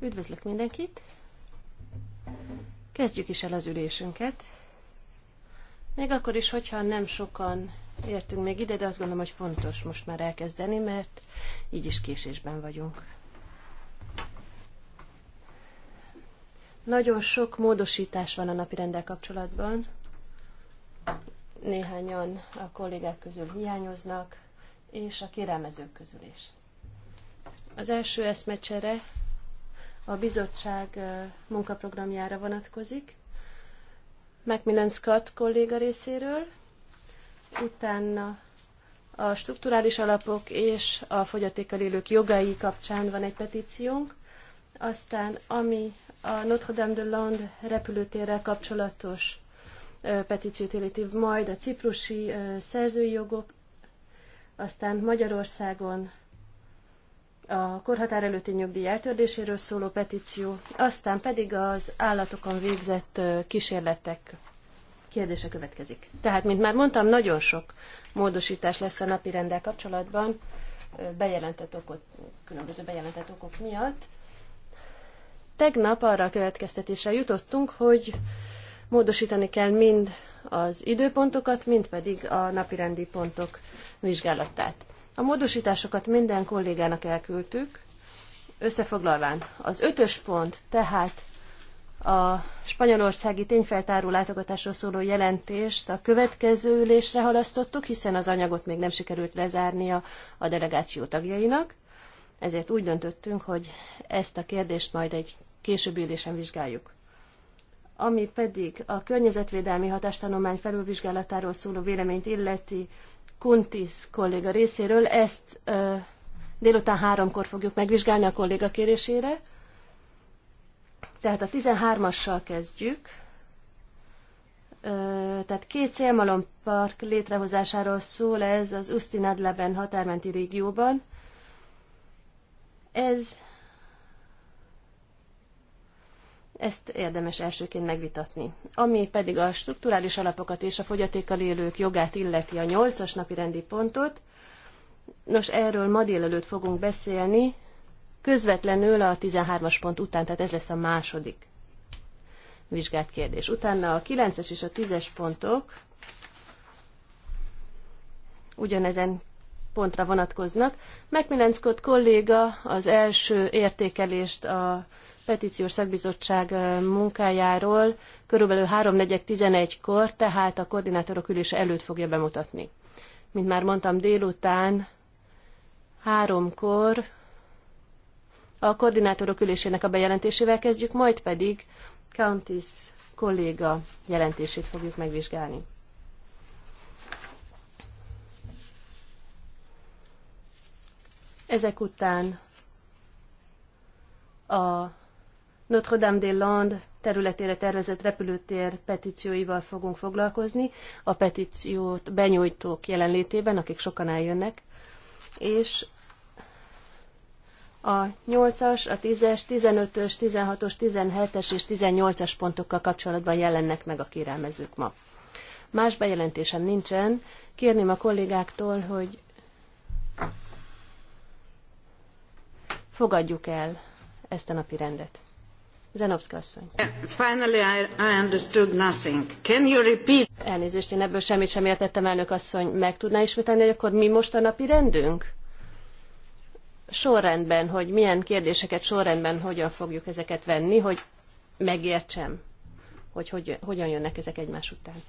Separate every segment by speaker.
Speaker 1: Üdvözlök mindenkit. Kezdjük is el az ülésünket. Még akkor is, hogyha nem sokan értünk még ide, de azt gondolom, hogy fontos most már elkezdeni, mert így is késésben vagyunk. Nagyon sok módosítás van a napi rendel kapcsolatban, néhányan a kollégák közül hiányoznak, és a kérelmezők közül is. Az első eszmecsere a bizottság munkaprogramjára vonatkozik, Macmillan Scott kolléga részéről, utána a strukturális alapok és a fogyatékkal élők jogai kapcsán van egy petíciónk, aztán ami a Notre Dame de Land repülőtérrel kapcsolatos petíciót illeti, majd a ciprusi szerzői jogok, aztán Magyarországon a korhatár előtti nyugdíj eltördéséről szóló petíció, aztán pedig az állatokon végzett kísérletek kérdése következik. Tehát, mint már mondtam, nagyon sok módosítás lesz a napi rendel kapcsolatban, bejelentett okot, különböző bejelentett okok miatt. Tegnap arra a következtetésre jutottunk, hogy Módosítani kell mind az időpontokat, mind pedig a napirendi pontok vizsgálatát. A módosításokat minden kollégának elküldtük, összefoglalván. Az ötös pont, tehát a spanyolországi tényfeltáró látogatásról szóló jelentést a következő ülésre halasztottuk, hiszen az anyagot még nem sikerült lezárnia a delegáció tagjainak. Ezért úgy döntöttünk, hogy ezt a kérdést majd egy későbbi ülésen vizsgáljuk. Ami pedig a környezetvédelmi hatástanulmány felülvizsgálatáról szóló véleményt illeti Kuntis kolléga részéről, ezt ö, délután háromkor fogjuk megvizsgálni a kolléga kérésére. Tehát a 13-assal kezdjük. Ö, tehát két szélmalompark létrehozásáról szól ez az Ustinadleben határmenti régióban. Ez Ezt érdemes elsőként megvitatni. Ami pedig a strukturális alapokat és a fogyatékkal élők jogát illeti a nyolcas napi rendi pontot, nos erről ma délelőtt fogunk beszélni, közvetlenül a 13-as pont után, tehát ez lesz a második vizsgált kérdés. Utána a 9-es és a 10-es pontok ugyanezen pontra vonatkoznak. Macmillan Scott kolléga az első értékelést a petíciós szakbizottság munkájáról körülbelül 3.4.11-kor, tehát a koordinátorok ülése előtt fogja bemutatni. Mint már mondtam, délután háromkor a koordinátorok ülésének a bejelentésével kezdjük, majd pedig Countess kolléga jelentését fogjuk megvizsgálni. Ezek után a Notre-Dame-des-Landes területére tervezett repülőtér petícióival fogunk foglalkozni, a petíciót benyújtók jelenlétében, akik sokan eljönnek, és a 8-as, a 10-es, 15-ös, 16-os, 17-es és 18-as pontokkal kapcsolatban jelennek meg a kérelmezők ma. Más bejelentésem nincsen. Kérném a kollégáktól, hogy fogadjuk el ezt a napi rendet. Zenovszka asszony. Finally I understood nothing. Can you repeat? Elnézést, én ebből semmit sem értettem, elnök asszony. Meg tudná ismételni, hogy akkor mi most a napi rendünk? Sorrendben, hogy milyen kérdéseket sorrendben hogyan fogjuk ezeket venni, hogy megértsem, hogy, hogy hogyan jönnek ezek egymás után.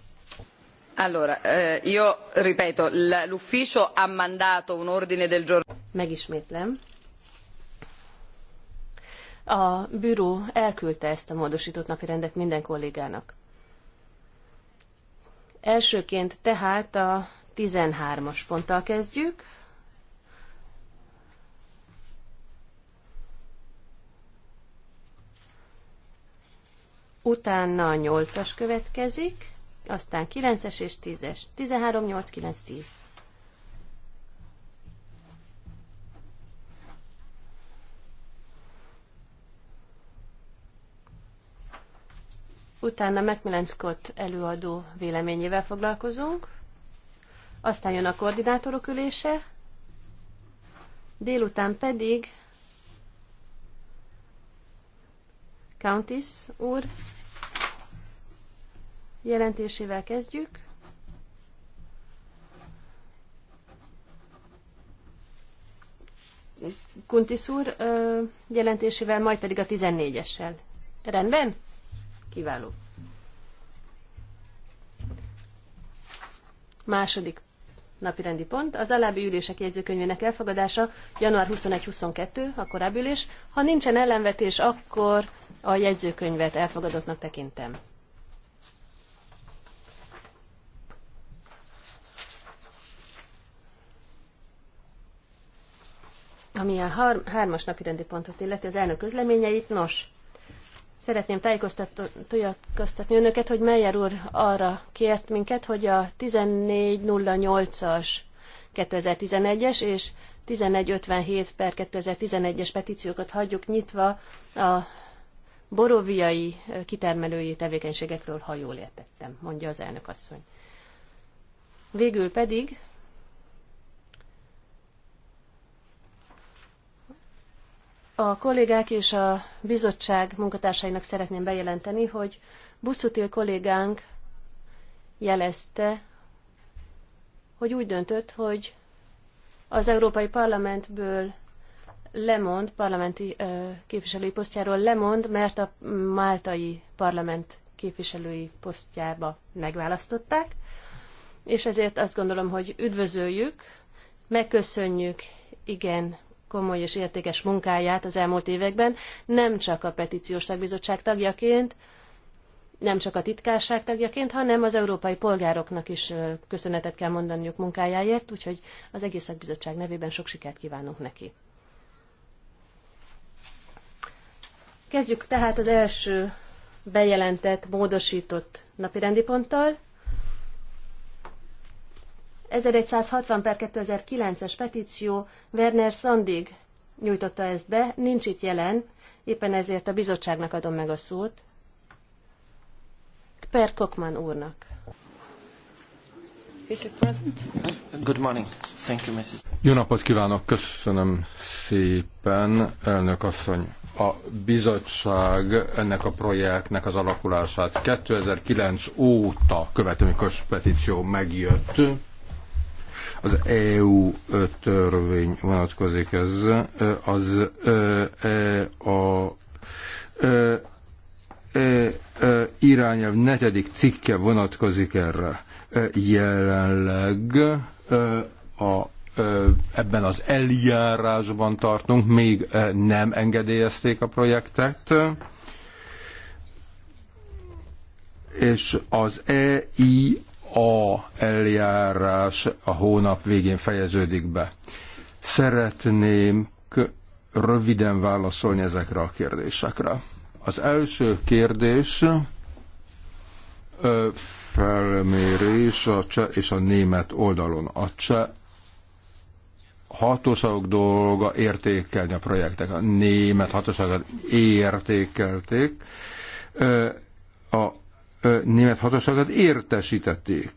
Speaker 2: Allora, eh, io ripeto, l'ufficio ha mandato un ordine del giorno.
Speaker 1: Megismétlem, a bűró elküldte ezt a módosított napirendet minden kollégának. Elsőként tehát a 13-as ponttal kezdjük. Utána a 8-as következik, aztán 9-es és 10-es. 13, 8, 9, 10. Utána Macmillan Scott előadó véleményével foglalkozunk. Aztán jön a koordinátorok ülése. Délután pedig Countess úr jelentésével kezdjük. Kuntis úr jelentésével, majd pedig a 14-essel. Rendben? Kiváló. Második napirendi pont, az alábbi ülések jegyzőkönyvének elfogadása január 21-22, a korábbi ülés. Ha nincsen ellenvetés, akkor a jegyzőkönyvet elfogadottnak tekintem. Ami a hár- hármas napirendi pontot illeti, az elnök közleményeit, nos, Szeretném tájékoztatni önöket, hogy Meyer úr arra kért minket, hogy a 1408-as 2011-es és 1457 per 2011-es petíciókat hagyjuk nyitva a boroviai kitermelői tevékenységekről, ha jól értettem, mondja az elnök asszony. Végül pedig A kollégák és a bizottság munkatársainak szeretném bejelenteni, hogy Buszutil kollégánk jelezte, hogy úgy döntött, hogy az Európai Parlamentből lemond, parlamenti képviselői posztjáról lemond, mert a máltai parlament képviselői posztjába megválasztották, és ezért azt gondolom, hogy üdvözöljük, megköszönjük igen komoly és értékes munkáját az elmúlt években, nem csak a petíciós szakbizottság tagjaként, nem csak a titkárság tagjaként, hanem az európai polgároknak is köszönetet kell mondaniuk munkájáért, úgyhogy az egész szakbizottság nevében sok sikert kívánunk neki. Kezdjük tehát az első bejelentett, módosított napirendi ponttal. 1160 per 2009-es petíció Werner Sandig nyújtotta ezt be, nincs itt jelen, éppen ezért a bizottságnak adom meg a szót. Per Kokman úrnak.
Speaker 3: Good morning. Thank you, Mrs.
Speaker 4: Jó napot kívánok, köszönöm szépen, elnök asszony. A bizottság ennek a projektnek az alakulását 2009 óta követő, mikor petíció megjött az EU törvény vonatkozik ez, az e a irányelv negyedik cikke vonatkozik erre. Jelenleg a ebben az eljárásban tartunk, még nem engedélyezték a projektet, és az EI a eljárás a hónap végén fejeződik be. Szeretném röviden válaszolni ezekre a kérdésekre. Az első kérdés felmérés a cseh és a német oldalon. A cseh hatóságok dolga értékelni a projektek. A német hatóságokat értékelték. A német hatóságokat értesítették.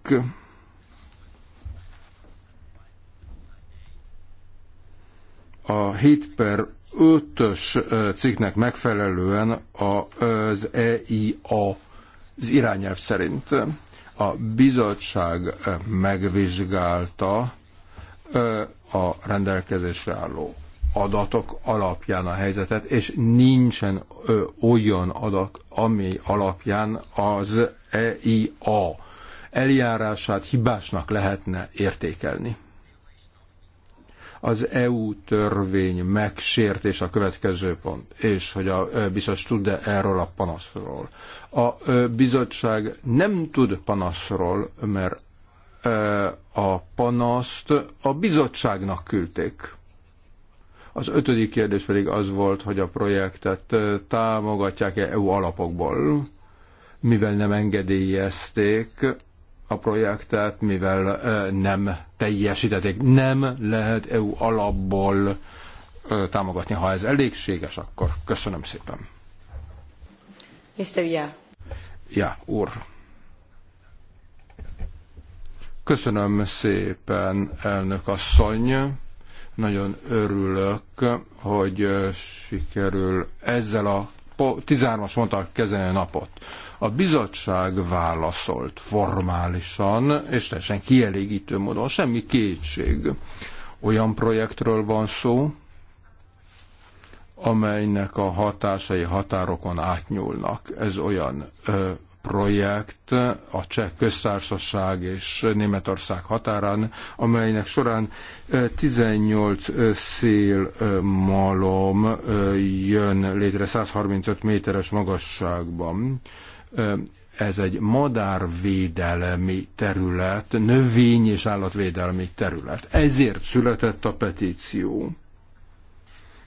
Speaker 4: A 7 per 5-ös cikknek megfelelően az EIA az irányelv szerint a bizottság megvizsgálta a rendelkezésre álló adatok alapján a helyzetet, és nincsen ö, olyan adat, ami alapján az EIA eljárását hibásnak lehetne értékelni. Az EU törvény megsértés a következő pont, és hogy a biztos tud-e erről a panaszról. A bizottság nem tud panaszról, mert a panaszt a bizottságnak küldték az ötödik kérdés pedig az volt, hogy a projektet támogatják-e EU alapokból, mivel nem engedélyezték a projektet, mivel nem teljesítették. Nem lehet EU alapból támogatni. Ha ez elégséges, akkor köszönöm szépen. Mr. Ja. Ja, úr. Köszönöm szépen, elnök asszony. Nagyon örülök, hogy sikerül ezzel a 13-as mondta kezelni a napot. A bizottság válaszolt formálisan, és teljesen kielégítő módon, semmi kétség. Olyan projektről van szó, amelynek a hatásai határokon átnyúlnak. Ez olyan ö, projekt a Cseh Köztársaság és Németország határán, amelynek során 18 szélmalom jön létre 135 méteres magasságban. Ez egy madárvédelmi terület, növény- és állatvédelmi terület. Ezért született a petíció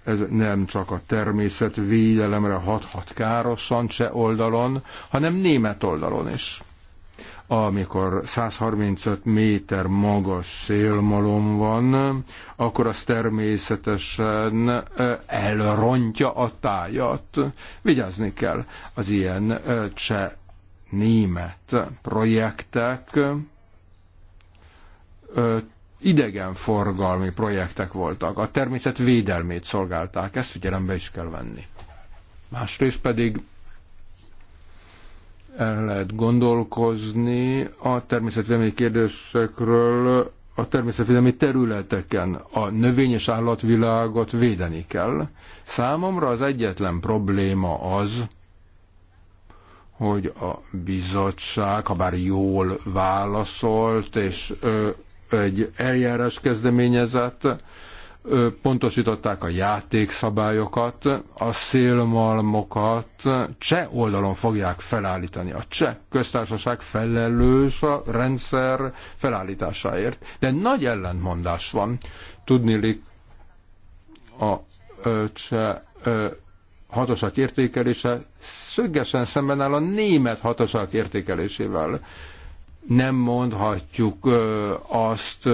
Speaker 4: ez nem csak a természet védelemre hathat károsan cseh oldalon, hanem német oldalon is. Amikor 135 méter magas szélmalom van, akkor az természetesen elrontja a tájat. Vigyázni kell az ilyen cseh német projektek idegenforgalmi projektek voltak. A természet védelmét szolgálták, ezt figyelembe is kell venni. Másrészt pedig el lehet gondolkozni a természetvédelmi kérdésekről a természetvédelmi területeken. A növény és állatvilágot védeni kell. Számomra az egyetlen probléma az, hogy a bizottság, ha bár jól válaszolt, és ö, egy eljárás kezdeményezett, pontosították a játékszabályokat, a szélmalmokat cseh oldalon fogják felállítani. A cseh köztársaság felelős a rendszer felállításáért. De nagy ellentmondás van. Tudnilik a cseh hatosak értékelése szögesen szemben áll a német hatosak értékelésével nem mondhatjuk azt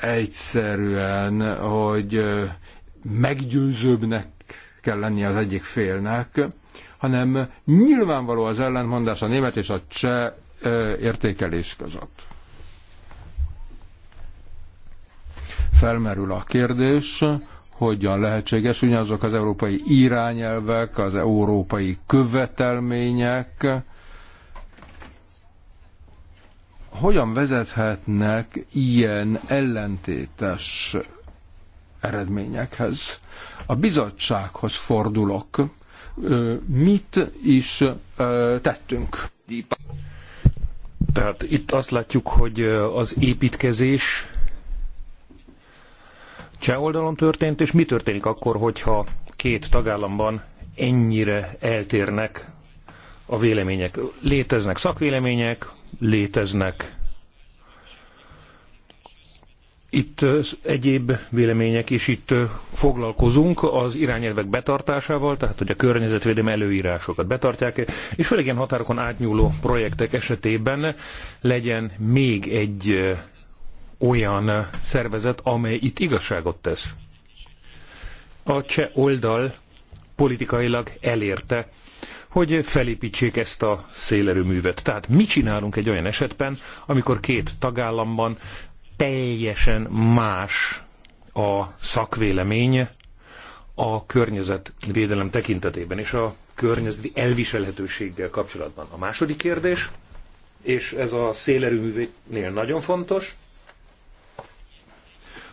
Speaker 4: egyszerűen, hogy meggyőzőbbnek kell lennie az egyik félnek, hanem nyilvánvaló az ellentmondás a német és a cseh értékelés között. Felmerül a kérdés, hogyan lehetséges ugyanazok az európai irányelvek, az európai követelmények, hogyan vezethetnek ilyen ellentétes eredményekhez? A bizottsághoz fordulok. Mit is tettünk?
Speaker 5: Tehát itt azt látjuk, hogy az építkezés cseh oldalon történt, és mi történik akkor, hogyha két tagállamban ennyire eltérnek a vélemények? Léteznek szakvélemények, léteznek. Itt egyéb vélemények is itt foglalkozunk az irányelvek betartásával, tehát hogy a környezetvédelmi előírásokat betartják, és főleg ilyen határokon átnyúló projektek esetében legyen még egy olyan szervezet, amely itt igazságot tesz. A cseh oldal politikailag elérte hogy felépítsék ezt a szélerőművet. Tehát mi csinálunk egy olyan esetben, amikor két tagállamban teljesen más a szakvélemény a környezetvédelem tekintetében és a környezeti elviselhetőséggel kapcsolatban. A második kérdés, és ez a szélerőművénél nagyon fontos,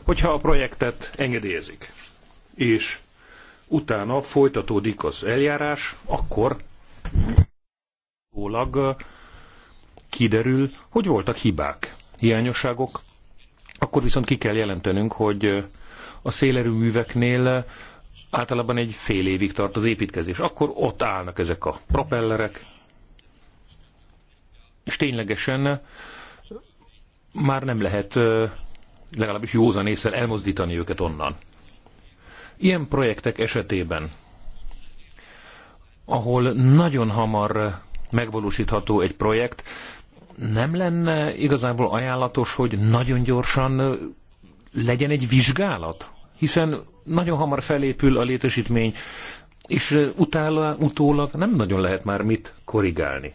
Speaker 5: hogyha a projektet engedélyezik, és utána folytatódik az eljárás, akkor Ólag kiderül, hogy voltak hibák, hiányosságok, akkor viszont ki kell jelentenünk, hogy a szélerőműveknél általában egy fél évig tart az építkezés. Akkor ott állnak ezek a propellerek, és ténylegesen már nem lehet legalábbis józan észre elmozdítani őket onnan. Ilyen projektek esetében ahol nagyon hamar megvalósítható egy projekt, nem lenne igazából ajánlatos, hogy nagyon gyorsan legyen egy vizsgálat? Hiszen nagyon hamar felépül a létesítmény, és utála, utólag nem nagyon lehet már mit korrigálni.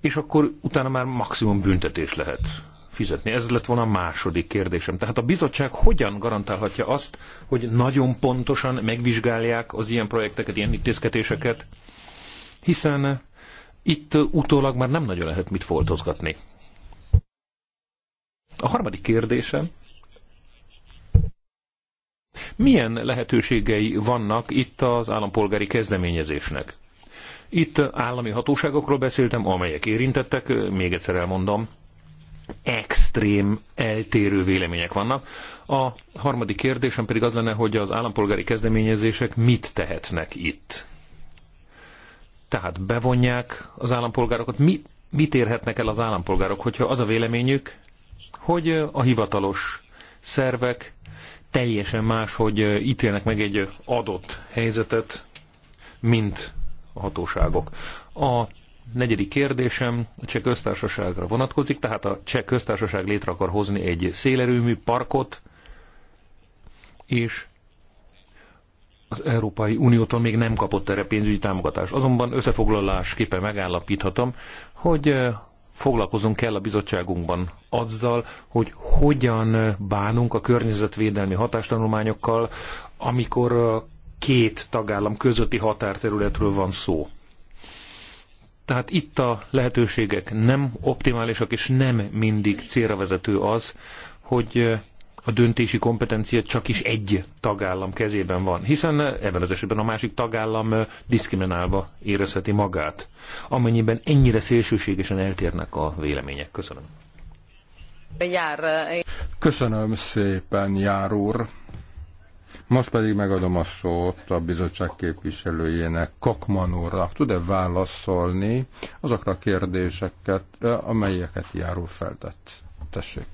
Speaker 5: És akkor utána már maximum büntetés lehet fizetni. Ez lett volna a második kérdésem. Tehát a bizottság hogyan garantálhatja azt, hogy nagyon pontosan megvizsgálják az ilyen projekteket, ilyen intézkedéseket, hiszen itt utólag már nem nagyon lehet mit foltozgatni. A harmadik kérdésem, milyen lehetőségei vannak itt az állampolgári kezdeményezésnek? Itt állami hatóságokról beszéltem, amelyek érintettek, még egyszer elmondom, extrém eltérő vélemények vannak. A harmadik kérdésem pedig az lenne, hogy az állampolgári kezdeményezések mit tehetnek itt? Tehát bevonják az állampolgárokat. Mit, mit érhetnek el az állampolgárok, hogyha az a véleményük, hogy a hivatalos szervek teljesen más, hogy ítélnek meg egy adott helyzetet, mint a hatóságok. A negyedik kérdésem a cseh köztársaságra vonatkozik, tehát a cseh köztársaság létre akar hozni egy szélerőmű parkot, és az Európai Uniótól még nem kapott erre pénzügyi támogatást. Azonban összefoglalásképpen megállapíthatom, hogy eh, foglalkozunk kell a bizottságunkban azzal, hogy hogyan eh, bánunk a környezetvédelmi hatástanulmányokkal, amikor eh, két tagállam közötti határterületről van szó. Tehát itt a lehetőségek nem optimálisak, és nem mindig célra vezető az, hogy a döntési kompetencia csak is egy tagállam kezében van, hiszen ebben az esetben a másik tagállam diszkriminálva érezheti magát, amennyiben ennyire szélsőségesen eltérnek a vélemények. Köszönöm.
Speaker 2: Jár.
Speaker 4: Köszönöm szépen, Jár úr. Most pedig megadom a szót a bizottság képviselőjének, Kakman úrnak. Tud-e válaszolni azokra a kérdéseket, amelyeket járó feltett? Tessék.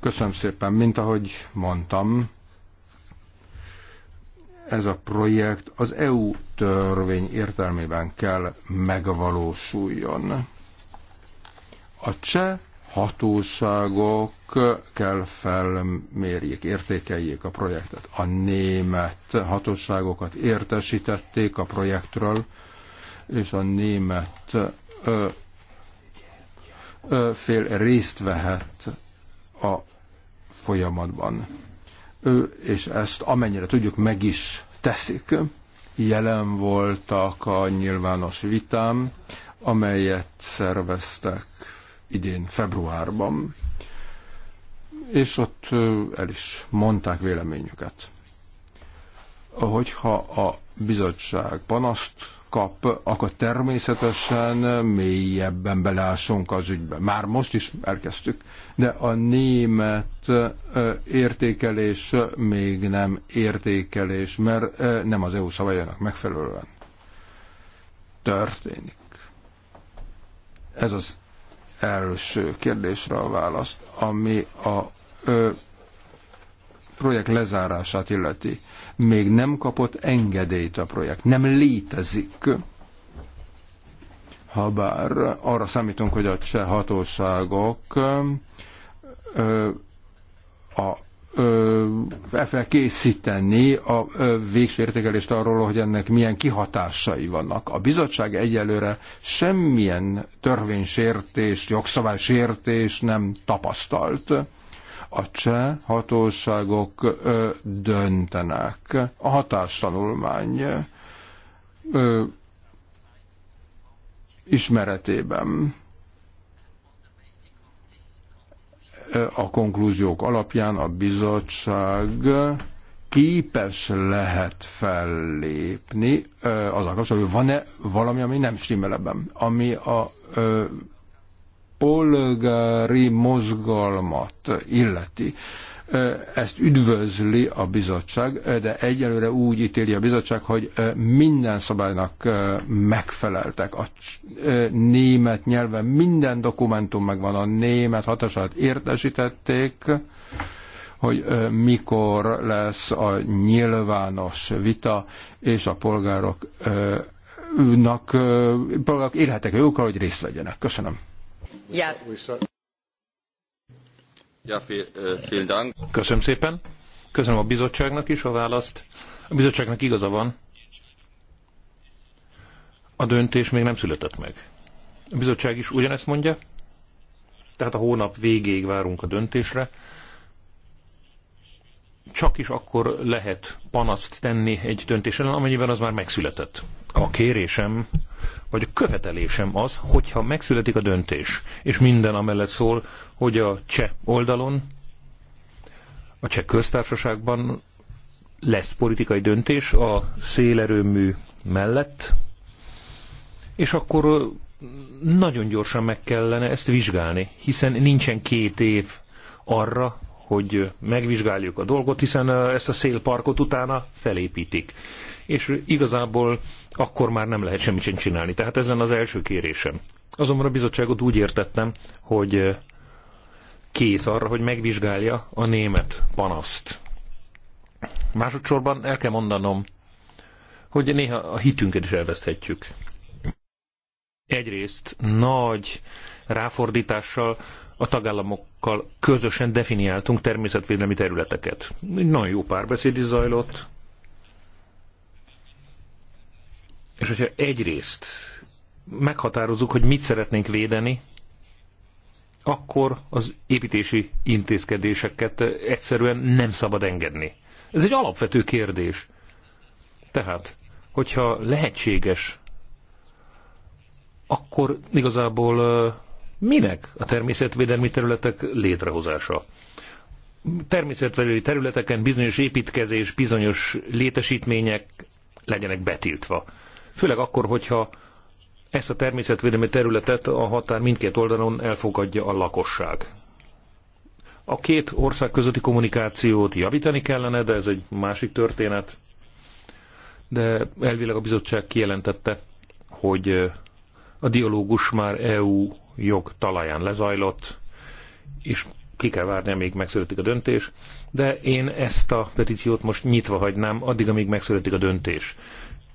Speaker 4: Köszönöm szépen, mint ahogy mondtam, ez a projekt az EU törvény értelmében kell megvalósuljon. A cseh hatóságok kell felmérjék, értékeljék a projektet. A német hatóságokat értesítették a projektről, és a német ö, ö, fél részt vehet a folyamatban. Ő, és ezt amennyire tudjuk, meg is teszik. Jelen voltak a nyilvános vitám, amelyet szerveztek idén februárban, és ott el is mondták véleményüket. Hogyha a bizottság panaszt kap, akkor természetesen mélyebben belásunk az ügybe. Már most is elkezdtük, de a német értékelés még nem értékelés, mert nem az EU szabályának megfelelően történik. Ez az első kérdésre a választ, ami a ö, projekt lezárását illeti. Még nem kapott engedélyt a projekt, nem létezik. Habár arra számítunk, hogy a cseh hatóságok ö, a el kell készíteni a végső értékelést arról, hogy ennek milyen kihatásai vannak. A bizottság egyelőre semmilyen törvénysértés, jogszabálysértés nem tapasztalt. A cseh hatóságok döntenek. A hatástanulmány ismeretében a konklúziók alapján a bizottság képes lehet fellépni az kapcsolatban, hogy van-e valami, ami nem stimmel ebben, ami a polgári mozgalmat illeti. Ezt üdvözli a bizottság, de egyelőre úgy ítéli a bizottság, hogy minden szabálynak megfeleltek. A német nyelven minden dokumentum megvan, a német hatását értesítették, hogy mikor lesz a nyilvános vita, és a polgárok Őnak,
Speaker 5: polgárok élhetek a jókkal, hogy részt vegyenek. Köszönöm.
Speaker 4: Yeah.
Speaker 6: Ja, vielen Dank.
Speaker 5: Köszönöm szépen. Köszönöm a bizottságnak is a választ. A bizottságnak igaza van. A döntés még nem született meg. A bizottság is ugyanezt mondja. Tehát a hónap végéig várunk a döntésre. Csak is akkor lehet panaszt tenni egy döntés ellen, amennyiben az már megszületett. A kérésem vagy a követelésem az, hogyha megszületik a döntés, és minden amellett szól, hogy a cseh oldalon, a cseh köztársaságban lesz politikai döntés a szélerőmű mellett, és akkor nagyon gyorsan meg kellene ezt vizsgálni, hiszen nincsen két év arra, hogy megvizsgáljuk a dolgot, hiszen ezt a szélparkot utána felépítik. És igazából akkor már nem lehet semmit sem csinálni. Tehát ez lenne az első kérésem. Azonban a bizottságot úgy értettem, hogy kész arra, hogy megvizsgálja a német panaszt. Másodszorban el kell mondanom, hogy néha a hitünket is elveszthetjük. Egyrészt nagy ráfordítással a tagállamokkal közösen definiáltunk természetvédelmi területeket. Nagyon jó párbeszéd is zajlott, És hogyha egyrészt meghatározunk, hogy mit szeretnénk védeni, akkor az építési intézkedéseket egyszerűen nem szabad engedni. Ez egy alapvető kérdés. Tehát, hogyha lehetséges, akkor igazából minek a természetvédelmi területek létrehozása? Természetvédelmi területeken bizonyos építkezés, bizonyos létesítmények legyenek betiltva. Főleg akkor, hogyha ezt a természetvédelmi területet a határ mindkét oldalon elfogadja a lakosság. A két ország közötti kommunikációt javítani kellene, de ez egy másik történet. De elvileg a bizottság kijelentette, hogy a dialógus már EU jog talaján lezajlott, és ki kell várni, amíg megszületik a döntés, de én ezt a petíciót most nyitva hagynám, addig, amíg megszületik a döntés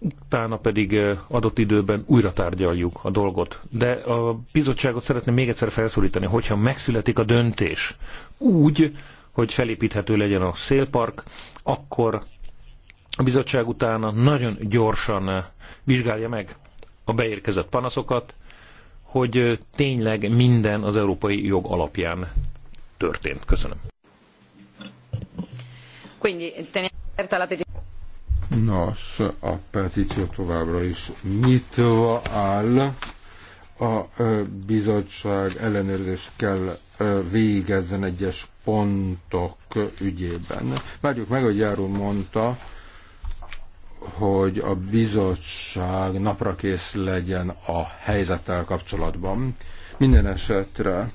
Speaker 5: utána pedig adott időben újra tárgyaljuk a dolgot. De a bizottságot szeretném még egyszer felszólítani, hogyha megszületik a döntés úgy, hogy felépíthető legyen a szélpark, akkor a bizottság utána nagyon gyorsan vizsgálja meg a beérkezett panaszokat, hogy tényleg minden az európai jog alapján történt. Köszönöm.
Speaker 4: Nos, a petíció továbbra is nyitva áll. A bizottság ellenőrzés kell végezzen egyes pontok ügyében. Várjuk meg, hogy Járó mondta, hogy a bizottság naprakész legyen a helyzettel kapcsolatban. Minden esetre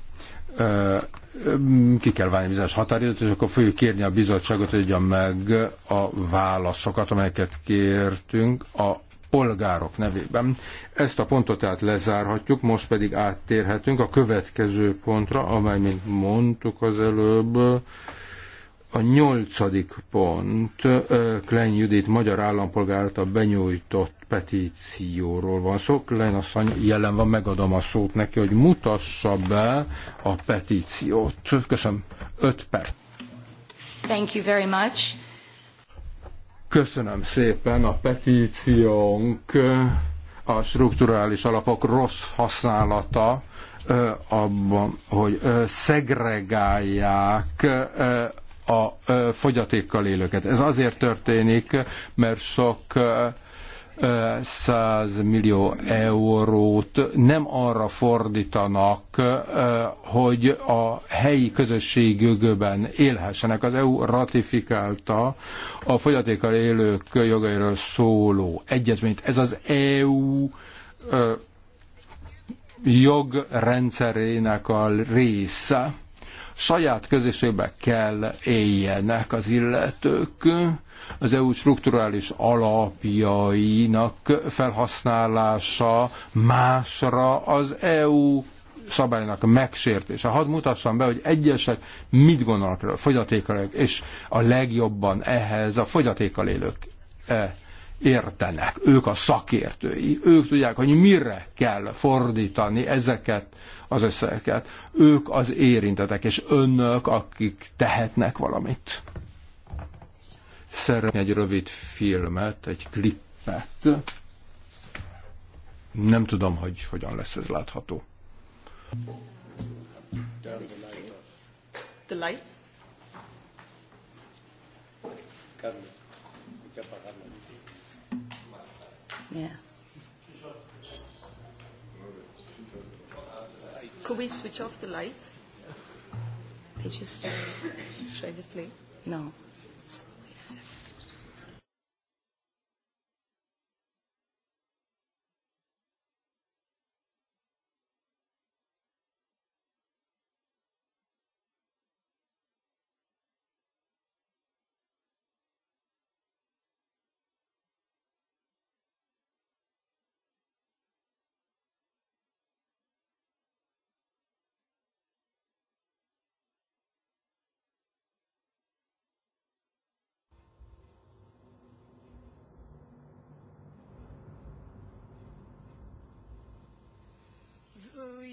Speaker 4: ki kell válni bizonyos határidőt, és akkor fogjuk kérni a bizottságot, hogy adja meg a válaszokat, amelyeket kértünk a polgárok nevében. Ezt a pontot tehát lezárhatjuk, most pedig áttérhetünk a következő pontra, amely, mint mondtuk az előbb, a nyolcadik pont Klein Judit magyar Állampolgárt a benyújtott petícióról van szó. Klein asszony jelen van, megadom a szót neki, hogy mutassa be a petíciót. Köszönöm. Öt perc.
Speaker 6: Thank you very much.
Speaker 4: Köszönöm szépen a petíciónk a strukturális alapok rossz használata abban, hogy szegregálják a fogyatékkal élőket. Ez azért történik, mert sok 100 millió eurót nem arra fordítanak, hogy a helyi közösségükben élhessenek. Az EU ratifikálta a fogyatékkal élők jogairól szóló egyezményt. Ez az EU jogrendszerének a része saját közösségbe kell éljenek az illetők. Az EU strukturális alapjainak felhasználása másra az EU szabálynak megsértése. Hadd mutassam be, hogy egyesek mit gondolnak erről, fogyatékkal és a legjobban ehhez a fogyatékkal élők e, értenek, ők a szakértői, ők tudják, hogy mire kell fordítani ezeket az összegeket Ők az érintetek, és önök, akik tehetnek valamit. Szeretnék egy rövid filmet, egy klippet. Nem tudom, hogy hogyan lesz ez látható.
Speaker 5: The lights? Yeah. Could we switch off
Speaker 6: the lights? They just should I just play? No.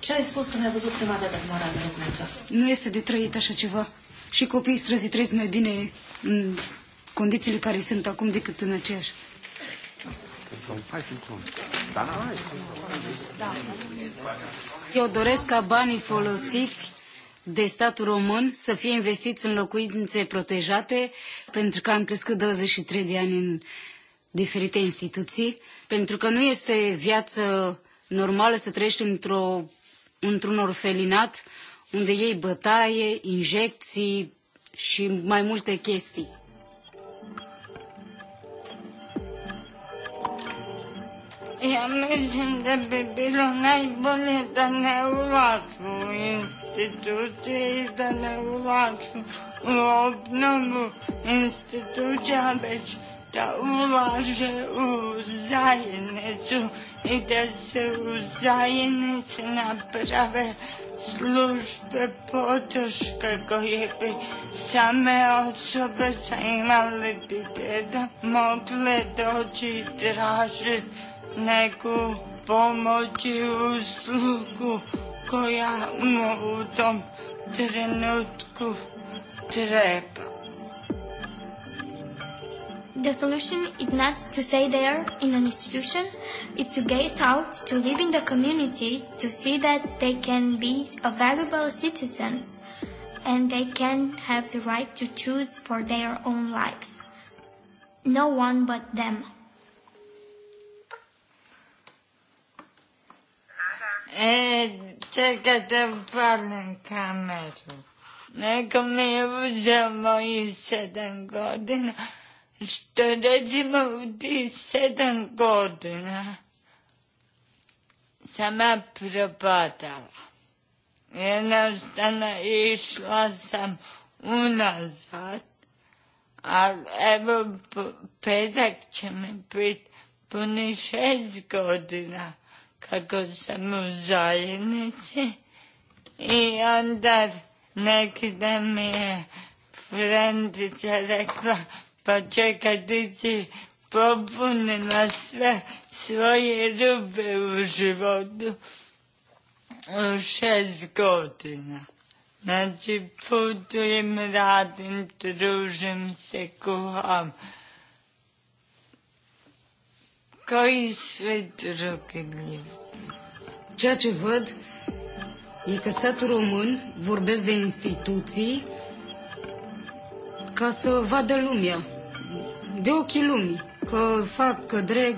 Speaker 2: Ce ai spus că n-ai văzut prima dată cum arată locuința. Nu este de trăit așa ceva. Și copiii străzii trăiesc mai bine în condițiile care sunt acum decât în aceeași. Hai să Eu doresc ca banii folosiți de statul român să fie investiți în locuințe protejate, pentru că am crescut 23 de ani în diferite instituții, pentru că nu este viață normală să trăiești într-o într-un orfelinat unde ei bătaie, injecții și mai multe chestii. Ja mislim da
Speaker 6: bi bilo najbolje da ne ulažu u institucije i da ne ulažu u obnovu institucija, već da ulaže u zajednicu i da se u zajednici naprave službe podrške koje bi same osobe sa invaliditetom mogle doći i tražiti neku pomoć i uslugu koja mu u tom trenutku treba.
Speaker 7: The solution is not to stay there in an institution, is to get out, to live in the community, to see that they can be valuable citizens and they can have the right to choose for their own lives. No one but them.
Speaker 6: Čekajte, palim kameru. Neko mi je što recimo u tih sedam godina sama propadala. Jednostavno išla sam unazad. A evo, petak će mi biti puni šest godina kako sam u zajednici. I onda neki dan mi je frendica rekla, pa čeka ti će popune na sve svoje rupe u životu u šest godina. Znači, putujem, radim, družim se, kuham.
Speaker 2: Koji sve drugi liv. Ceea ce văd e că statul român, vorbesc de instituții, ca să vadă lumea, de ochii lumii, că fac, că dreg,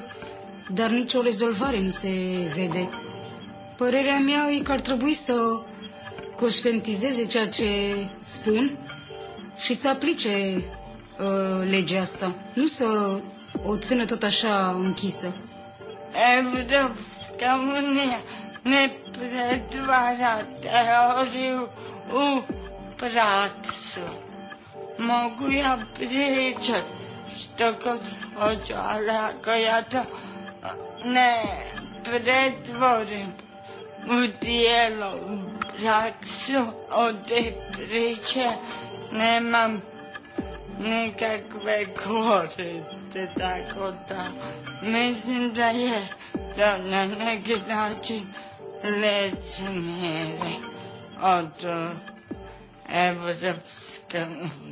Speaker 2: dar nicio rezolvare nu se vede. Părerea mea e că ar trebui să conștientizeze ceea ce spun și să aplice uh, legea asta, nu să o țină tot așa închisă.
Speaker 6: Evropska nepretvara teoriju u praksu могу pričat što god hoću, ali ako ne pretvorim u dijelo praksu od te priče nemam nikakve koriste, tako da mislim da je da na neki način od Evropske unije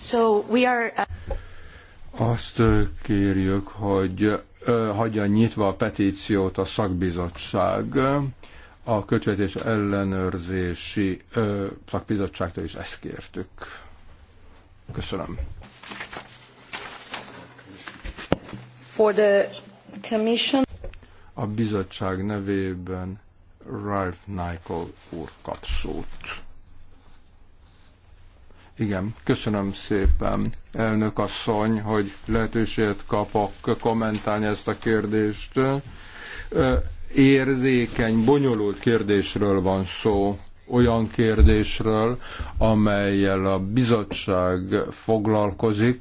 Speaker 6: So we are... Uh,
Speaker 4: Azt kérjük, hogy hagyja nyitva a petíciót a szakbizottság, a költségvetés ellenőrzési ö, szakbizottságtól is ezt kértük. Köszönöm.
Speaker 2: For the commission.
Speaker 4: A bizottság nevében Ralph Nichol úr kap szót. Igen, köszönöm szépen, elnök asszony, hogy lehetőséget kapok kommentálni ezt a kérdést. Érzékeny, bonyolult kérdésről van szó, olyan kérdésről, amelyel a bizottság foglalkozik,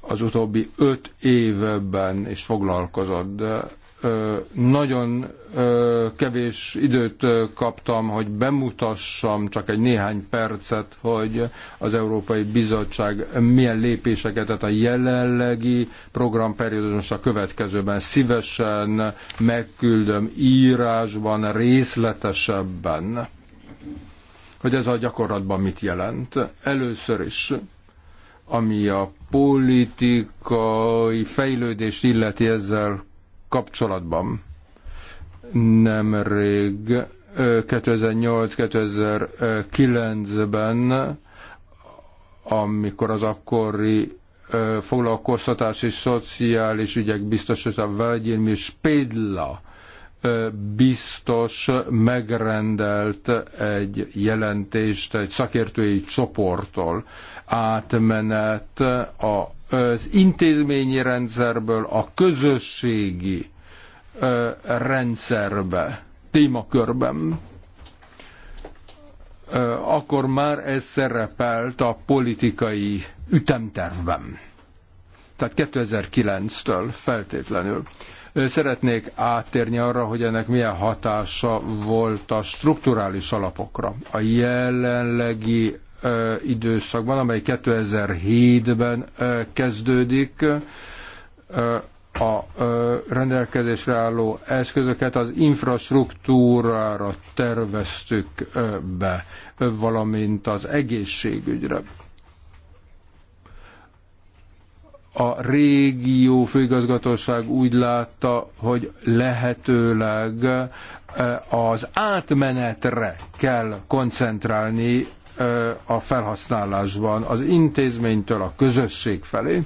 Speaker 4: az utóbbi öt évben is foglalkozott, de nagyon kevés időt kaptam, hogy bemutassam csak egy néhány percet, hogy az Európai Bizottság milyen lépéseket tehát a jelenlegi programperiódus a következőben. Szívesen megküldöm írásban, részletesebben, hogy ez a gyakorlatban mit jelent. Először is ami a politikai fejlődést illeti ezzel kapcsolatban. Nemrég 2008-2009-ben, amikor az akkori foglalkoztatási szociális ügyek biztosa Vladimir Spédla biztos megrendelt egy jelentést egy szakértői csoporttól átmenet az intézményi rendszerből a közösségi rendszerbe, témakörben akkor már ez szerepelt a politikai ütemtervben. Tehát 2009-től feltétlenül. Szeretnék áttérni arra, hogy ennek milyen hatása volt a strukturális alapokra. A jelenlegi időszakban, amely 2007-ben kezdődik, a rendelkezésre álló eszközöket az infrastruktúrára terveztük be, valamint az egészségügyre. a régió főigazgatóság úgy látta, hogy lehetőleg eh, az átmenetre kell koncentrálni eh, a felhasználásban az intézménytől a közösség felé.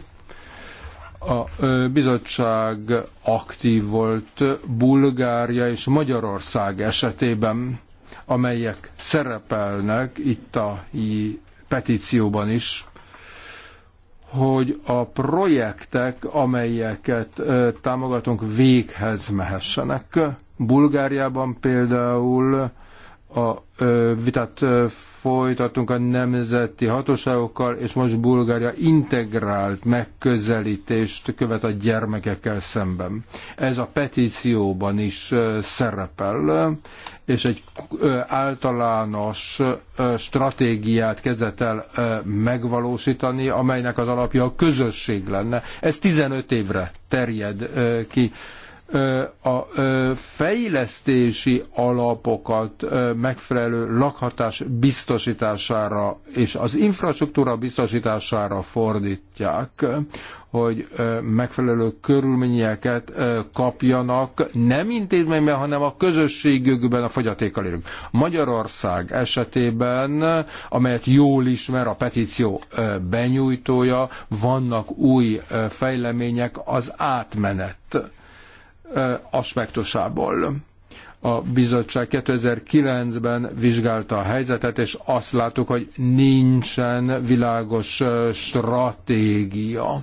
Speaker 4: A eh, bizottság aktív volt Bulgária és Magyarország esetében, amelyek szerepelnek itt a petícióban is hogy a projektek, amelyeket támogatunk, véghez mehessenek. Bulgáriában például a vitát folytatunk a nemzeti hatóságokkal, és most Bulgária integrált megközelítést követ a gyermekekkel szemben. Ez a petícióban is szerepel, és egy általános stratégiát kezdett el megvalósítani, amelynek az alapja a közösség lenne. Ez 15 évre terjed ki a fejlesztési alapokat megfelelő lakhatás biztosítására és az infrastruktúra biztosítására fordítják, hogy megfelelő körülményeket kapjanak nem intézményben, hanem a közösségükben a fogyatékkal élők. Magyarország esetében, amelyet jól ismer a petíció benyújtója, vannak új fejlemények az átmenet aspektusából. A bizottság 2009-ben vizsgálta a helyzetet, és azt láttuk, hogy nincsen világos stratégia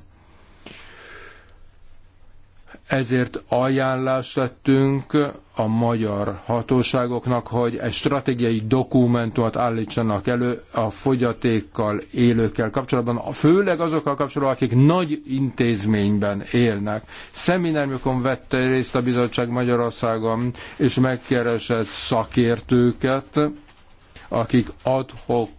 Speaker 4: ezért ajánlást tettünk a magyar hatóságoknak, hogy egy stratégiai dokumentumot állítsanak elő a fogyatékkal élőkkel kapcsolatban, főleg azokkal kapcsolatban, akik nagy intézményben élnek. Szemináriumokon vette részt a bizottság Magyarországon, és megkeresett szakértőket, akik adhok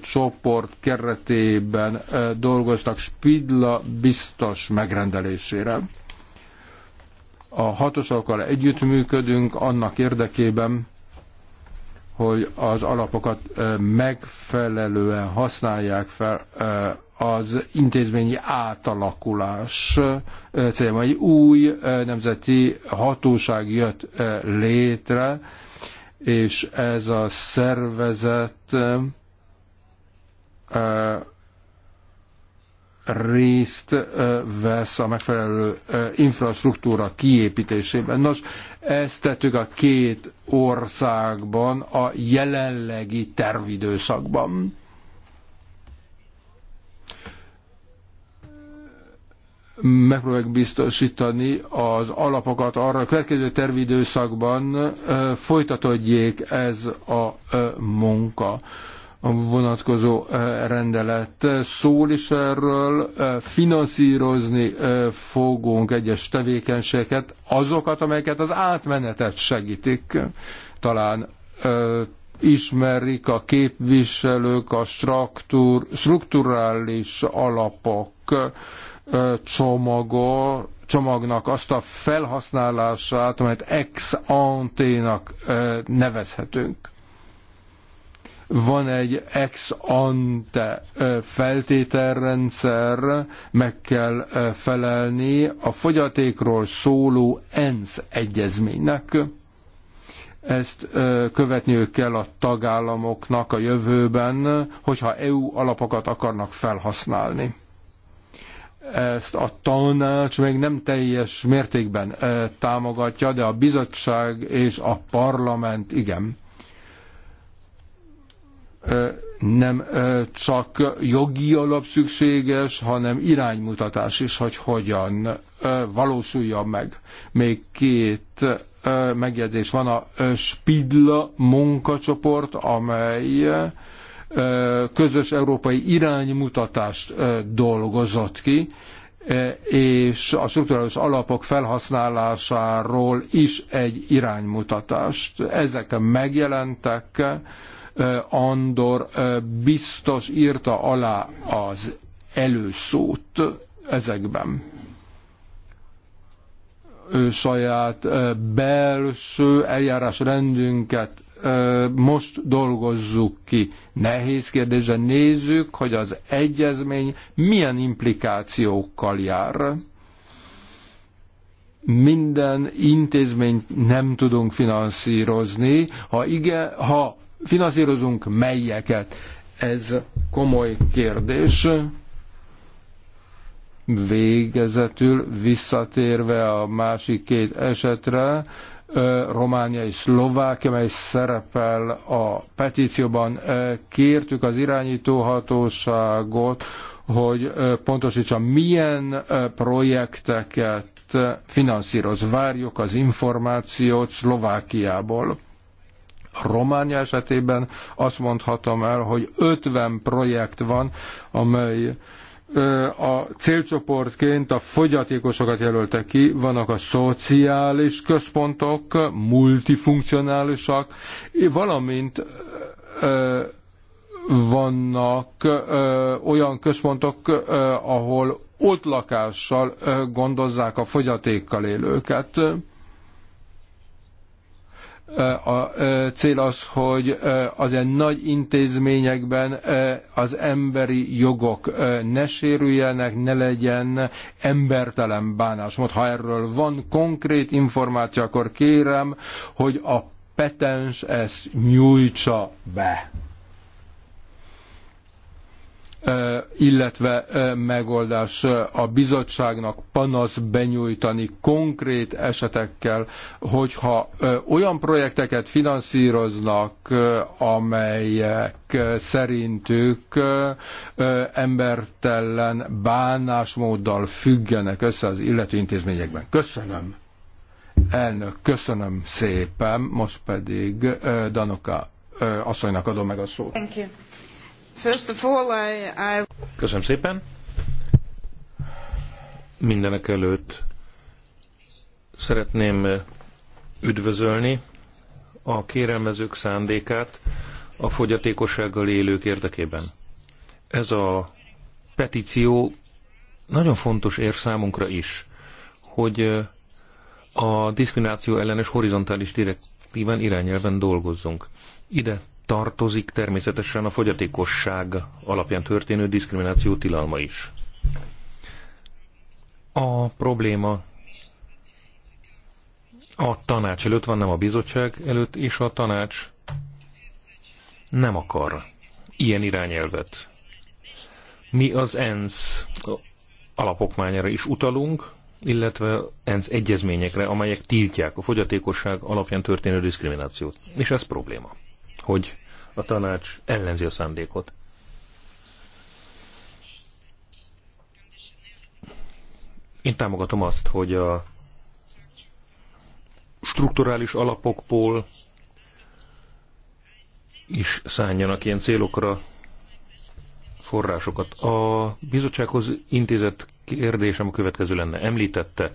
Speaker 4: csoport keretében dolgoztak Spidla biztos megrendelésére a hatosokkal együttműködünk annak érdekében, hogy az alapokat megfelelően használják fel az intézményi átalakulás célja. Egy új nemzeti hatóság jött létre, és ez a szervezet részt vesz a megfelelő infrastruktúra kiépítésében. Nos, ezt tettük a két országban a jelenlegi tervidőszakban. megpróbáljuk biztosítani az alapokat arra, hogy a következő tervidőszakban folytatódjék ez a munka a vonatkozó eh, rendelet szól is erről, eh, finanszírozni eh, fogunk egyes tevékenységeket, azokat, amelyeket az átmenetet segítik. Talán ismerik a képviselők a strukturális alapok csomagot, csomagnak azt a felhasználását, amelyet ex anténak nevezhetünk. Van egy ex ante feltételrendszer, meg kell felelni a fogyatékról szóló ENSZ egyezménynek. Ezt követniük kell a tagállamoknak a jövőben, hogyha EU alapokat akarnak felhasználni ezt a tanács még nem teljes mértékben támogatja, de a bizottság és a parlament igen nem csak jogi alap szükséges, hanem iránymutatás is, hogy hogyan valósuljon meg. Még két megjegyzés van a Spidla munkacsoport, amely közös európai iránymutatást dolgozott ki, és a strukturális alapok felhasználásáról is egy iránymutatást. Ezek megjelentek, Andor biztos írta alá az előszót ezekben. Ő saját belső eljárásrendünket most dolgozzuk ki. Nehéz kérdésre nézzük, hogy az egyezmény milyen implikációkkal jár. Minden intézményt nem tudunk finanszírozni, ha igen, ha finanszírozunk, melyeket. Ez komoly kérdés. Végezetül visszatérve a másik két esetre, Románia és Szlovákia, mely szerepel a petícióban. Kértük az irányítóhatóságot, hogy pontosítsa, milyen projekteket finanszíroz. Várjuk az információt Szlovákiából. Románia esetében azt mondhatom el, hogy 50 projekt van, amely a célcsoportként a fogyatékosokat jelölte ki, vannak a szociális központok, multifunkcionálisak, valamint vannak olyan központok, ahol ott lakással gondozzák a fogyatékkal élőket a cél az, hogy az ilyen nagy intézményekben az emberi jogok ne sérüljenek, ne legyen embertelen bánásmód. Ha erről van konkrét információ, akkor kérem, hogy a petens ezt nyújtsa be illetve megoldás a bizottságnak panasz benyújtani konkrét esetekkel, hogyha olyan projekteket finanszíroznak, amelyek szerintük embertellen bánásmóddal függenek össze az illető intézményekben. Köszönöm. Elnök, köszönöm szépen, most pedig Danoka asszonynak adom meg a szót.
Speaker 6: Thank you. First of all, I, I...
Speaker 5: Köszönöm szépen. Mindenek előtt szeretném üdvözölni a kérelmezők szándékát a fogyatékossággal élők érdekében. Ez a petíció nagyon fontos ér számunkra is, hogy a diszkrimináció ellenes horizontális direktíven irányelven dolgozzunk. Ide tartozik természetesen a fogyatékosság alapján történő diszkrimináció tilalma is. A probléma a tanács előtt van, nem a bizottság előtt, és a tanács nem akar ilyen irányelvet. Mi az ENSZ alapokmányára is utalunk, illetve ENSZ egyezményekre, amelyek tiltják a fogyatékosság alapján történő diszkriminációt. És ez probléma hogy a tanács ellenzi a szándékot. Én támogatom azt, hogy a strukturális alapokból is szálljanak ilyen célokra forrásokat. A bizottsághoz intézett kérdésem a következő lenne. Említette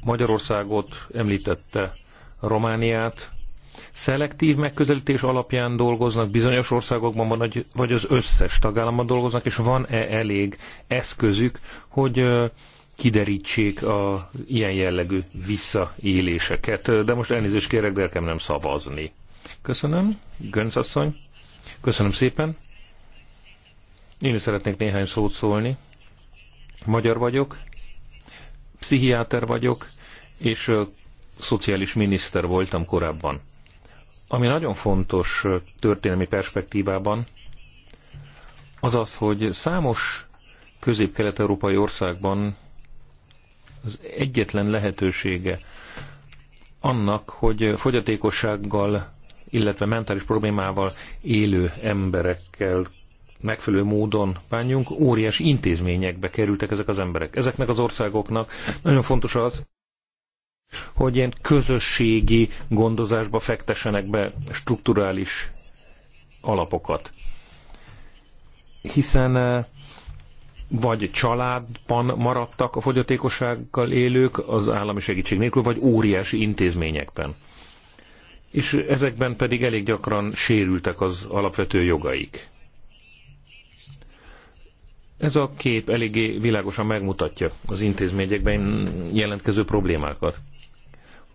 Speaker 5: Magyarországot, említette Romániát, Szelektív megközelítés alapján dolgoznak bizonyos országokban, vagy az összes tagállamban dolgoznak, és van-e elég eszközük, hogy kiderítsék a ilyen jellegű visszaéléseket. De most elnézést kérek, de nekem nem szavazni. Köszönöm, Gönc asszony. Köszönöm szépen. Én is szeretnék néhány szót szólni. Magyar vagyok, pszichiáter vagyok, és szociális miniszter voltam korábban. Ami nagyon fontos történelmi perspektívában, az az, hogy számos közép-kelet-európai országban az egyetlen lehetősége annak, hogy fogyatékossággal, illetve mentális problémával élő emberekkel megfelelő módon bánjunk, óriás intézményekbe kerültek ezek az emberek. Ezeknek az országoknak nagyon fontos az, hogy ilyen közösségi gondozásba fektessenek be strukturális alapokat. Hiszen eh, vagy családban maradtak a fogyatékossággal élők az állami segítség nélkül, vagy óriási intézményekben. És ezekben pedig elég gyakran sérültek az alapvető jogaik. Ez a kép eléggé világosan megmutatja az intézményekben jelentkező problémákat.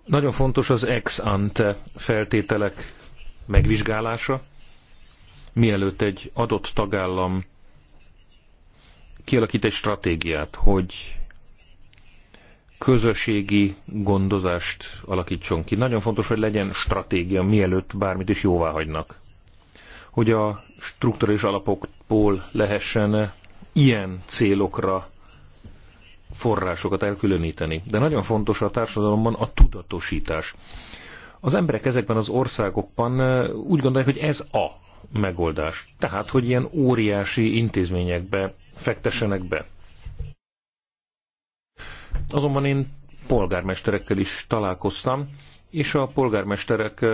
Speaker 5: Nagyon fontos az ex ante feltételek megvizsgálása, mielőtt egy adott tagállam kialakít egy stratégiát, hogy közösségi gondozást alakítson ki. Nagyon fontos, hogy legyen stratégia, mielőtt bármit is jóvá hagynak. Hogy a strukturális alapokból lehessen ilyen célokra forrásokat elkülöníteni. De nagyon fontos a társadalomban a tudatosítás. Az emberek ezekben az országokban úgy gondolják, hogy ez a megoldás. Tehát, hogy ilyen óriási intézményekbe fektessenek be. Azonban én polgármesterekkel is találkoztam, és a polgármesterek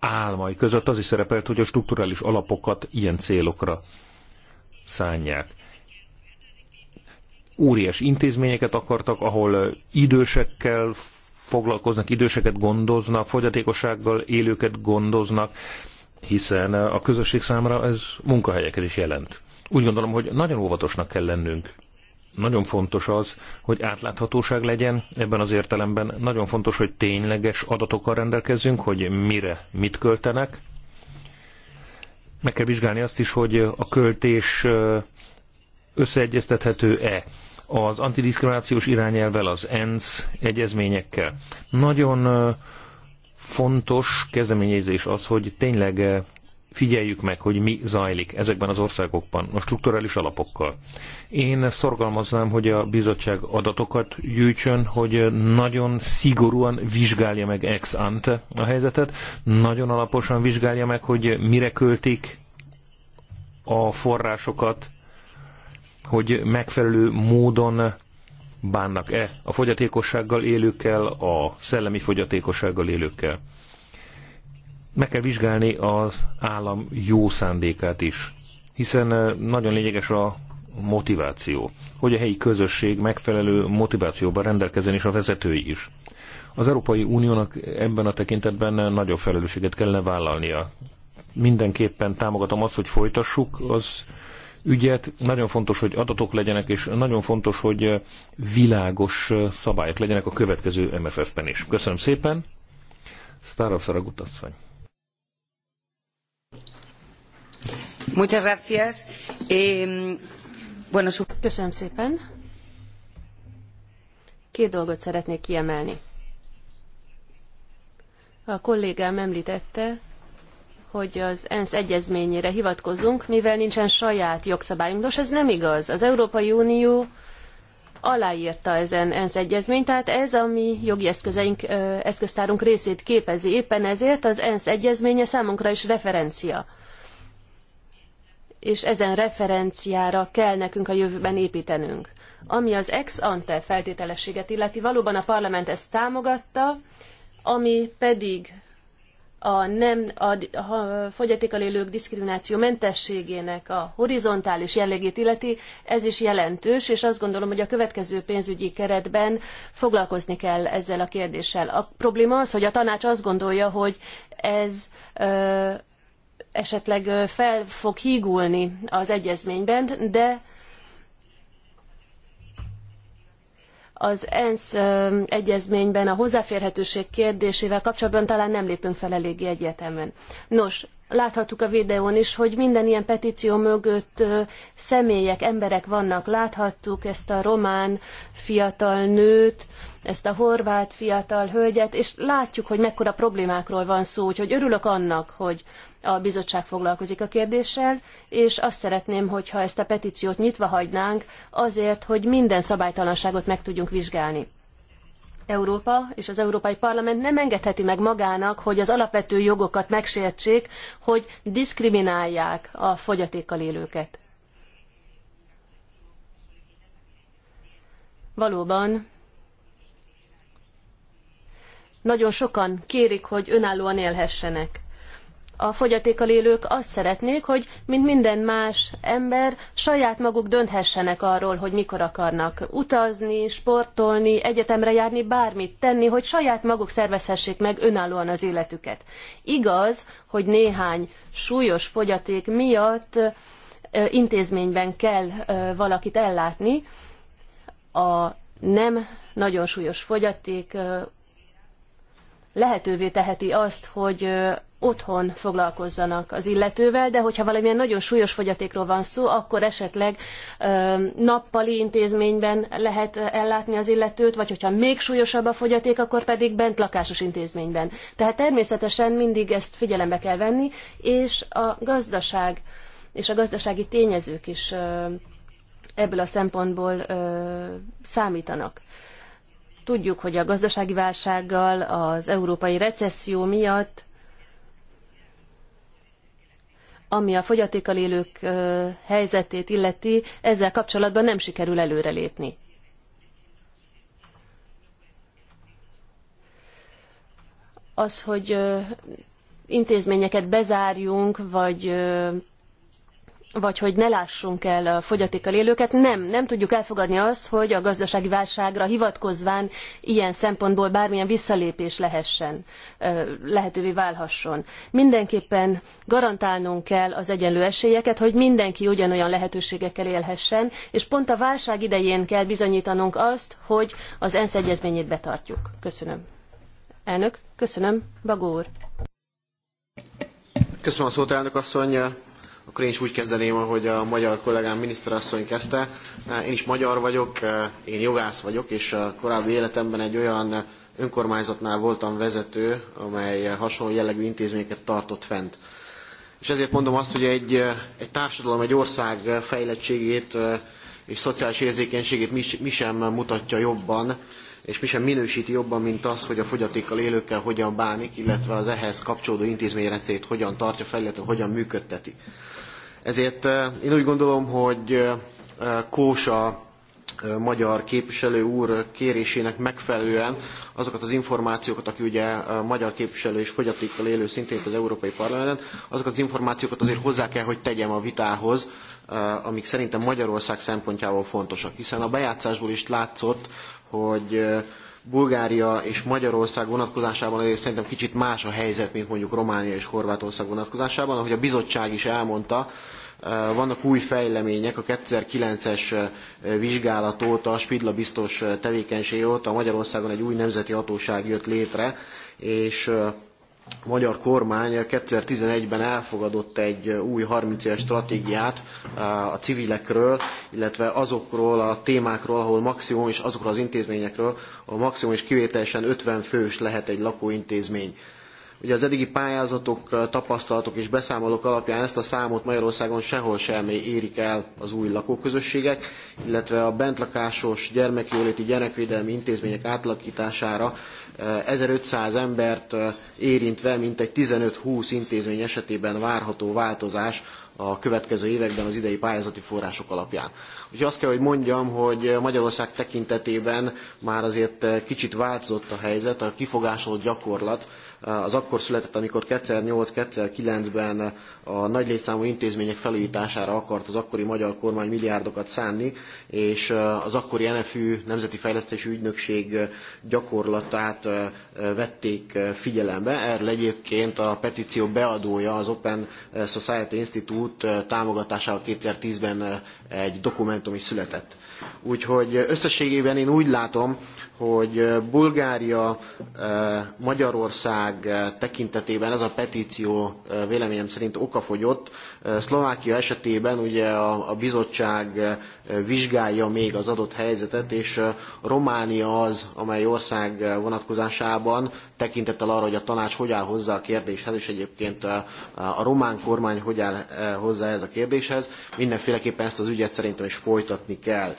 Speaker 5: álmai között az is szerepelt, hogy a strukturális alapokat ilyen célokra szánják óriás intézményeket akartak, ahol idősekkel foglalkoznak, időseket gondoznak, fogyatékossággal élőket gondoznak, hiszen a közösség számára ez munkahelyeket is jelent. Úgy gondolom, hogy nagyon óvatosnak kell lennünk. Nagyon fontos az, hogy átláthatóság legyen ebben az értelemben. Nagyon fontos, hogy tényleges adatokkal rendelkezünk, hogy mire mit költenek. Meg kell vizsgálni azt is, hogy a költés összeegyeztethető-e az antidiszkriminációs irányelvel, az ENSZ egyezményekkel. Nagyon fontos kezdeményezés az, hogy tényleg figyeljük meg, hogy mi zajlik ezekben az országokban, a strukturális alapokkal. Én szorgalmaznám, hogy a bizottság adatokat gyűjtsön, hogy nagyon szigorúan vizsgálja meg ex ante a helyzetet, nagyon alaposan vizsgálja meg, hogy mire költik a forrásokat, hogy megfelelő módon bánnak-e a fogyatékossággal élőkkel, a szellemi fogyatékossággal élőkkel. Meg kell vizsgálni az állam jó szándékát is, hiszen nagyon lényeges a motiváció, hogy a helyi közösség megfelelő motivációban rendelkezzen is a vezetői is. Az Európai Uniónak ebben a tekintetben nagyobb felelősséget kellene vállalnia. Mindenképpen támogatom azt, hogy folytassuk az ügyet. Nagyon fontos, hogy adatok legyenek, és nagyon fontos, hogy világos szabályok legyenek a következő MFF-ben is. Köszönöm szépen. Sztárav Szaragut asszony.
Speaker 1: Muchas gracias. bueno, Köszönöm szépen. Két dolgot szeretnék kiemelni. A kollégám említette, hogy az ENSZ egyezményére hivatkozunk, mivel nincsen saját jogszabályunk. Nos, ez nem igaz. Az Európai Unió aláírta ezen ENSZ egyezményt, tehát ez a mi jogi eszközeink, eszköztárunk részét képezi. Éppen ezért az ENSZ egyezménye számunkra is referencia. És ezen referenciára kell nekünk a jövőben építenünk. Ami az ex ante feltételességet illeti, valóban a parlament ezt támogatta, ami pedig a, nem, a, a fogyatékkal élők diszkrimináció mentességének a horizontális jellegét illeti, ez is jelentős, és azt gondolom, hogy a következő pénzügyi keretben foglalkozni kell ezzel a kérdéssel. A probléma az, hogy a tanács azt gondolja, hogy ez ö, esetleg fel fog hígulni az egyezményben, de az ENSZ egyezményben a hozzáférhetőség kérdésével kapcsolatban talán nem lépünk fel eléggé egyetemen. Nos, láthattuk a videón is, hogy minden ilyen petíció mögött személyek, emberek vannak. Láthattuk ezt a román fiatal nőt, ezt a horvát fiatal hölgyet, és látjuk, hogy mekkora problémákról van szó, úgyhogy örülök annak, hogy a bizottság foglalkozik a kérdéssel, és azt szeretném, hogyha ezt a petíciót nyitva hagynánk azért, hogy minden szabálytalanságot meg tudjunk vizsgálni. Európa és az Európai Parlament nem engedheti meg magának, hogy az alapvető jogokat megsértsék, hogy diszkriminálják a fogyatékkal élőket. Valóban nagyon sokan kérik, hogy önállóan élhessenek a fogyatékkal élők azt szeretnék, hogy mint minden más ember saját maguk dönthessenek arról, hogy mikor akarnak utazni, sportolni, egyetemre járni, bármit tenni, hogy saját maguk szervezhessék meg önállóan az életüket. Igaz, hogy néhány súlyos fogyaték miatt intézményben kell valakit ellátni, a nem nagyon súlyos fogyaték lehetővé teheti azt, hogy otthon foglalkozzanak az illetővel, de hogyha valamilyen nagyon súlyos fogyatékról van szó, akkor esetleg ö, nappali intézményben lehet ellátni az illetőt, vagy hogyha még súlyosabb a fogyaték, akkor pedig bent lakásos intézményben. Tehát természetesen mindig ezt figyelembe kell venni, és a gazdaság és a gazdasági tényezők is ö, ebből a szempontból ö, számítanak tudjuk, hogy a gazdasági válsággal, az európai recesszió miatt ami a fogyatékkal élők helyzetét illeti, ezzel kapcsolatban nem sikerül előrelépni. Az, hogy intézményeket bezárjunk, vagy vagy hogy ne lássunk el fogyatékkal élőket. Nem, nem tudjuk elfogadni azt, hogy a gazdasági válságra hivatkozván ilyen szempontból bármilyen visszalépés lehessen, lehetővé válhasson. Mindenképpen garantálnunk kell az egyenlő esélyeket, hogy mindenki ugyanolyan lehetőségekkel élhessen, és pont a válság idején kell bizonyítanunk azt, hogy az ENSZ egyezményét betartjuk. Köszönöm. Elnök, köszönöm. Bagó úr.
Speaker 3: Köszönöm a szót, elnök asszony akkor én is úgy kezdeném, ahogy a magyar kollégám miniszterasszony kezdte. Én is magyar vagyok, én jogász vagyok, és a korábbi életemben egy olyan önkormányzatnál voltam vezető, amely hasonló jellegű intézményeket tartott fent. És ezért mondom azt, hogy egy, egy társadalom, egy ország fejlettségét és szociális érzékenységét mi, mi sem mutatja jobban, és mi sem minősíti jobban, mint az, hogy a fogyatékkal élőkkel hogyan bánik, illetve az ehhez kapcsolódó intézményrendszerét hogyan tartja fel, illetve hogyan működteti. Ezért eh, én úgy gondolom, hogy eh, eh, Kósa magyar képviselő úr kérésének megfelelően azokat az információkat, aki ugye magyar képviselő és fogyatékkal élő szintén az Európai Parlamenten, azokat az információkat azért hozzá kell, hogy tegyem a vitához, amik szerintem Magyarország szempontjából fontosak. Hiszen a bejátszásból is látszott, hogy Bulgária és Magyarország vonatkozásában azért szerintem kicsit más a helyzet, mint mondjuk Románia és Horvátország vonatkozásában, ahogy a bizottság is elmondta, Eh, vannak új fejlemények, a 2009-es eh, vizsgálat óta, a Spidla biztos eh, tevékenység óta Magyarországon egy új nemzeti hatóság jött létre, és a magyar kormány 2011-ben elfogadott egy új 30 éves stratégiát a civilekről, illetve azokról a témákról, ahol maximum és azokról az intézményekről, ahol maximum és kivételesen 50 fős lehet egy lakóintézmény. Ugye az eddigi pályázatok, tapasztalatok és beszámolók alapján ezt a számot Magyarországon sehol sem érik el az új lakóközösségek, illetve a bentlakásos gyermekjóléti gyerekvédelmi intézmények átalakítására 1500 embert érintve mintegy 15-20 intézmény esetében várható változás a következő években az idei pályázati források alapján. Úgyhogy azt kell, hogy mondjam, hogy Magyarország tekintetében már azért kicsit változott a helyzet, a kifogásolt gyakorlat az akkor született, amikor 2008-2009-ben a nagy létszámú intézmények felújítására akart az akkori magyar kormány milliárdokat szánni, és az akkori NFÜ Nemzeti Fejlesztési Ügynökség gyakorlatát vették figyelembe. Erről egyébként a petíció beadója, az Open Society Institute támogatásával 2010-ben egy dokumentum is született. Úgyhogy összességében én úgy látom, hogy Bulgária, Magyarország tekintetében ez a petíció véleményem szerint okafogyott. Szlovákia esetében ugye a, bizottság vizsgálja még az adott helyzetet, és Románia az, amely ország vonatkozásában tekintettel arra, hogy a tanács hogy áll hozzá a kérdéshez, és egyébként a, román kormány hogy áll hozzá ez a kérdéshez, mindenféleképpen ezt az ügyet szerintem is folytatni kell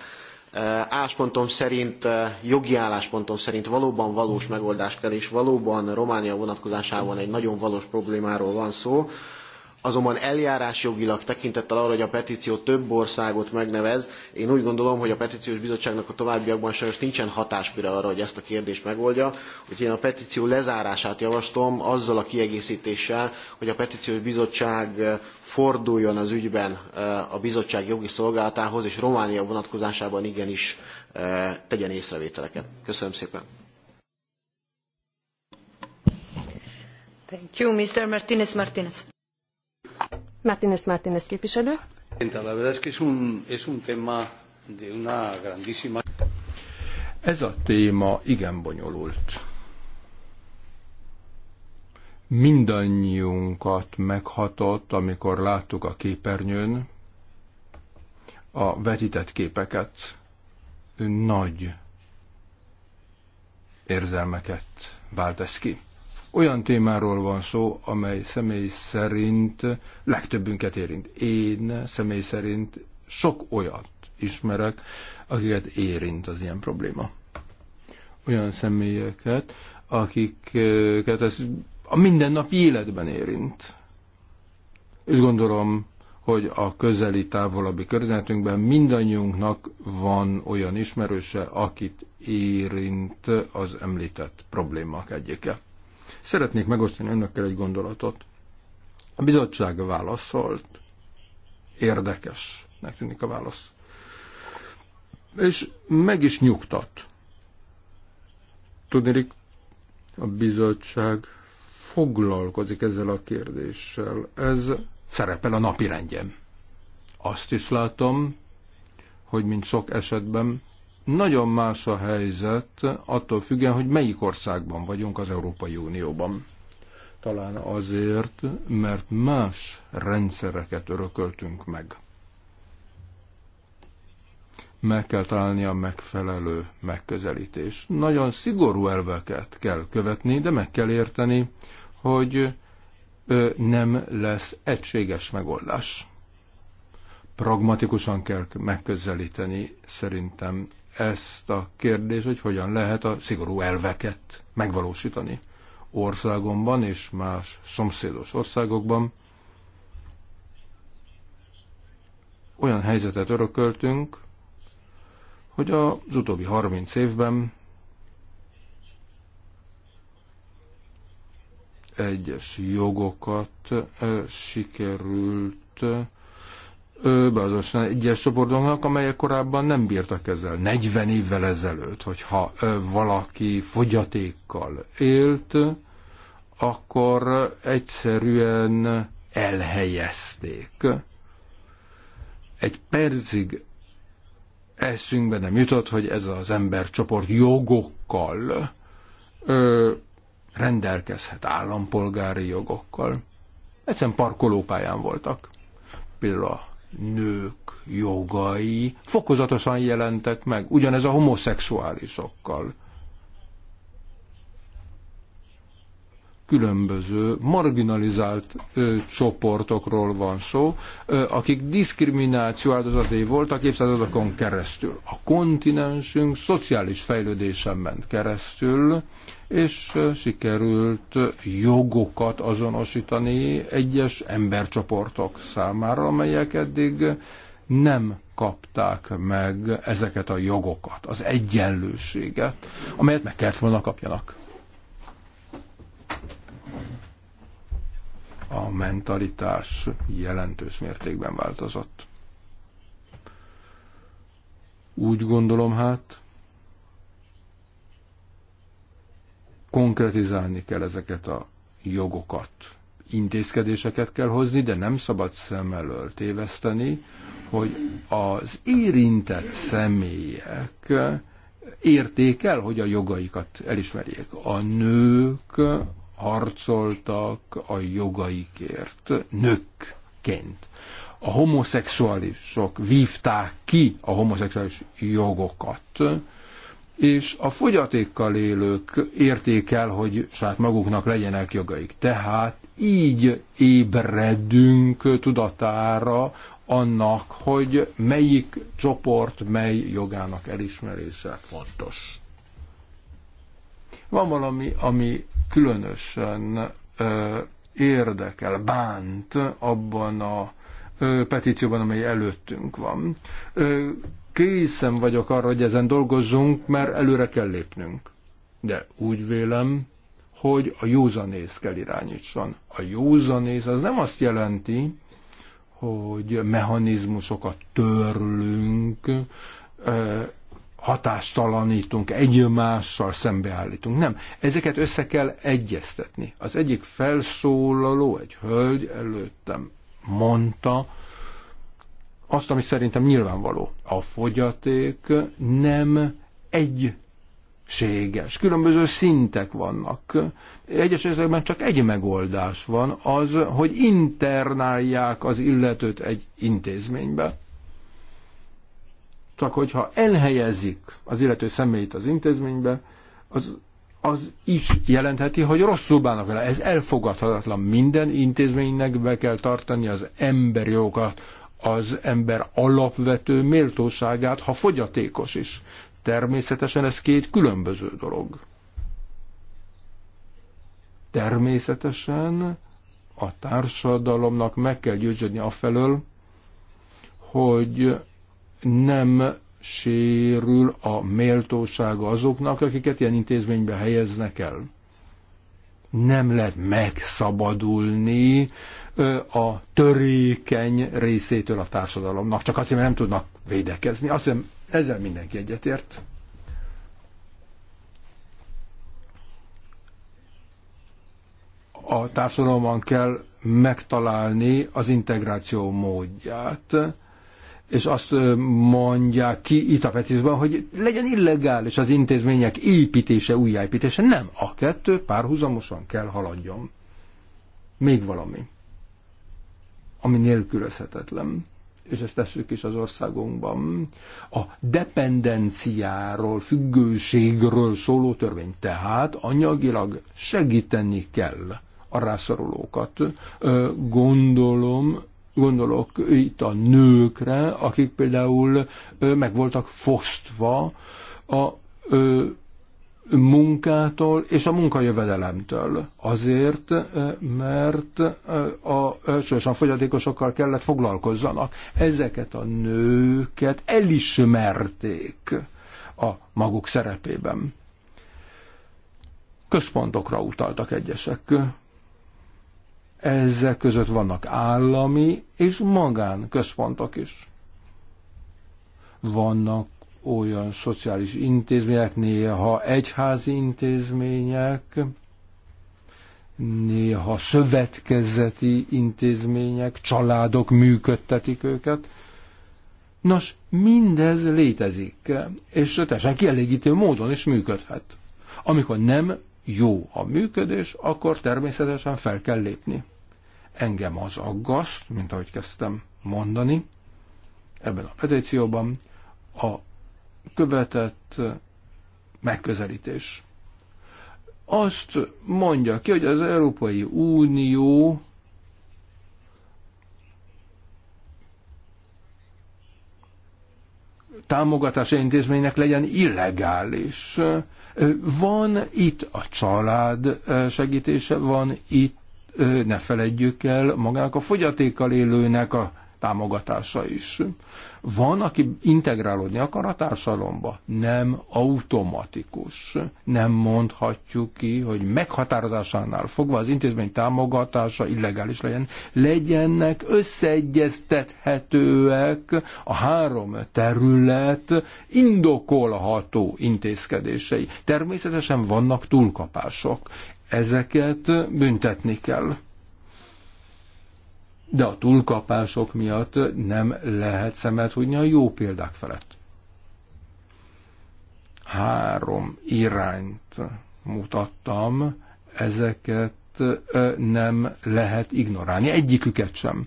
Speaker 3: álláspontom szerint, jogi álláspontom szerint valóban valós megoldást kell, és valóban Románia vonatkozásában egy nagyon valós problémáról van szó Azonban eljárásjogilag tekintettel arra, hogy a petíció több országot megnevez, én úgy gondolom, hogy a petíciós bizottságnak a továbbiakban sajnos nincsen hatásköre arra, hogy ezt a kérdést megoldja, úgyhogy én a petíció lezárását javaslom azzal a kiegészítéssel, hogy a petíciós bizottság eh, forduljon az ügyben eh, a bizottság jogi szolgálatához, és Románia vonatkozásában igenis eh, tegyen észrevételeket. Köszönöm szépen!
Speaker 1: Thank you, Mr. Martinez Martinez. Martínez Martínez képviselő.
Speaker 4: Ez a téma igen bonyolult. Mindannyiunkat meghatott, amikor láttuk a képernyőn a vetített képeket. Nagy érzelmeket vált ez ki. Olyan témáról van szó, amely személy szerint legtöbbünket érint. Én személy szerint sok olyat ismerek, akiket érint az ilyen probléma. Olyan személyeket, akiket ez a mindennapi életben érint. És gondolom, hogy a közeli, távolabbi környezetünkben mindannyiunknak van olyan ismerőse, akit érint az említett problémák egyike. Szeretnék megosztani önökkel egy gondolatot. A bizottság válaszolt, Érdekes, megtűnik a válasz. És meg is nyugtat. Tudnék, a bizottság foglalkozik ezzel a kérdéssel. Ez szerepel a napi rendjen. Azt is látom, hogy mint sok esetben nagyon más a helyzet attól függően, hogy melyik országban vagyunk az Európai Unióban. Talán azért, mert más rendszereket örököltünk meg. Meg kell találni a megfelelő megközelítés. Nagyon szigorú elveket kell követni, de meg kell érteni, hogy nem lesz egységes megoldás pragmatikusan kell megközelíteni szerintem ezt a kérdést, hogy hogyan lehet a szigorú elveket megvalósítani. Országomban és más szomszédos országokban olyan helyzetet örököltünk, hogy az utóbbi 30 évben egyes jogokat eh, sikerült beazonosan egyes csoportban vannak, amelyek korábban nem bírtak ezzel. 40 évvel ezelőtt, hogyha valaki fogyatékkal élt, akkor egyszerűen elhelyezték. Egy percig eszünkbe nem jutott, hogy ez az embercsoport jogokkal ö, rendelkezhet, állampolgári jogokkal. Egyszerűen parkolópályán voltak. Például a nők jogai fokozatosan jelentek meg, ugyanez a homoszexuálisokkal különböző marginalizált ö, csoportokról van szó, ö, akik diszkrimináció áldozatai voltak évszázadokon keresztül. A kontinensünk szociális fejlődésen ment keresztül, és ö, sikerült jogokat azonosítani egyes embercsoportok számára, amelyek eddig nem kapták meg ezeket a jogokat, az egyenlőséget, amelyet meg kellett volna kapjanak. a mentalitás jelentős mértékben változott. Úgy gondolom hát, konkretizálni kell ezeket a jogokat. Intézkedéseket kell hozni, de nem szabad szem elől téveszteni, hogy az érintett személyek érték el, hogy a jogaikat elismerjék. A nők harcoltak a jogaikért nőkként. A homoszexuálisok vívták ki a homoszexuális jogokat, és a fogyatékkal élők érték el, hogy saját maguknak legyenek jogaik. Tehát így ébredünk tudatára annak, hogy melyik csoport mely jogának elismerése fontos. Van valami, ami különösen érdekel, bánt abban a petícióban, amely előttünk van. Készen vagyok arra, hogy ezen dolgozzunk, mert előre kell lépnünk. De úgy vélem, hogy a józanész kell irányítson. A józanész az nem azt jelenti, hogy mechanizmusokat törlünk, hatástalanítunk, egymással szembeállítunk. Nem, ezeket össze kell egyeztetni. Az egyik felszólaló, egy hölgy előttem mondta, azt, ami szerintem nyilvánvaló. A fogyaték nem egy Séges. Különböző szintek vannak. Egyes esetekben csak egy megoldás van, az, hogy internálják az illetőt egy intézménybe, csak hogyha elhelyezik az illető személyt az intézménybe, az, az is jelentheti, hogy rosszul bánnak vele. Ez elfogadhatatlan. Minden intézménynek be kell tartani az emberi jogát, az ember alapvető méltóságát, ha fogyatékos is. Természetesen ez két különböző dolog. Természetesen a társadalomnak meg kell győződni afelől, hogy nem sérül a méltósága azoknak, akiket ilyen intézménybe helyeznek el. Nem lehet megszabadulni a törékeny részétől a társadalomnak, csak azért, mert nem tudnak védekezni. Azt hiszem, ezzel mindenki egyetért. A társadalomban kell megtalálni az integráció módját és azt mondják ki itt a petícióban, hogy legyen illegális az intézmények építése, újjáépítése. Nem, a kettő párhuzamosan kell haladjon. Még valami, ami nélkülözhetetlen, és ezt tesszük is az országunkban, a dependenciáról, függőségről szóló törvény. Tehát anyagilag segíteni kell a rászorulókat. Gondolom, Gondolok itt a nőkre, akik például meg voltak fosztva a munkától és a munkajövedelemtől. Azért, mert a elsősorban fogyatékosokkal kellett foglalkozzanak. Ezeket a nőket elismerték a maguk szerepében. Központokra utaltak egyesek. Ezek között vannak állami és magán központok is. Vannak olyan szociális intézmények, néha egyházi intézmények, néha szövetkezeti intézmények, családok működtetik őket. Nos, mindez létezik, és teljesen kielégítő módon is működhet. Amikor nem jó a működés, akkor természetesen fel kell lépni. Engem az aggaszt, mint ahogy kezdtem mondani, ebben a petícióban a követett megközelítés. Azt mondja ki, hogy az Európai Unió támogatási intézménynek legyen illegális. Van itt a család segítése, van itt, ne feledjük el magának a fogyatékkal élőnek a támogatása is. Van, aki integrálódni akar a társadalomba. Nem automatikus. Nem mondhatjuk ki, hogy meghatározásánál fogva az intézmény támogatása illegális legyen. Legyenek összeegyeztethetőek a három terület indokolható intézkedései. Természetesen vannak túlkapások. Ezeket büntetni kell de a túlkapások miatt nem lehet szemet húgyni a jó példák felett. Három irányt mutattam, ezeket nem lehet ignorálni, egyiküket sem.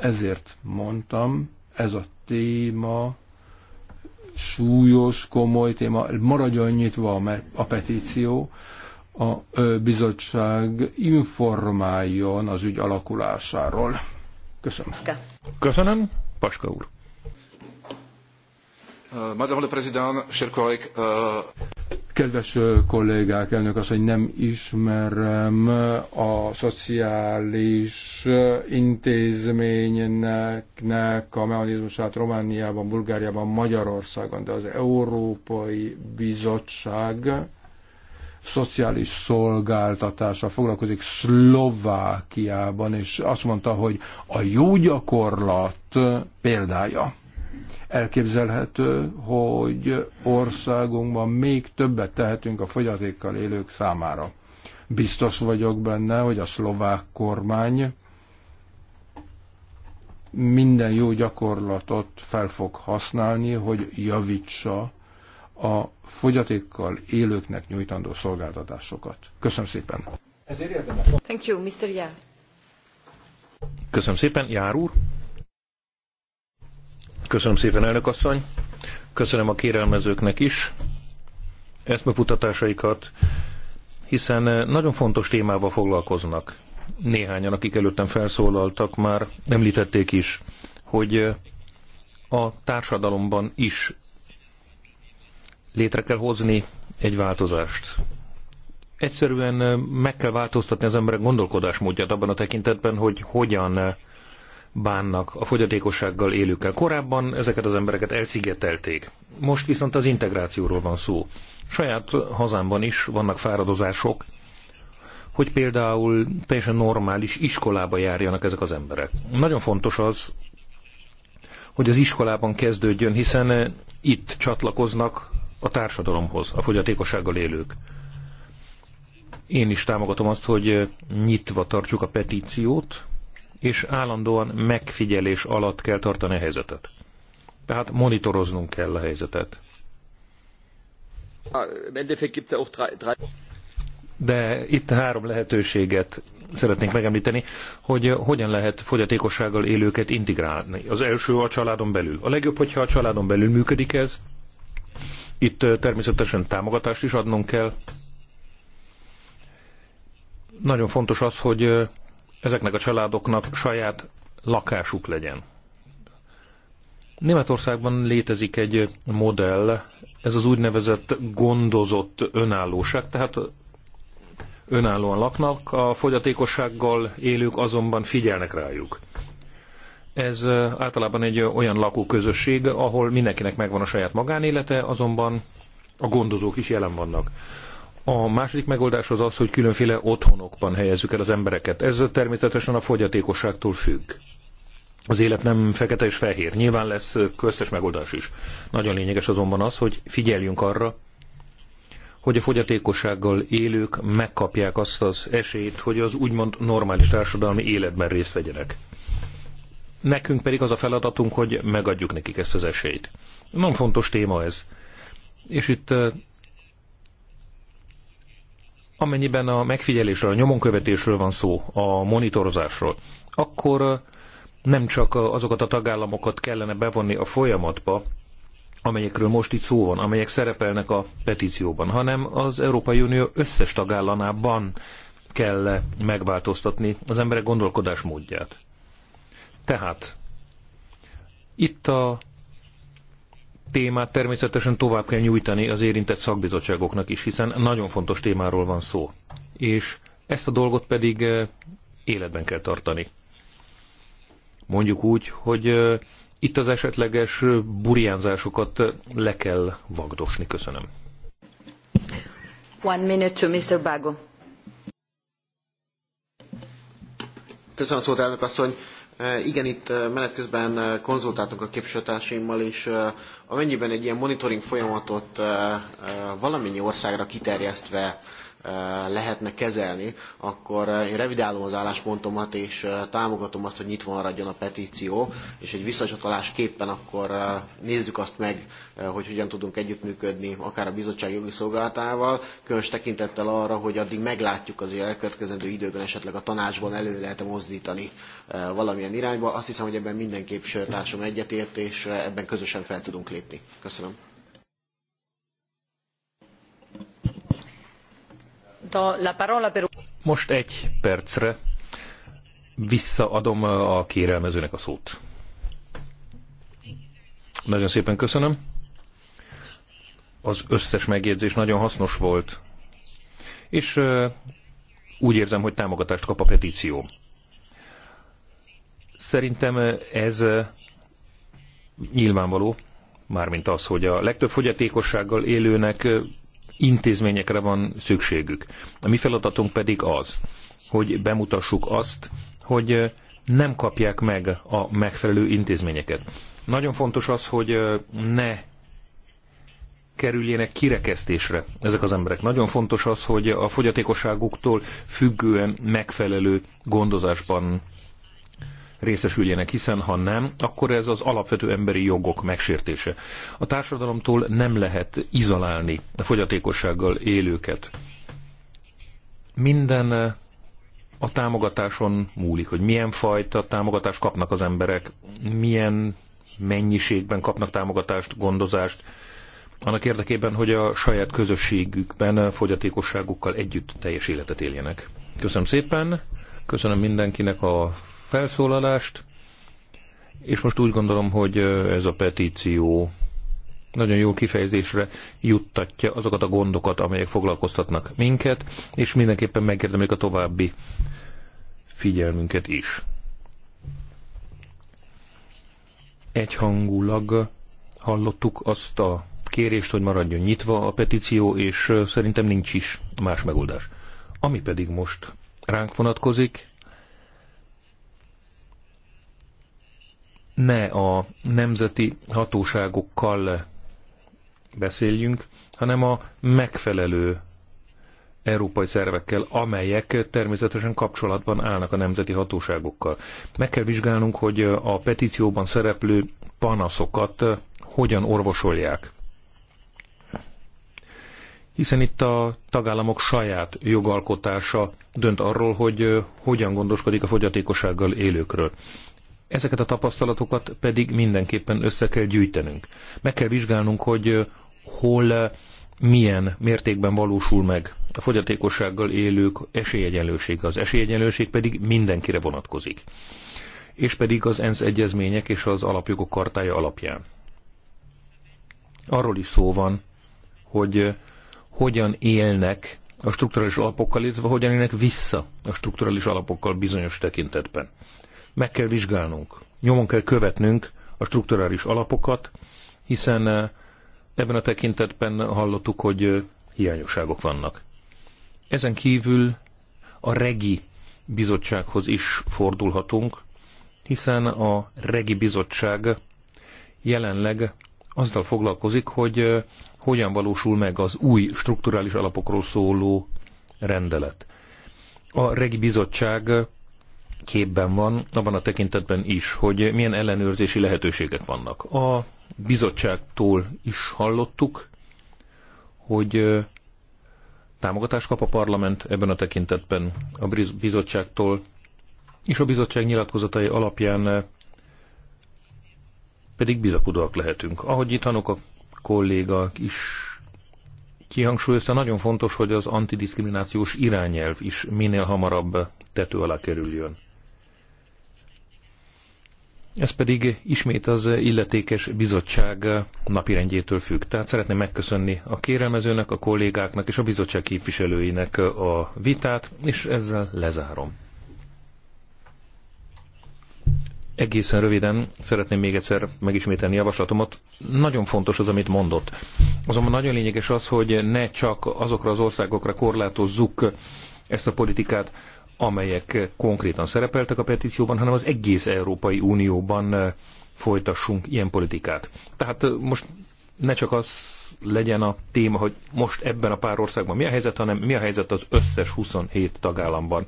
Speaker 4: Ezért mondtam, ez a téma súlyos, komoly téma, maradjon nyitva a petíció, a bizottság informáljon az ügy alakulásáról. Köszönöm. Köszönöm. Paska úr. Uh, Madame le Président, chers collègues, uh, Kedves kollégák, elnök az, hogy nem ismerem a szociális intézménynek a mechanizmusát Romániában, Bulgáriában, Magyarországon, de az Európai Bizottság szociális szolgáltatása foglalkozik Szlovákiában, és azt mondta, hogy a jó gyakorlat példája. Elképzelhető, hogy országunkban még többet tehetünk a fogyatékkal élők számára. Biztos vagyok benne, hogy a szlovák kormány minden jó gyakorlatot fel fog használni, hogy javítsa a fogyatékkal élőknek nyújtandó szolgáltatásokat. Köszönöm szépen.
Speaker 2: Ezért Thank you, Mr. Jár.
Speaker 5: Köszönöm szépen, Jár úr. Köszönöm szépen, elnök asszony. Köszönöm a kérelmezőknek is eszmefutatásaikat, hiszen nagyon fontos témával foglalkoznak. Néhányan, akik előttem felszólaltak, már említették is, hogy a társadalomban is létre kell hozni egy változást. Egyszerűen meg kell változtatni az emberek gondolkodásmódját abban a tekintetben, hogy hogyan bánnak a fogyatékossággal élőkkel. Korábban ezeket az embereket elszigetelték. Most viszont az integrációról van szó. Saját hazámban is vannak fáradozások, hogy például teljesen normális iskolába járjanak ezek az emberek. Nagyon fontos az, hogy az iskolában kezdődjön, hiszen itt csatlakoznak a társadalomhoz, a fogyatékossággal élők. Én is támogatom azt, hogy nyitva tartsuk a petíciót, és állandóan megfigyelés alatt kell tartani a helyzetet. Tehát monitoroznunk kell a helyzetet. Ah, De itt három lehetőséget szeretnénk megemlíteni, hogy hogyan lehet fogyatékossággal élőket integrálni. Az első a családon belül. A legjobb, hogyha a családon belül működik ez, itt természetesen támogatást is adnunk kell. Nagyon fontos az, hogy ezeknek a családoknak saját lakásuk legyen. Németországban létezik egy modell, ez az úgynevezett gondozott önállóság, tehát önállóan laknak, a fogyatékossággal élők azonban figyelnek rájuk. Ez általában egy olyan lakóközösség, ahol mindenkinek megvan a saját magánélete, azonban a gondozók is jelen vannak. A második megoldás az az, hogy különféle otthonokban helyezzük el az embereket. Ez természetesen a fogyatékosságtól függ. Az élet nem fekete és fehér. Nyilván lesz köztes megoldás is. Nagyon lényeges azonban az, hogy figyeljünk arra, hogy a fogyatékossággal élők megkapják azt az esélyt, hogy az úgymond normális társadalmi életben részt vegyenek. Nekünk pedig az a feladatunk, hogy megadjuk nekik ezt az esélyt. Nem fontos téma ez. És itt amennyiben a megfigyelésről, a nyomonkövetésről van szó, a monitorozásról, akkor nem csak azokat a tagállamokat kellene bevonni a folyamatba, amelyekről most itt szó van, amelyek szerepelnek a petícióban, hanem az Európai Unió összes tagállamában kell megváltoztatni az emberek gondolkodásmódját. Tehát itt a témát természetesen tovább kell nyújtani az érintett szakbizottságoknak is, hiszen nagyon fontos témáról van szó. És ezt a dolgot pedig eh, életben kell tartani. Mondjuk úgy, hogy eh, itt az esetleges eh, burjánzásokat le kell
Speaker 3: vagdosni. Köszönöm.
Speaker 2: One minute to Mr. Bago.
Speaker 3: Köszönöm szót, elnök asszony. Igen, itt menet közben konzultáltunk a képviselőtársaimmal, és amennyiben egy ilyen monitoring folyamatot valamennyi országra kiterjesztve lehetne kezelni, akkor én revidálom az álláspontomat, és támogatom azt, hogy nyitva maradjon a petíció, és egy visszacsatolásképpen akkor nézzük azt meg, Eh, hogy hogyan tudunk együttműködni akár a bizottság jogi szolgálatával, különös tekintettel arra, hogy addig meglátjuk az, elkövetkezendő időben esetleg a tanácsban elő lehet -e mozdítani eh, valamilyen irányba. Azt hiszem, hogy ebben mindenképp társam egyetért, és eh, ebben közösen fel tudunk lépni. Köszönöm.
Speaker 5: Most egy percre visszaadom a kérelmezőnek a szót. Nagyon szépen köszönöm az összes megjegyzés nagyon hasznos volt, és úgy érzem, hogy támogatást kap a petíció. Szerintem ez nyilvánvaló, mármint az, hogy a legtöbb fogyatékossággal élőnek intézményekre van szükségük. A mi feladatunk pedig az, hogy bemutassuk azt, hogy nem kapják meg a megfelelő intézményeket. Nagyon fontos az, hogy ne kerüljenek kirekesztésre ezek az emberek. Nagyon fontos az, hogy a fogyatékosságuktól függően megfelelő gondozásban részesüljenek, hiszen ha nem, akkor ez az alapvető emberi jogok megsértése. A társadalomtól nem lehet izolálni a fogyatékossággal élőket. Minden eh, a támogatáson múlik, hogy milyen fajta támogatást kapnak az emberek, milyen mennyiségben kapnak támogatást, gondozást, annak érdekében, hogy a saját közösségükben fogyatékosságukkal együtt teljes életet éljenek. Köszönöm szépen, köszönöm mindenkinek a felszólalást, és most úgy gondolom, hogy ez a petíció nagyon jó kifejezésre juttatja azokat a gondokat, amelyek foglalkoztatnak minket, és mindenképpen megérdemlik a további figyelmünket is. Egyhangulag hallottuk azt a kérést, hogy maradjon nyitva a petíció, és szerintem nincs is más megoldás. Ami pedig most ránk vonatkozik, ne a nemzeti hatóságokkal beszéljünk, hanem a megfelelő európai szervekkel, amelyek természetesen kapcsolatban állnak a nemzeti hatóságokkal. Meg kell vizsgálnunk, hogy a petícióban szereplő panaszokat hogyan orvosolják hiszen itt a tagállamok saját jogalkotása dönt arról, hogy hogyan gondoskodik a fogyatékossággal élőkről. Ezeket a tapasztalatokat pedig mindenképpen össze kell gyűjtenünk. Meg kell vizsgálnunk, hogy hol milyen mértékben valósul meg a fogyatékossággal élők esélyegyenlősége. Az esélyegyenlőség pedig mindenkire vonatkozik. És pedig az ENSZ egyezmények és az alapjogok kartája alapján. Arról is szó van, hogy hogyan élnek a strukturális alapokkal, illetve hogyan élnek vissza a strukturális alapokkal bizonyos tekintetben. Meg kell vizsgálnunk, nyomon kell követnünk a strukturális alapokat, hiszen eh, ebben a tekintetben hallottuk, hogy eh, hiányosságok vannak. Ezen kívül a regi bizottsághoz is fordulhatunk, hiszen a regi bizottság jelenleg azzal foglalkozik, hogy eh, hogyan valósul meg az új strukturális alapokról szóló rendelet. A Regi Bizottság képben van, abban a tekintetben is, hogy milyen ellenőrzési lehetőségek vannak. A bizottságtól is hallottuk, hogy támogatást kap a parlament ebben a tekintetben a bizottságtól, és a bizottság nyilatkozatai alapján pedig bizakodóak lehetünk. Ahogy itt a kollégák is kihangsúlyozta, nagyon fontos, hogy az antidiszkriminációs irányelv is minél hamarabb tető alá kerüljön. Ez pedig ismét az illetékes bizottság napirendjétől függ. Tehát szeretném megköszönni a kérelmezőnek, a kollégáknak és a bizottság képviselőinek a vitát, és ezzel lezárom. Egészen röviden szeretném még egyszer megismételni javaslatomat. Nagyon fontos az, amit mondott. Azonban nagyon lényeges az, hogy ne csak azokra az országokra korlátozzuk ezt a politikát, amelyek konkrétan szerepeltek a petícióban, hanem az egész Európai Unióban folytassunk ilyen politikát. Tehát most ne csak az legyen a téma, hogy most ebben a pár országban mi a helyzet, hanem mi a helyzet az összes 27 tagállamban.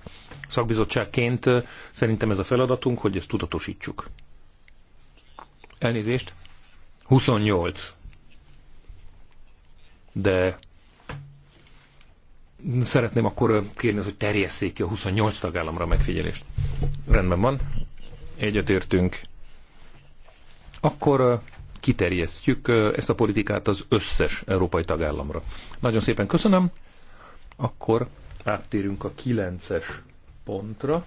Speaker 5: Szakbizottságként szerintem ez a feladatunk, hogy ezt tudatosítsuk. Elnézést. 28. De szeretném akkor kérni, hogy terjesszék ki a 28 tagállamra a megfigyelést. Rendben van, egyetértünk. Akkor kiterjesztjük ezt a politikát az összes európai tagállamra. Nagyon szépen köszönöm. Akkor áttérünk a 9-es pontra,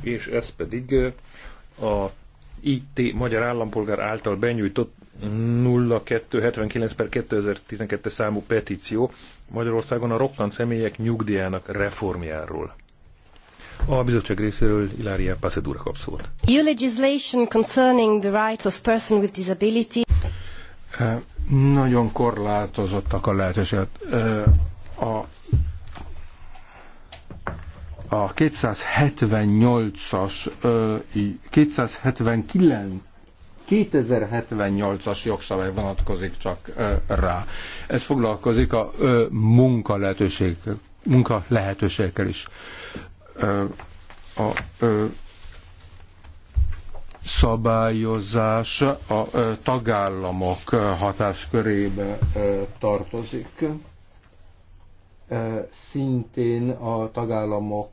Speaker 5: és ez pedig a IT magyar állampolgár által benyújtott 0279 per 2012 számú petíció Magyarországon a rokkant személyek nyugdíjának reformjáról. A bizottság részéről Ilária Paszedúra kap szót.
Speaker 1: New legislation concerning the right of person with disability.
Speaker 4: Nagyon korlátozottak a lehetőséget. A a 278-as, 279 2078-as jogszabály vonatkozik csak rá. Ez foglalkozik a munka, lehetőség, munka lehetőségekkel is. A szabályozás a tagállamok hatáskörébe tartozik szintén a tagállamok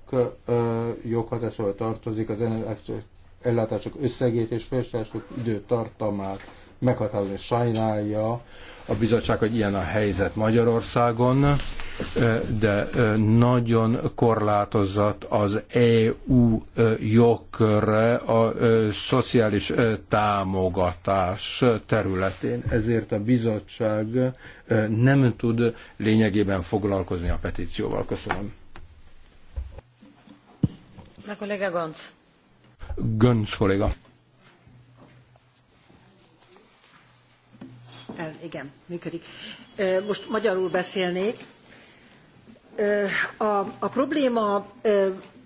Speaker 4: joghatásával tartozik az ellátások összegét és felsősök időtartamát meghatározni. Sajnálja a bizottság, hogy ilyen a helyzet Magyarországon de nagyon korlátozott az EU jogkörre a szociális támogatás területén. Ezért a bizottság nem tud lényegében foglalkozni a petícióval. Köszönöm.
Speaker 2: La kollega Gönc.
Speaker 4: Gönc kollega.
Speaker 2: El,
Speaker 8: igen, működik. Most magyarul beszélnék a, a probléma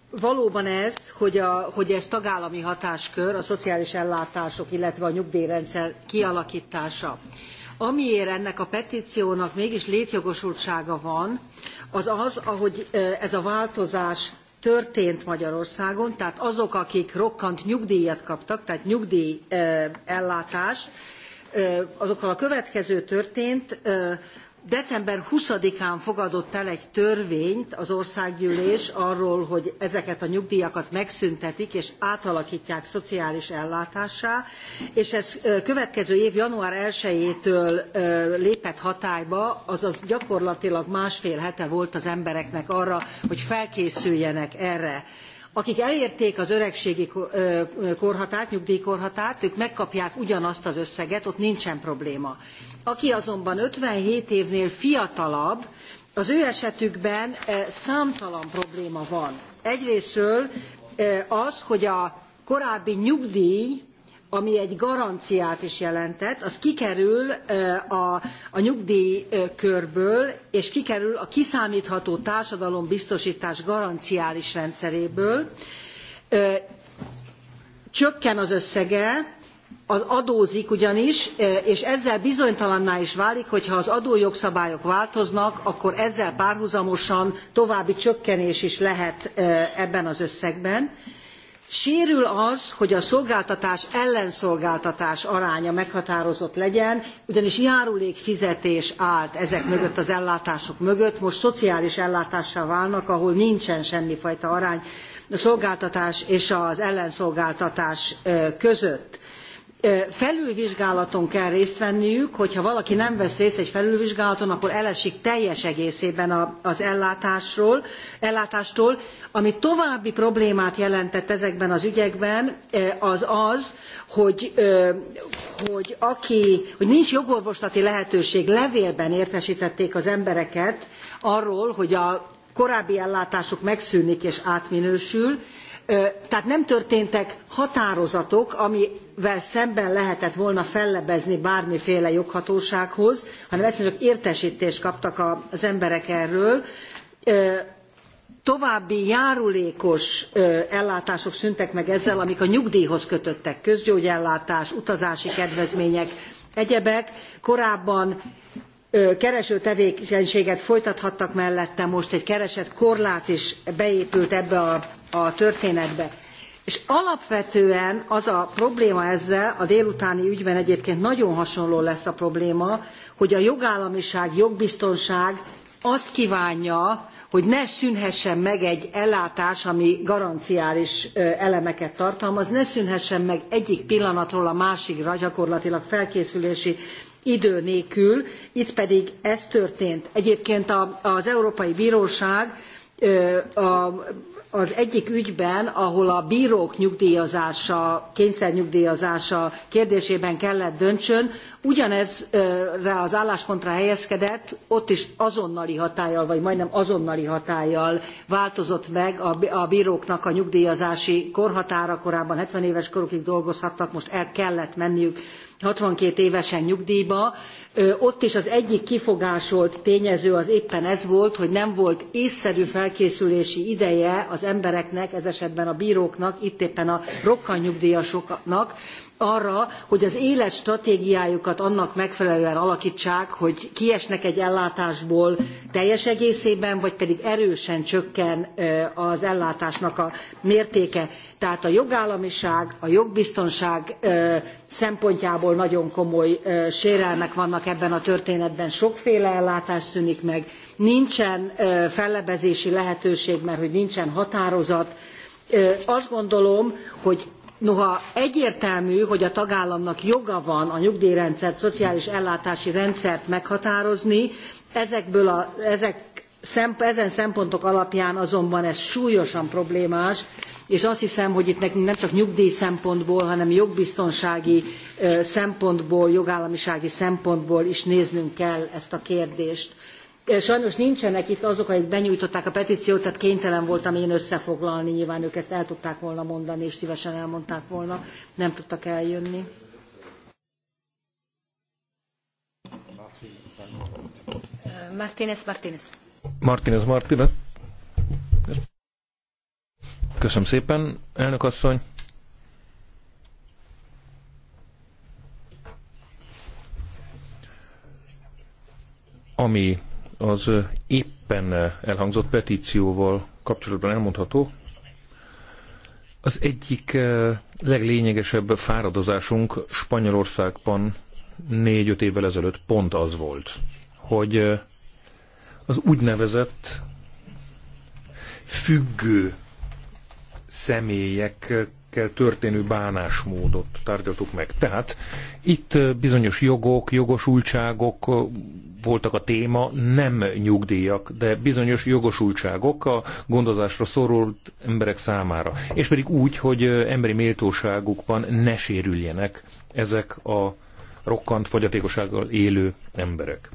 Speaker 8: valóban ez, hogy, a, hogy ez tagállami hatáskör, a szociális ellátások, illetve a nyugdíjrendszer kialakítása. Amiért ennek a petíciónak mégis létjogosultsága van, az az, ahogy ez a változás történt Magyarországon, tehát azok, akik rokkant nyugdíjat kaptak, tehát nyugdíj ellátás, azokkal a következő történt, December 20-án fogadott el egy törvényt az országgyűlés arról, hogy ezeket a nyugdíjakat megszüntetik és átalakítják szociális ellátássá, és ez következő év január 1-től lépett hatályba, azaz gyakorlatilag másfél hete volt az embereknek arra, hogy felkészüljenek erre akik elérték az öregségi korhatárt, nyugdíjkorhatárt, ők megkapják ugyanazt az összeget, ott nincsen probléma. Aki azonban 57 évnél fiatalabb, az ő esetükben eh, számtalan probléma van. Egyrésztről eh, az, hogy a korábbi nyugdíj, ami egy garanciát is jelentett, az kikerül eh, a, a körből és kikerül a kiszámítható biztosítás garanciális rendszeréből. Csökken az összege, az adózik ugyanis, e, és ezzel bizonytalanná is válik, hogyha az adójogszabályok változnak, akkor ezzel párhuzamosan további csökkenés is lehet e, ebben az összegben. Sérül az, hogy a szolgáltatás ellenszolgáltatás aránya meghatározott legyen, ugyanis járulékfizetés állt ezek mögött, az ellátások mögött, most szociális ellátássá válnak, ahol nincsen semmifajta arány a szolgáltatás és az ellenszolgáltatás e, között felülvizsgálaton kell részt venniük, hogyha valaki nem vesz részt egy felülvizsgálaton, akkor elesik teljes egészében az ellátásról, ellátástól. Ami további problémát jelentett ezekben az ügyekben, az az, hogy, hogy, aki, hogy nincs jogorvoslati lehetőség, levélben értesítették az embereket arról, hogy a korábbi ellátásuk megszűnik és átminősül, tehát nem történtek határozatok, amivel szemben lehetett volna fellebezni bármiféle joghatósághoz, hanem egyszerűen csak értesítést kaptak az emberek erről. További járulékos ellátások szűntek meg ezzel, amik a nyugdíjhoz kötöttek, közgyógyellátás, utazási kedvezmények, egyebek. Korábban kereső tevékenységet folytathattak mellette, most egy keresett korlát is beépült ebbe a, a történetbe. És alapvetően az a probléma ezzel, a délutáni ügyben egyébként nagyon hasonló lesz a probléma, hogy a jogállamiság, jogbiztonság azt kívánja, hogy ne szűnhessen meg egy ellátás, ami garanciális elemeket tartalmaz, ne szűnhessen meg egyik pillanatról a másikra gyakorlatilag felkészülési idő nélkül itt pedig ez történt. egyébként a, az európai bróság az egyik ügyben ahol a brók nyugdjazása kényszernyugdjazása kérdésében kellett döntsön ugyanezre az álláspontra helyezkedett ott is azonnali hatállyal vagy majdnem azonnali hatállyal változott meg a bróknak a nyugdjazási korhatára korábban seventy éves korukig dolgozhattak most el kellett menniük 62 évesen nyugdíjba, ott is az egyik kifogásolt tényező az éppen ez volt, hogy nem volt észszerű felkészülési ideje az embereknek, ez esetben a bíróknak, itt éppen a rokkantnyugdíjasoknak, arra, hogy az élet stratégiájukat annak megfelelően alakítsák, hogy kiesnek egy ellátásból teljes egészében, vagy pedig erősen csökken az ellátásnak a mértéke. Tehát a jogállamiság, a jogbiztonság szempontjából nagyon komoly sérelmek vannak ebben a történetben. Sokféle ellátás szűnik meg, nincsen fellebezési lehetőség, mert hogy nincsen határozat, azt gondolom, hogy Noha egyértelmű, hogy a tagállamnak joga van a nyugdíjrendszert, szociális ellátási rendszert meghatározni, ezekből a, ezek szemp, ezen szempontok alapján azonban ez súlyosan problémás, és azt hiszem, hogy itt nekünk nem csak nyugdíj szempontból, hanem jogbiztonsági szempontból, jogállamisági szempontból is néznünk kell ezt a kérdést. Eh, sajnos nincsenek itt azok, akik benyújtották a petíciót, tehát kénytelen voltam én összefoglalni, nyilván ők ezt el tudták volna mondani, és szívesen elmondták volna, nem tudtak eljönni.
Speaker 6: Martínez, Martínez.
Speaker 5: Martínez, Martínez. Köszönöm szépen, elnök asszony. Ami az éppen elhangzott petícióval kapcsolatban elmondható, az egyik leglényegesebb fáradozásunk Spanyolországban négy-öt évvel ezelőtt pont az volt, hogy az úgynevezett függő személyek emberekkel történő bánásmódot tárgyaltuk meg. Tehát itt bizonyos jogok, jogosultságok voltak a téma, nem nyugdíjak, de bizonyos jogosultságok a gondozásra szorult emberek számára. És pedig úgy, hogy emberi méltóságukban ne sérüljenek ezek a rokkant fogyatékossággal élő emberek.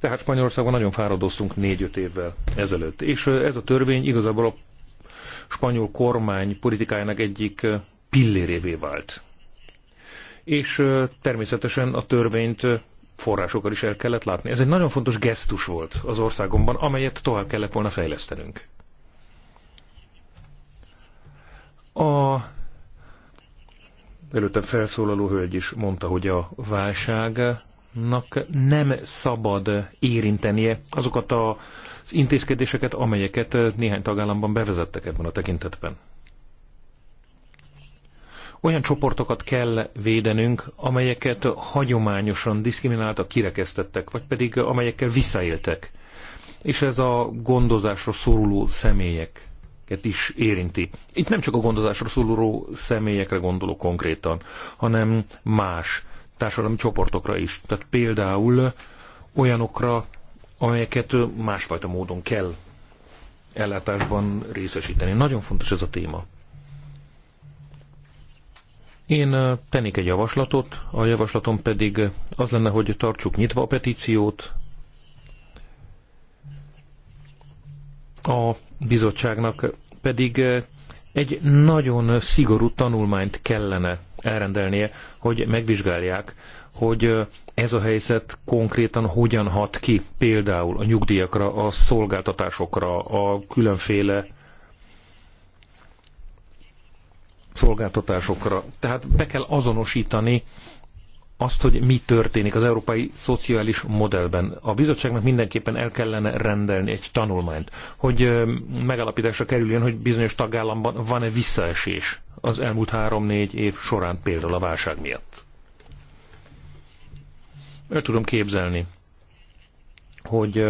Speaker 5: Tehát Spanyolországban nagyon fáradoztunk négy-öt évvel ezelőtt. És ez a törvény igazából a spanyol kormány politikájának egyik pillérévé vált. És természetesen a törvényt forrásokkal is el kellett látni. Ez egy nagyon fontos gesztus volt az országomban, amelyet tovább kellett volna fejlesztenünk. A előtte felszólaló hölgy is mondta, hogy a válságnak nem szabad érintenie azokat a az intézkedéseket, amelyeket eh, néhány tagállamban bevezettek ebben a tekintetben. Olyan csoportokat kell védenünk, amelyeket hagyományosan diszkrimináltak, kirekesztettek, vagy pedig eh, amelyekkel visszaéltek. És ez a gondozásra szoruló személyeket is érinti. Itt nem csak a gondozásra szoruló személyekre gondolok konkrétan, hanem más társadalmi csoportokra is. Tehát például olyanokra, amelyeket másfajta módon kell ellátásban részesíteni. Nagyon fontos ez a téma. Én tennék egy javaslatot, a javaslatom pedig az lenne, hogy tartsuk nyitva a petíciót. A bizottságnak pedig egy nagyon szigorú tanulmányt kellene elrendelnie, hogy megvizsgálják, hogy ez a helyzet konkrétan hogyan hat ki például a nyugdíjakra, a szolgáltatásokra, a különféle szolgáltatásokra. Tehát be kell azonosítani azt, hogy mi történik az európai szociális modellben. A bizottságnak mindenképpen el kellene rendelni egy tanulmányt, hogy megalapításra kerüljön, hogy bizonyos tagállamban van-e visszaesés az elmúlt három-négy év során, például a válság miatt el tudom képzelni, hogy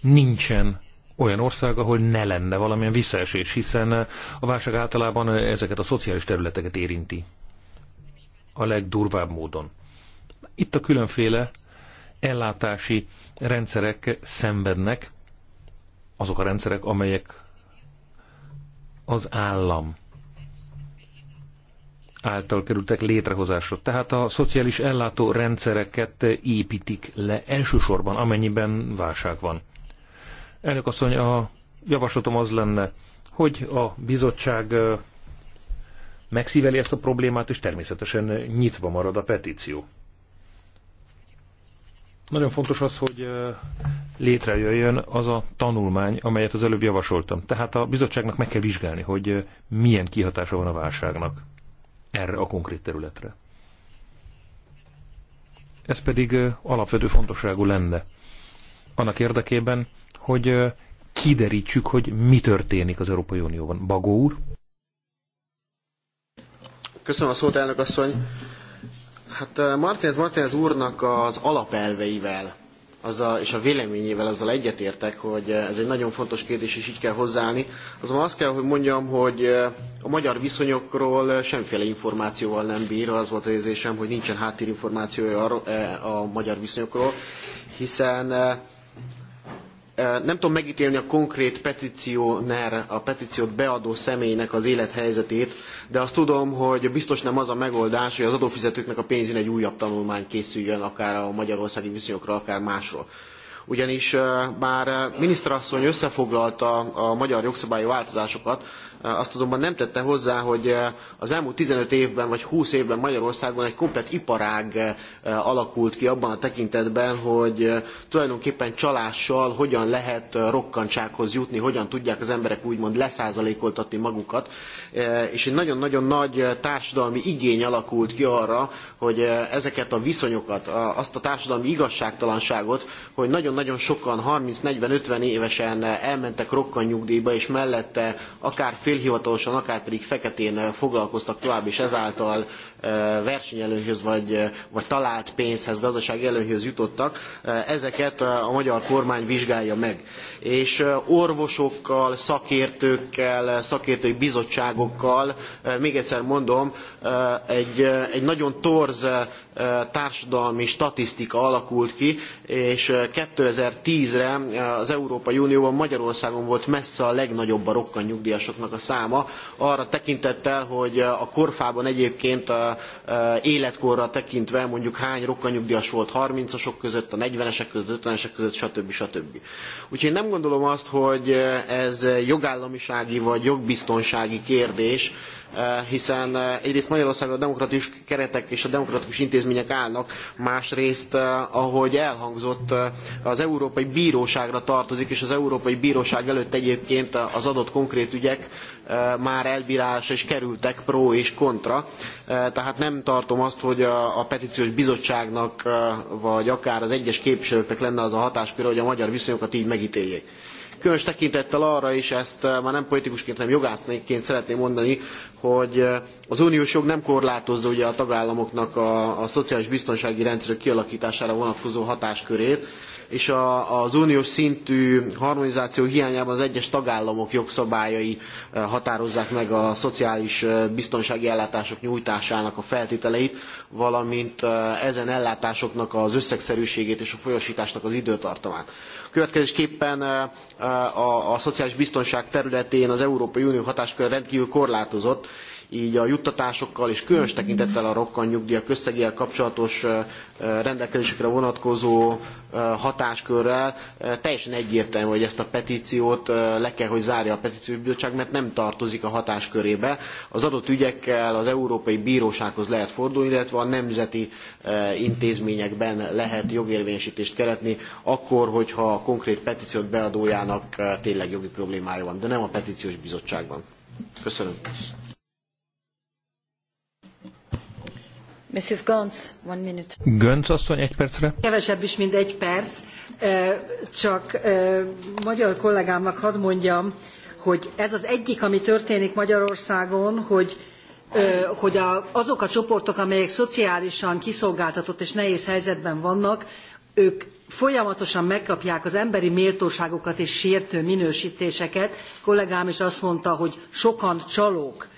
Speaker 5: nincsen olyan ország, ahol ne lenne valamilyen visszaesés, hiszen a válság általában ezeket a szociális területeket érinti a legdurvább módon. Itt a különféle ellátási rendszerek szenvednek, azok a rendszerek, amelyek az állam által kerültek létrehozásra. Tehát a szociális ellátó rendszereket építik le elsősorban, amennyiben válság van. Elnök asszony, a javaslatom az lenne, hogy a bizottság megszíveli ezt a problémát, és természetesen nyitva marad a petíció. Nagyon fontos az, hogy létrejöjjön az a tanulmány, amelyet az előbb javasoltam. Tehát a bizottságnak meg kell vizsgálni, hogy milyen kihatása van a válságnak erre a konkrét területre. Ez pedig alapvető fontosságú lenne. Annak érdekében, hogy kiderítsük, hogy mi történik az Európai Unióban. Bagó úr?
Speaker 3: Köszönöm a szót, elnök asszony. Hát Martínez Martínez úrnak az alapelveivel azzal, és a véleményével azzal egyetértek, hogy eh, ez egy nagyon fontos kérdés, és így kell hozzáállni. Azonban azt kell, hogy mondjam, hogy eh, a magyar viszonyokról eh, semmiféle információval nem bír, az volt az érzésem, hogy nincsen háttérinformációja a magyar viszonyokról, hiszen nem tudom megítélni a konkrét petícióner, a petíciót beadó személynek az élethelyzetét, de azt tudom, hogy biztos nem az a megoldás, hogy az adófizetőknek a pénzén egy újabb tanulmány készüljön, akár a magyarországi viszonyokra, akár másról ugyanis bár miniszterasszony összefoglalta a magyar jogszabályi változásokat, azt azonban nem tette hozzá, hogy az elmúlt 15 évben vagy 20 évben Magyarországon egy komplet iparág alakult ki abban a tekintetben, hogy tulajdonképpen csalással hogyan lehet rokkantsághoz jutni, hogyan tudják az emberek úgymond leszázalékoltatni magukat. És egy nagyon-nagyon nagy társadalmi igény alakult ki arra, hogy ezeket a viszonyokat, azt a társadalmi igazságtalanságot, hogy nagyon-nagyon sokan 30-40-50 évesen elmentek rokkantnyugdíjba, és mellette akár félhivatalosan, akár pedig feketén foglalkoztak tovább, és ezáltal versenyelőnyhöz vagy, vagy talált pénzhez, gazdasági előnyhöz jutottak, ezeket a magyar kormány vizsgálja meg. És orvosokkal, szakértőkkel, szakértői bizottságokkal, még egyszer mondom, egy, egy nagyon torz társadalmi statisztika alakult ki, és 2010-re az Európai Unióban Magyarországon volt messze a legnagyobb a rokkan nyugdíjasoknak a száma, arra tekintettel, hogy a korfában egyébként a életkorra tekintve mondjuk hány rokkanyugdíjas volt 30-asok között, a 40-esek között, 50-esek között, stb. stb. Úgyhogy én nem gondolom azt, hogy ez jogállamisági vagy jogbiztonsági kérdés, Eh, hiszen eh, egyrészt Magyarországon a demokratikus keretek és a demokratikus intézmények állnak, másrészt, eh, ahogy elhangzott, az Európai Bíróságra tartozik, és az Európai Bíróság előtt egyébként az adott konkrét ügyek már elbírálásra is kerültek pro és kontra. Tehát nem tartom azt, hogy a, a petíciós bizottságnak, vagy akár az egyes képviselőknek lenne az a hatáskör, hogy a magyar viszonyokat így megítéljék. Különös tekintettel arra is, ezt eh, már nem politikusként, hanem jogászként szeretném mondani, hogy eh, az uniós jog nem korlátozza ugye a tagállamoknak a, a szociális biztonsági rendszerek kialakítására vonatkozó hatáskörét, és a, az uniós szintű harmonizáció hiányában az egyes tagállamok jogszabályai eh, határozzák meg a szociális eh, biztonsági ellátások nyújtásának a feltételeit, valamint eh, ezen ellátásoknak az összegszerűségét és a folyosításnak az időtartamát. Következésképpen a, a, a szociális biztonság területén az Európai Unió hatásköre rendkívül korlátozott, így a juttatásokkal és különös tekintettel a rokkan nyugdíjak összegével kapcsolatos rendelkezésekre vonatkozó hatáskörrel teljesen egyértelmű, hogy ezt a petíciót le kell, hogy zárja a petíciós bizottság, mert nem tartozik a hatáskörébe. Az adott ügyekkel az Európai Bírósághoz lehet fordulni, illetve a nemzeti intézményekben lehet jogérvényesítést keretni, akkor, hogyha a konkrét petíciót beadójának tényleg jogi problémája van, de nem a petíciós bizottságban. Köszönöm.
Speaker 5: Gönc asszony egy percre.
Speaker 8: Kevesebb is, mint egy perc. Csak magyar kollégámnak hadd mondjam, hogy ez az egyik, ami történik Magyarországon, hogy hogy azok a csoportok, amelyek szociálisan kiszolgáltatott és nehéz helyzetben vannak, ők folyamatosan megkapják az emberi méltóságokat és sértő minősítéseket. A kollégám is azt mondta, hogy sokan csalók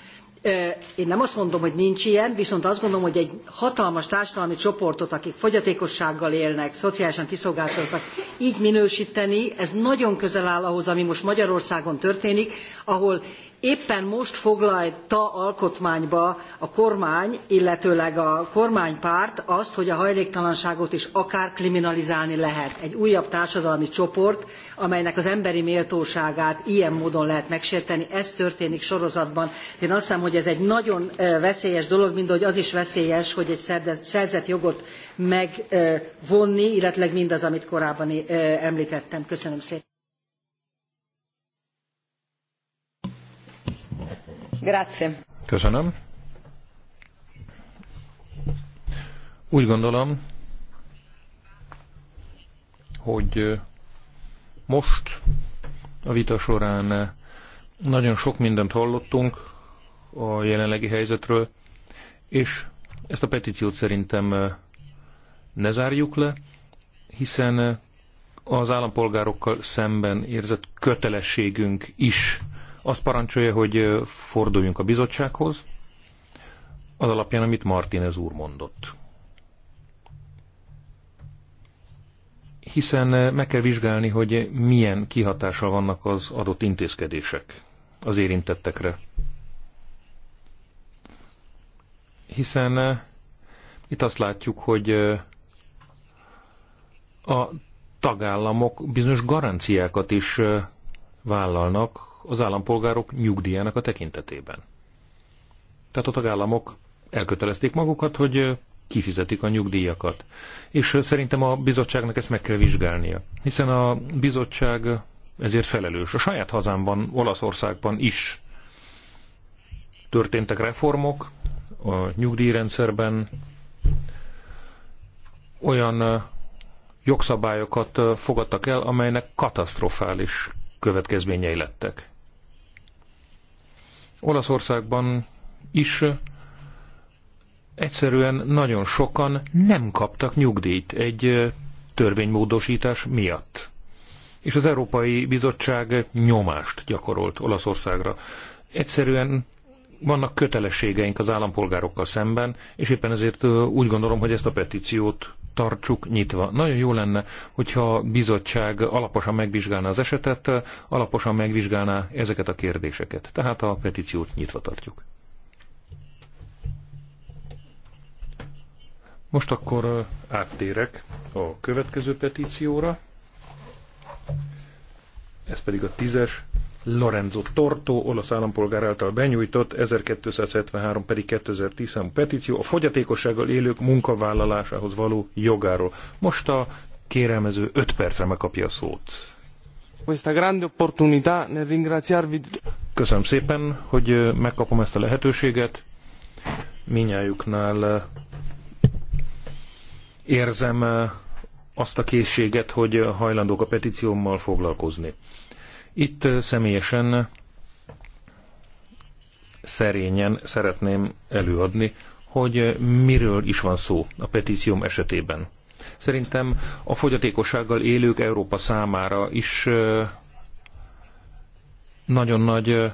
Speaker 8: én nem azt mondom, hogy nincs ilyen, viszont azt gondolom, hogy egy hatalmas társadalmi csoportot, akik fogyatékossággal élnek, szociálisan kiszolgáltatottak, így minősíteni, ez nagyon közel áll ahhoz, ami most Magyarországon történik, ahol éppen most foglalta alkotmányba a kormány, illetőleg a kormánypárt azt, hogy a hajléktalanságot is akár kriminalizálni lehet. Egy újabb társadalmi csoport, amelynek az emberi méltóságát ilyen módon lehet megsérteni, ez történik sorozatban. Én azt hiszem, hogy ez egy nagyon veszélyes dolog, mint ahogy az is veszélyes, hogy egy szerzett jogot megvonni, illetve mindaz, amit korábban említettem. Köszönöm szépen.
Speaker 2: Grazie.
Speaker 5: Köszönöm. Úgy gondolom, hogy most a vita során nagyon sok mindent hallottunk a jelenlegi helyzetről, és ezt a petíciót szerintem ne zárjuk le, hiszen az állampolgárokkal szemben érzett kötelességünk is azt parancsolja, hogy forduljunk a bizottsághoz, az alapján, amit Martínez úr mondott. Hiszen meg kell vizsgálni, hogy milyen kihatással vannak az adott intézkedések az érintettekre. Hiszen itt azt látjuk, hogy a tagállamok bizonyos garanciákat is vállalnak az állampolgárok nyugdíjának a tekintetében. Tehát a tagállamok elkötelezték magukat, hogy kifizetik a nyugdíjakat. És szerintem a bizottságnak ezt meg kell vizsgálnia. Hiszen a bizottság ezért felelős. A saját hazámban, Olaszországban is történtek reformok a nyugdíjrendszerben, olyan jogszabályokat fogadtak el, amelynek katasztrofális következményei lettek. Olaszországban is egyszerűen nagyon sokan nem kaptak nyugdíjt egy törvénymódosítás miatt. És az Európai Bizottság nyomást gyakorolt Olaszországra. Egyszerűen vannak kötelességeink az állampolgárokkal szemben, és éppen ezért úgy gondolom, hogy ezt a petíciót tartsuk nyitva. Nagyon jó lenne, hogyha a bizottság alaposan megvizsgálná az esetet, alaposan megvizsgálná ezeket a kérdéseket. Tehát a petíciót nyitva tartjuk. Most akkor áttérek a következő petícióra. Ez pedig a tízes Lorenzo Torto, olasz állampolgár által benyújtott, 1273 pedig 2010 számú petíció a fogyatékossággal élők munkavállalásához való jogáról. Most a kérelmező 5 percre megkapja a szót. Köszönöm szépen, hogy megkapom ezt a lehetőséget. Minnyájuknál érzem azt a készséget, hogy hajlandók a petíciómmal foglalkozni. Itt személyesen szerényen szeretném előadni, hogy miről is van szó a petícióm esetében. Szerintem a fogyatékossággal élők Európa számára is nagyon nagy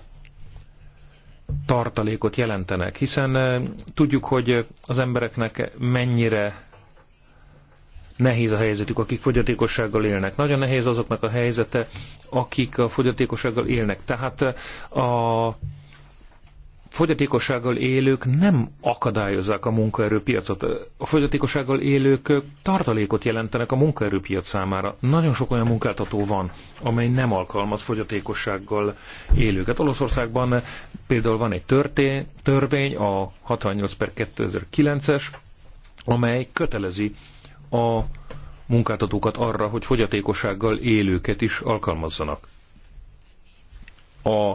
Speaker 5: tartalékot jelentenek, hiszen tudjuk, hogy az embereknek mennyire nehéz a helyzetük, akik fogyatékossággal élnek. Nagyon nehéz azoknak a helyzete, akik a fogyatékossággal élnek. Tehát eh, a fogyatékossággal élők nem akadályozzák a munkaerőpiacot. A fogyatékossággal élők tartalékot jelentenek a munkaerőpiac számára. Nagyon sok olyan munkáltató van, amely nem alkalmaz fogyatékossággal élőket. Olaszországban például van egy törté, törvény, a 68 per 2009-es, amely kötelezi a munkáltatókat arra, hogy fogyatékossággal élőket is alkalmazzanak. A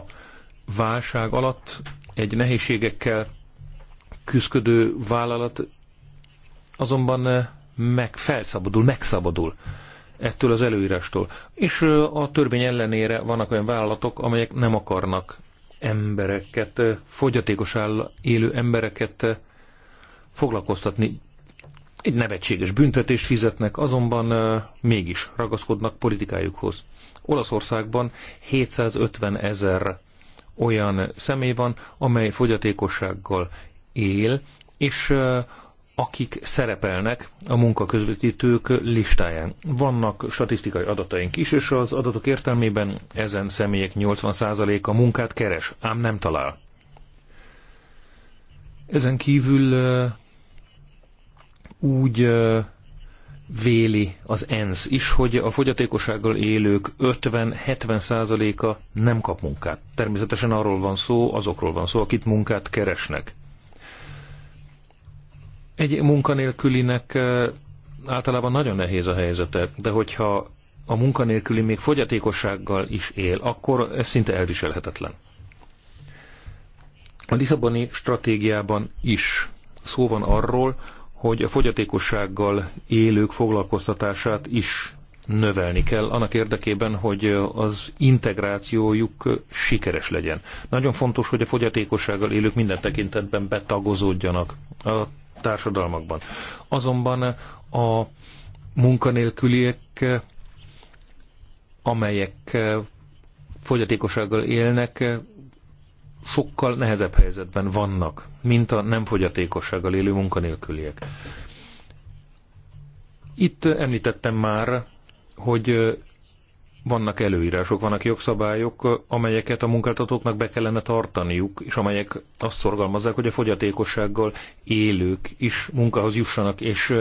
Speaker 5: válság alatt egy nehézségekkel küzdő vállalat azonban eh, megfelszabadul, megszabadul ettől az előírástól. És eh, a törvény ellenére vannak olyan vállalatok, amelyek nem akarnak embereket, eh, fogyatékos áll élő embereket foglalkoztatni egy nevetséges büntetést fizetnek, azonban mégis ragaszkodnak politikájukhoz. Olaszországban 750 ezer olyan személy van, amely fogyatékossággal él, és akik szerepelnek a munkaközvetítők listáján. Vannak statisztikai adataink is, és az adatok értelmében ezen személyek 80%-a munkát keres, ám nem talál. Ezen kívül úgy véli az ENSZ is, hogy a fogyatékossággal élők 50-70 százaléka nem kap munkát. Természetesen arról van szó, azokról van szó, akik munkát keresnek. Egy munkanélkülinek általában nagyon nehéz a helyzete, de hogyha a munkanélküli még fogyatékossággal is él, akkor ez szinte elviselhetetlen. A Lisszaboni stratégiában is szó van arról, hogy a fogyatékossággal élők foglalkoztatását is növelni kell annak érdekében, hogy az integrációjuk sikeres legyen. Nagyon fontos, hogy a fogyatékossággal élők minden tekintetben betagozódjanak a társadalmakban. Azonban a munkanélküliek, amelyek fogyatékossággal élnek, sokkal nehezebb helyzetben vannak, mint a nem fogyatékossággal élő munkanélküliek. Itt említettem már, hogy vannak előírások, vannak jogszabályok, amelyeket a munkáltatóknak be kellene tartaniuk, és amelyek azt szorgalmazzák, hogy a fogyatékossággal élők is munkahoz jussanak, és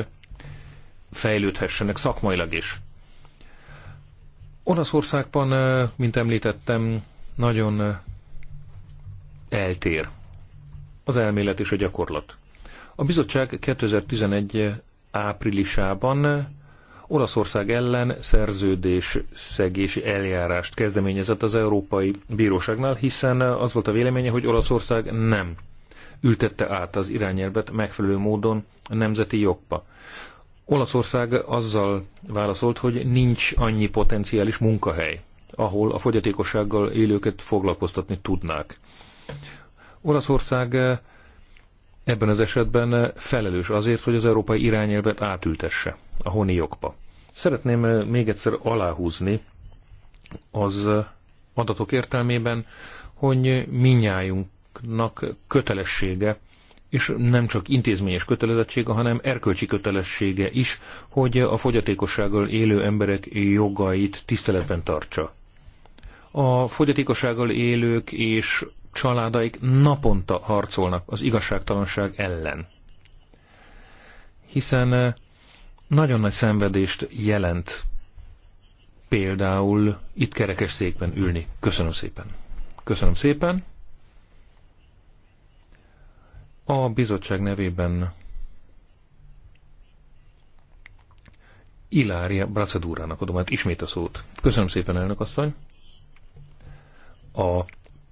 Speaker 5: fejlődhessenek szakmailag is. Olaszországban, mint említettem, nagyon eltér az elmélet és a gyakorlat. A bizottság 2011 áprilisában Olaszország ellen szerződés szegési eljárást kezdeményezett az Európai Bíróságnál, hiszen az volt a véleménye, hogy Olaszország nem ültette át az irányelvet megfelelő módon a nemzeti jogba. Olaszország azzal válaszolt, hogy nincs annyi potenciális munkahely, ahol a fogyatékossággal élőket foglalkoztatni tudnák. Olaszország eh, ebben az esetben eh, felelős azért, hogy az európai irányelvet átültesse a honi jogba. Szeretném eh, még egyszer aláhúzni az adatok értelmében, hogy minnyájunknak kötelessége, és nem csak intézményes kötelezettsége, hanem erkölcsi kötelessége is, hogy a fogyatékossággal élő emberek jogait tiszteletben tartsa. A fogyatékossággal élők és családaik naponta harcolnak az igazságtalanság ellen. Hiszen eh, nagyon nagy szenvedést jelent például itt kerekes székben ülni. Köszönöm szépen. Köszönöm szépen. A bizottság nevében Ilária Bracedúrának adom, hát ismét a szót. Köszönöm szépen, elnök asszony. A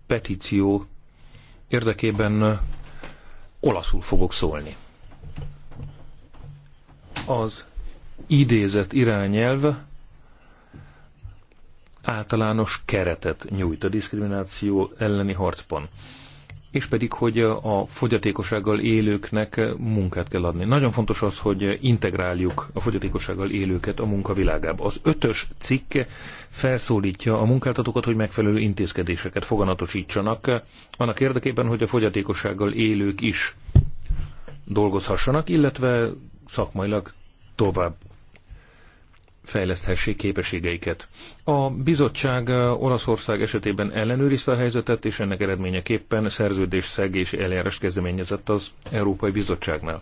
Speaker 5: petíció érdekében olaszul fogok szólni. Az idézett irányelv általános keretet nyújt a diszkrimináció elleni harcban és pedig, hogy a fogyatékossággal élőknek munkát kell adni. Nagyon fontos az, hogy integráljuk a fogyatékossággal élőket a munkavilágába. Az ötös cikk felszólítja a munkáltatókat, hogy megfelelő intézkedéseket foganatosítsanak, annak érdekében, hogy a fogyatékossággal élők is dolgozhassanak, illetve szakmailag tovább fejleszthessék képességeiket. A bizottság eh, Olaszország esetében ellenőrizte a helyzetet, és ennek eredményeképpen szerződés szegés eljárást kezdeményezett az Európai Bizottságnál.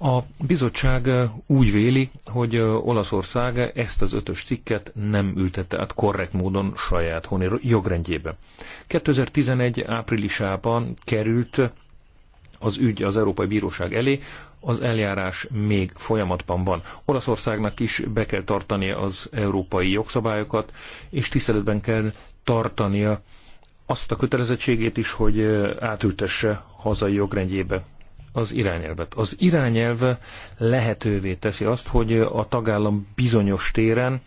Speaker 5: A bizottság eh, úgy véli, hogy eh, Olaszország ezt az ötös cikket nem ültette át korrekt módon saját honi jogrendjébe. 2011. áprilisában került az ügy az Európai Bíróság elé, az eljárás még folyamatban van. Olaszországnak is be kell tartania az európai jogszabályokat, és tiszteletben kell tartania azt a kötelezettségét is, hogy átültesse hazai jogrendjébe az irányelvet. Az irányelv lehetővé teszi azt, hogy a tagállam bizonyos téren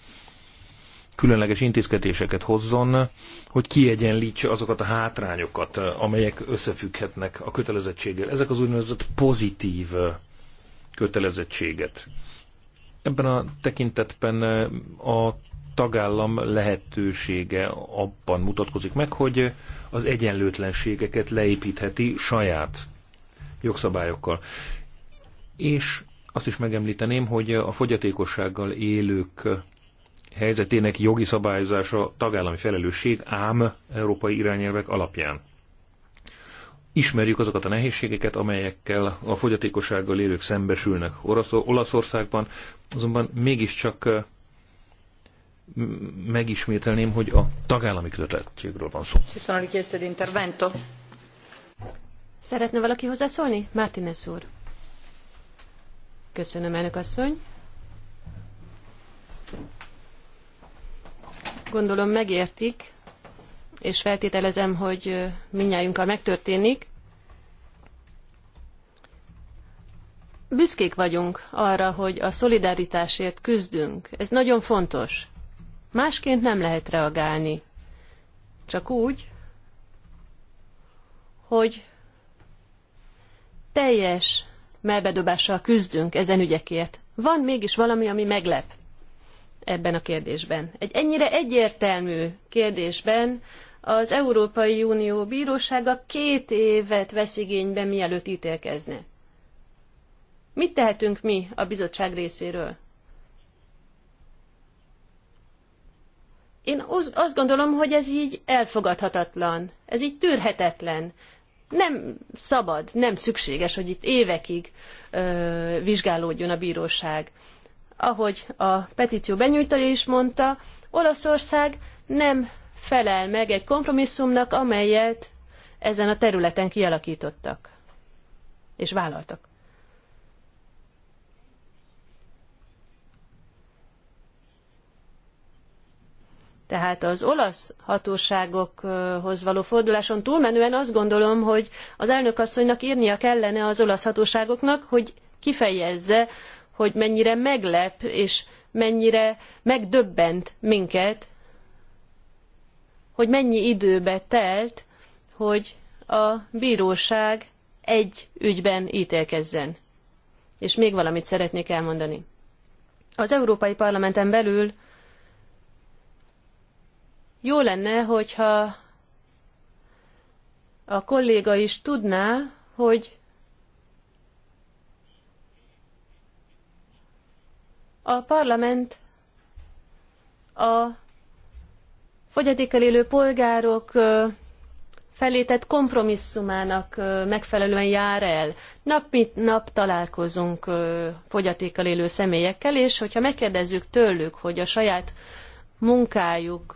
Speaker 5: különleges intézkedéseket hozzon, hogy kiegyenlítse azokat a hátrányokat, amelyek összefügghetnek a kötelezettséggel. Ezek az úgynevezett pozitív kötelezettséget. Ebben a tekintetben eh, a tagállam lehetősége abban mutatkozik meg, hogy az egyenlőtlenségeket leépítheti saját jogszabályokkal. És azt is megemlíteném, hogy a fogyatékossággal élők helyzetének jogi szabályozása tagállami felelősség, ám európai irányelvek alapján ismerjük azokat a nehézségeket, amelyekkel a fogyatékossággal élők szembesülnek Olaszországban, azonban mégiscsak megismételném, hogy a tagállami kötelezettségről van szó.
Speaker 1: Szeretne valaki hozzászólni? Martinez úr. Köszönöm, elnök asszony. Gondolom megértik, és feltételezem, hogy minnyájunkkal megtörténik. Büszkék vagyunk arra, hogy a szolidaritásért küzdünk. Ez nagyon fontos. Másként nem lehet reagálni. Csak úgy, hogy teljes melbedobással küzdünk ezen ügyekért. Van mégis valami, ami meglep ebben a kérdésben. Egy ennyire egyértelmű kérdésben, az Európai Unió bírósága két évet vesz igénybe, mielőtt ítélkezne. Mit tehetünk mi a bizottság részéről? Én azt gondolom, hogy ez így elfogadhatatlan, ez így tűrhetetlen. Nem szabad, nem szükséges, hogy itt évekig ö, vizsgálódjon a bíróság. Ahogy a petíció benyújtója is mondta, Olaszország nem felel meg egy kompromisszumnak, amelyet ezen a területen kialakítottak és vállaltak. Tehát az olasz hatóságokhoz való forduláson túlmenően azt gondolom, hogy az elnökasszonynak írnia kellene az olasz hatóságoknak, hogy kifejezze, hogy mennyire meglep és mennyire megdöbbent minket hogy mennyi időbe telt, hogy a bíróság egy ügyben ítélkezzen. És még valamit szeretnék elmondani. Az Európai Parlamenten belül jó lenne, hogyha a kolléga is tudná, hogy a parlament a fogyatékkal élő polgárok felé tett kompromisszumának megfelelően jár el. Nap mint nap találkozunk fogyatékkal élő személyekkel, és hogyha megkérdezzük tőlük, hogy a saját munkájuk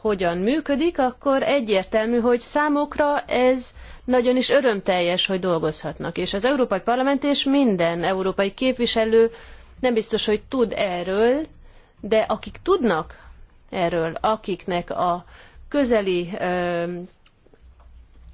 Speaker 1: hogyan működik, akkor egyértelmű, hogy számukra ez nagyon is örömteljes, hogy dolgozhatnak. És az Európai Parlament és minden európai képviselő nem biztos, hogy tud erről, de akik tudnak erről, akiknek a közeli ö,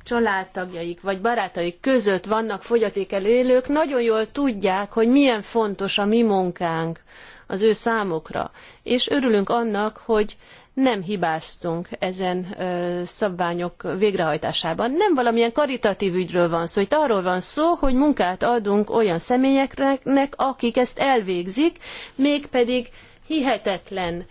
Speaker 1: családtagjaik vagy barátaik között vannak fogyatékkal élők, nagyon jól tudják, hogy milyen fontos a mi munkánk az ő számukra. És örülünk annak, hogy nem hibáztunk ezen ö, szabványok végrehajtásában. Nem valamilyen karitatív ügyről van szó, itt arról van szó, hogy munkát adunk olyan személyeknek, akik ezt elvégzik, mégpedig hihetetlen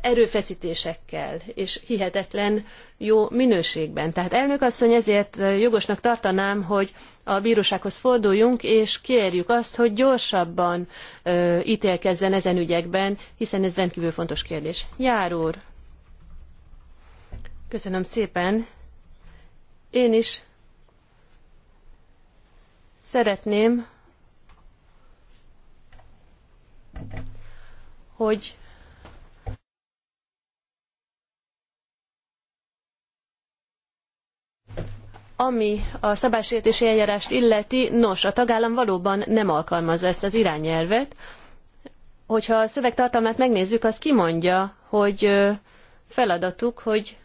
Speaker 1: erőfeszítésekkel és hihetetlen jó minőségben. Tehát elnök asszony, ezért jogosnak tartanám, hogy a bírósághoz forduljunk, és kérjük azt, hogy gyorsabban ö, ítélkezzen ezen ügyekben, hiszen ez rendkívül fontos kérdés. Jár úr! Köszönöm szépen! Én is szeretném, hogy Ami a szabálysértési eljárást illeti, nos, a tagállam valóban nem alkalmazza ezt az irányelvet. Hogyha a szövegtartalmát megnézzük, az kimondja, hogy feladatuk, hogy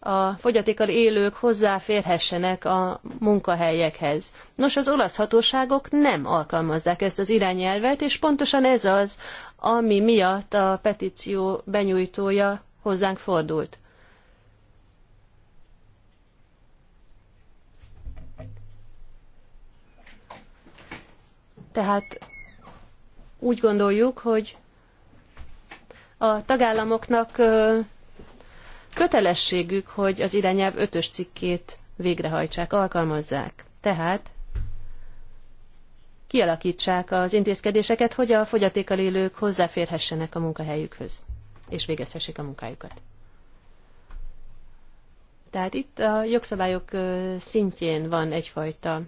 Speaker 1: a fogyatékkal élők hozzáférhessenek a munkahelyekhez. Nos, az olasz hatóságok nem alkalmazzák ezt az irányelvet, és pontosan ez az, ami miatt a petíció benyújtója hozzánk fordult. Tehát úgy gondoljuk, hogy a tagállamoknak kötelességük, hogy az irányelv ötös cikkét végrehajtsák, alkalmazzák. Tehát kialakítsák az intézkedéseket, hogy a fogyatékkal élők hozzáférhessenek a munkahelyükhöz, és végezhessék a munkájukat. Tehát itt a jogszabályok szintjén van egyfajta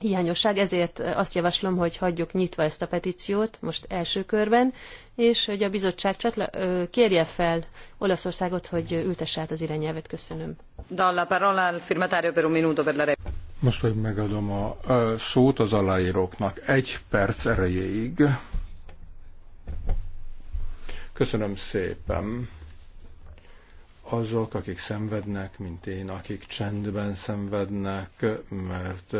Speaker 1: hiányosság, ezért azt javaslom, hogy hagyjuk nyitva ezt a petíciót most első körben, és hogy a bizottság csatla, kérje fel Olaszországot, hogy ültesse át az irányelvet. Köszönöm.
Speaker 2: Dalla parola al firmatario per un minuto per la
Speaker 4: Most hogy megadom a szót az aláíróknak egy perc erejéig. Köszönöm szépen azok, akik szenvednek, mint én, akik csendben szenvednek, mert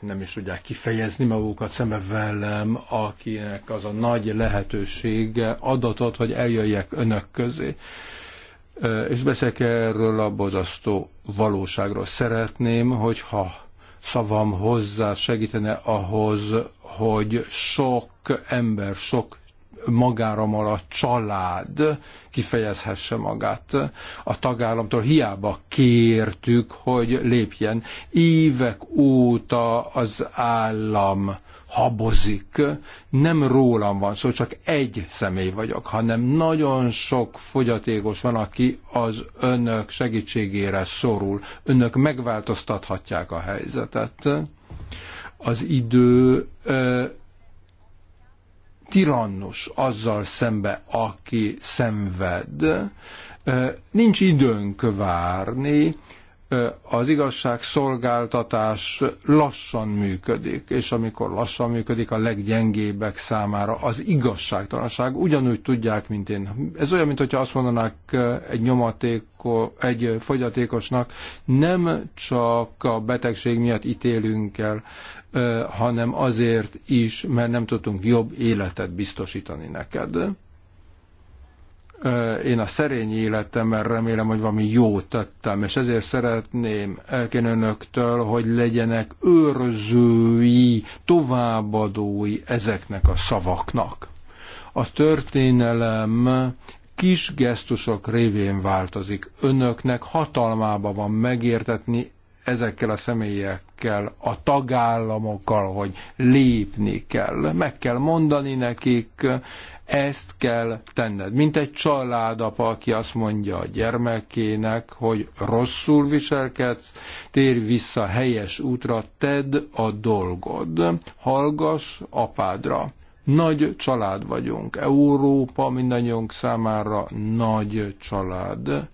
Speaker 4: nem is tudják kifejezni magukat szembe velem, akinek az a nagy lehetősége adatot, hogy eljöjjek önök közé. És beszélek erről a bozasztó valóságról. Szeretném, hogyha szavam hozzá segítene ahhoz, hogy sok ember, sok magára maradt család kifejezhesse magát. A tagállamtól hiába kértük, hogy lépjen. Évek óta az állam habozik. Nem rólam van szó, csak egy személy vagyok, hanem nagyon sok fogyatékos van, aki az önök segítségére szorul. Önök megváltoztathatják a helyzetet. Az idő tirannus azzal szembe, aki szenved. Nincs időnk várni, az igazság szolgáltatás lassan működik, és amikor lassan működik, a leggyengébbek számára az igazságtalanság ugyanúgy tudják, mint én. Ez olyan, mintha azt mondanák egy nyomatéko, egy fogyatékosnak, nem csak a betegség miatt ítélünk el, hanem azért is, mert nem tudtunk jobb életet biztosítani neked. Én a szerény életemmel remélem, hogy valami jót tettem, és ezért szeretném elkérni önöktől, hogy legyenek őrzői, továbbadói ezeknek a szavaknak. A történelem kis gesztusok révén változik. Önöknek hatalmába van megértetni ezekkel a személyekkel, a tagállamokkal, hogy lépni kell. Meg kell mondani nekik, ezt kell tenned. Mint egy családapa, aki azt mondja a gyermekének, hogy rosszul viselkedsz, térj vissza helyes útra, tedd a dolgod. Hallgass apádra. Nagy család vagyunk. Európa mindannyiunk számára nagy család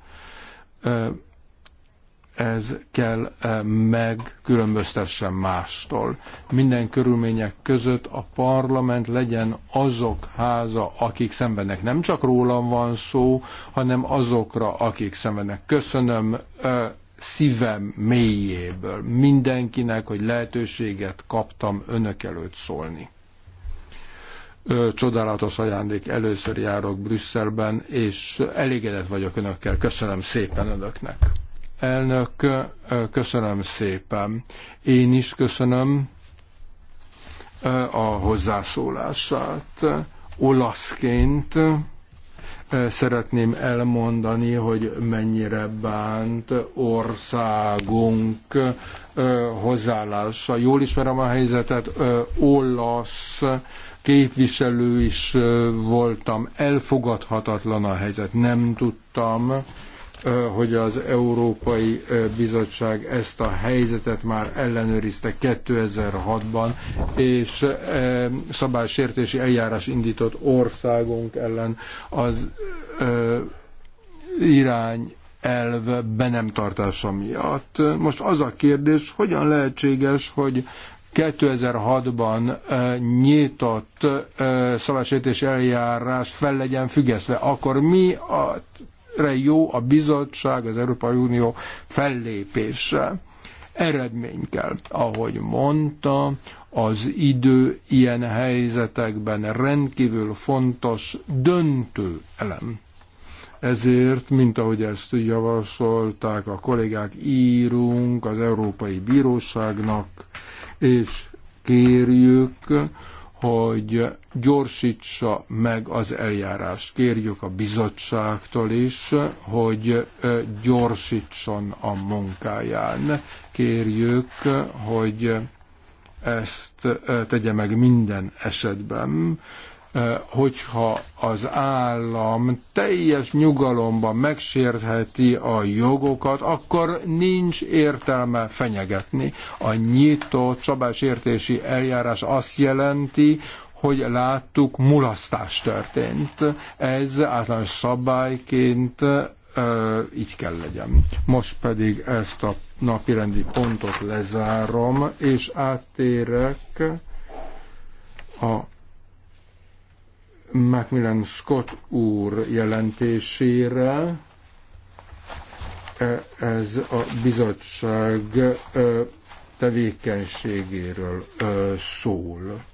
Speaker 4: ez kell eh, megkülönböztessen mástól. Minden körülmények között a parlament legyen azok háza, akik szenvednek. Nem csak rólam van szó, hanem azokra, akik szenvednek. Köszönöm eh, szívem mélyéből mindenkinek, hogy lehetőséget kaptam önök előtt szólni. Csodálatos ajándék, először járok Brüsszelben, és elégedett vagyok önökkel. Köszönöm szépen önöknek. Elnök, köszönöm szépen. Én is köszönöm a hozzászólását. Olaszként szeretném elmondani, hogy mennyire bánt országunk hozzáállása. Jól ismerem a helyzetet, olasz képviselő is voltam, elfogadhatatlan a helyzet, nem tudtam hogy az Európai Bizottság ezt a helyzetet már ellenőrizte 2006-ban, és szabálysértési eljárás indított országunk ellen az irány elv be nem tartása miatt. Most az a kérdés, hogyan lehetséges, hogy 2006-ban nyitott szabálysértés eljárás fel legyen függesztve, akkor mi a jó a bizottság, az Európai Unió fellépése. Eredmény kell, ahogy mondta, az idő ilyen helyzetekben rendkívül fontos, döntő elem. Ezért, mint ahogy ezt javasolták a kollégák, írunk az Európai Bíróságnak, és kérjük, hogy gyorsítsa meg az eljárást. Kérjük a bizottságtól is, hogy gyorsítson a munkáján. Kérjük, hogy ezt tegye meg minden esetben, Eh, hogyha az állam teljes nyugalomban megsértheti a jogokat, akkor nincs értelme fenyegetni. A nyitott szabálysértési eljárás azt jelenti, hogy láttuk, mulasztás történt. Ez általános szabályként ö, eh, így kell legyen. Most pedig ezt a napirendi pontot lezárom, és áttérek a Macmillan Scott úr jelentésére. E, ez a bizottság e, tevékenységéről e, szól.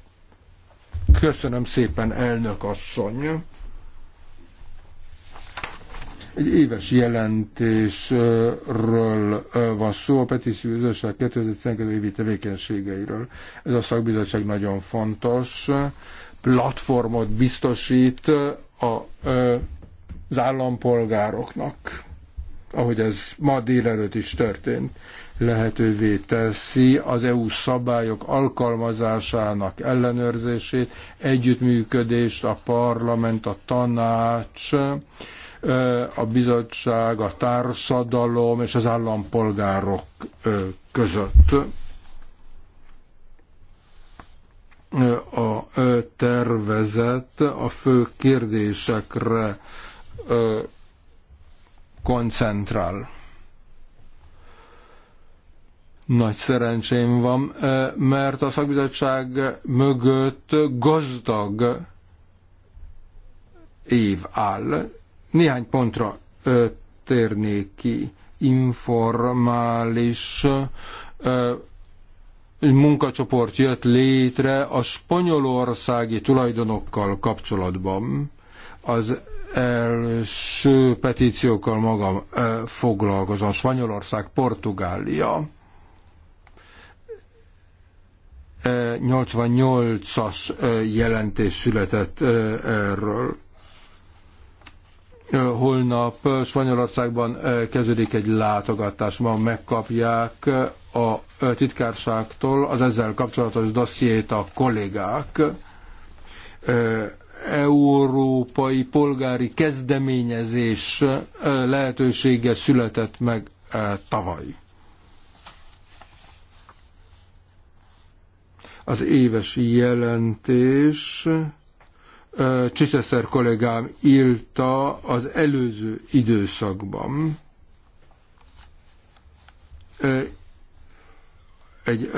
Speaker 4: Köszönöm szépen, elnök asszony! Egy éves jelentésről van szó, a Petíció Bizottság 2012 évi tevékenységeiről. Ez a szakbizottság nagyon fontos, platformot biztosít a, az állampolgároknak, ahogy ez ma délelőtt is történt, lehetővé teszi az EU szabályok alkalmazásának ellenőrzését, együttműködést a parlament, a tanács, a bizottság, a társadalom és az állampolgárok között a tervezet a fő kérdésekre koncentrál. Nagy szerencsém van, mert a szakbizottság mögött gazdag év áll. Néhány pontra térnék ki informális munkacsoport jött létre a spanyolországi tulajdonokkal kapcsolatban. Az első petíciókkal magam foglalkozom, Spanyolország, Portugália. 88-as jelentés született erről. Holnap Spanyolországban kezdődik egy látogatás, ma megkapják a titkárságtól az ezzel kapcsolatos dossziét a kollégák. Európai polgári kezdeményezés lehetősége született meg tavaly. Az éves jelentés Csiszeszer kollégám írta az előző időszakban egy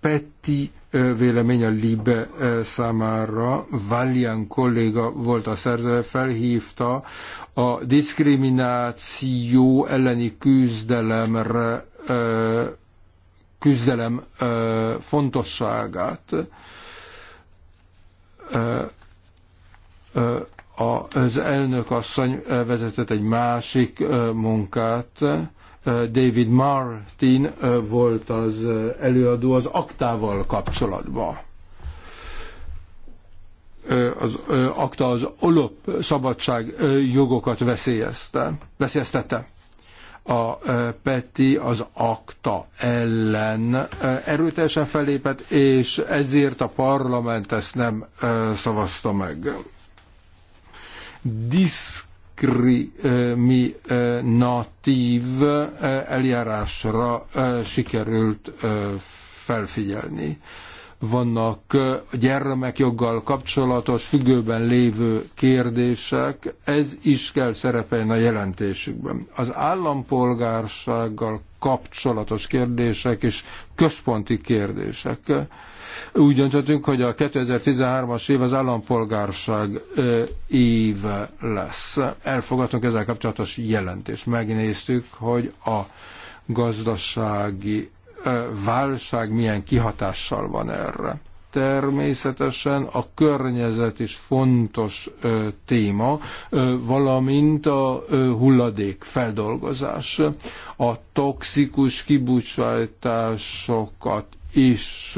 Speaker 4: petty vélemény a Libe számára. Valian kolléga volt a szerző, felhívta a diszkrimináció elleni küzdelemre küzdelem fontosságát az elnök asszony vezetett egy másik munkát, David Martin volt az előadó az aktával kapcsolatban. Az akta az olop szabadság jogokat veszélyezte, veszélyeztette. A Peti az akta ellen erőteljesen felépett, és ezért a parlament ezt nem szavazta meg. Disz mi diszkriminatív eljárásra sikerült felfigyelni vannak gyermekjoggal kapcsolatos függőben lévő kérdések, ez is kell szerepeljen a jelentésükben. Az állampolgársággal kapcsolatos kérdések és központi kérdések. Úgy döntöttünk, hogy a 2013-as év az állampolgárság éve lesz. Elfogadtunk ezzel kapcsolatos jelentést. Megnéztük, hogy a gazdasági válság milyen kihatással van erre. Természetesen a környezet is fontos téma, valamint a hulladék feldolgozás. A toxikus kibocsátásokat is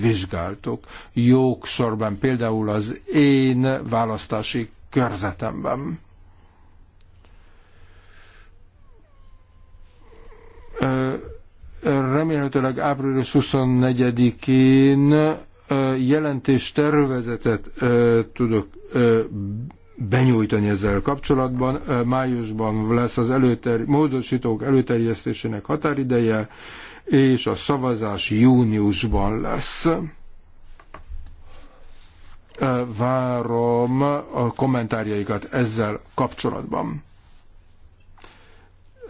Speaker 4: vizsgáltuk. Jogsorban például az én választási körzetemben. Ö, remélhetőleg április 24-én jelentés tervezetet tudok benyújtani ezzel kapcsolatban. Májusban lesz az előter, módosítók előterjesztésének határideje, és a szavazás júniusban lesz. Várom a kommentárjaikat ezzel kapcsolatban.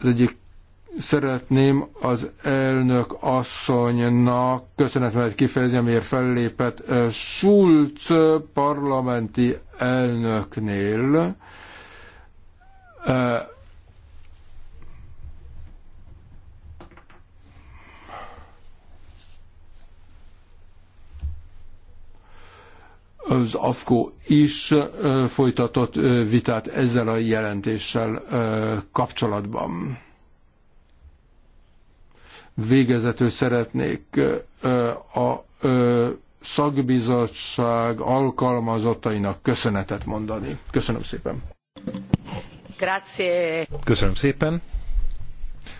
Speaker 4: Az egyik Szeretném az elnök asszonynak köszönetmet kifejezni, amiért fellépett Schulz parlamenti elnöknél. az AFKO is folytatott vitát ezzel a jelentéssel kapcsolatban. Végezetül szeretnék a szakbizottság alkalmazottainak köszönetet mondani. Köszönöm
Speaker 5: szépen.
Speaker 2: Grazie.
Speaker 5: Köszönöm szépen.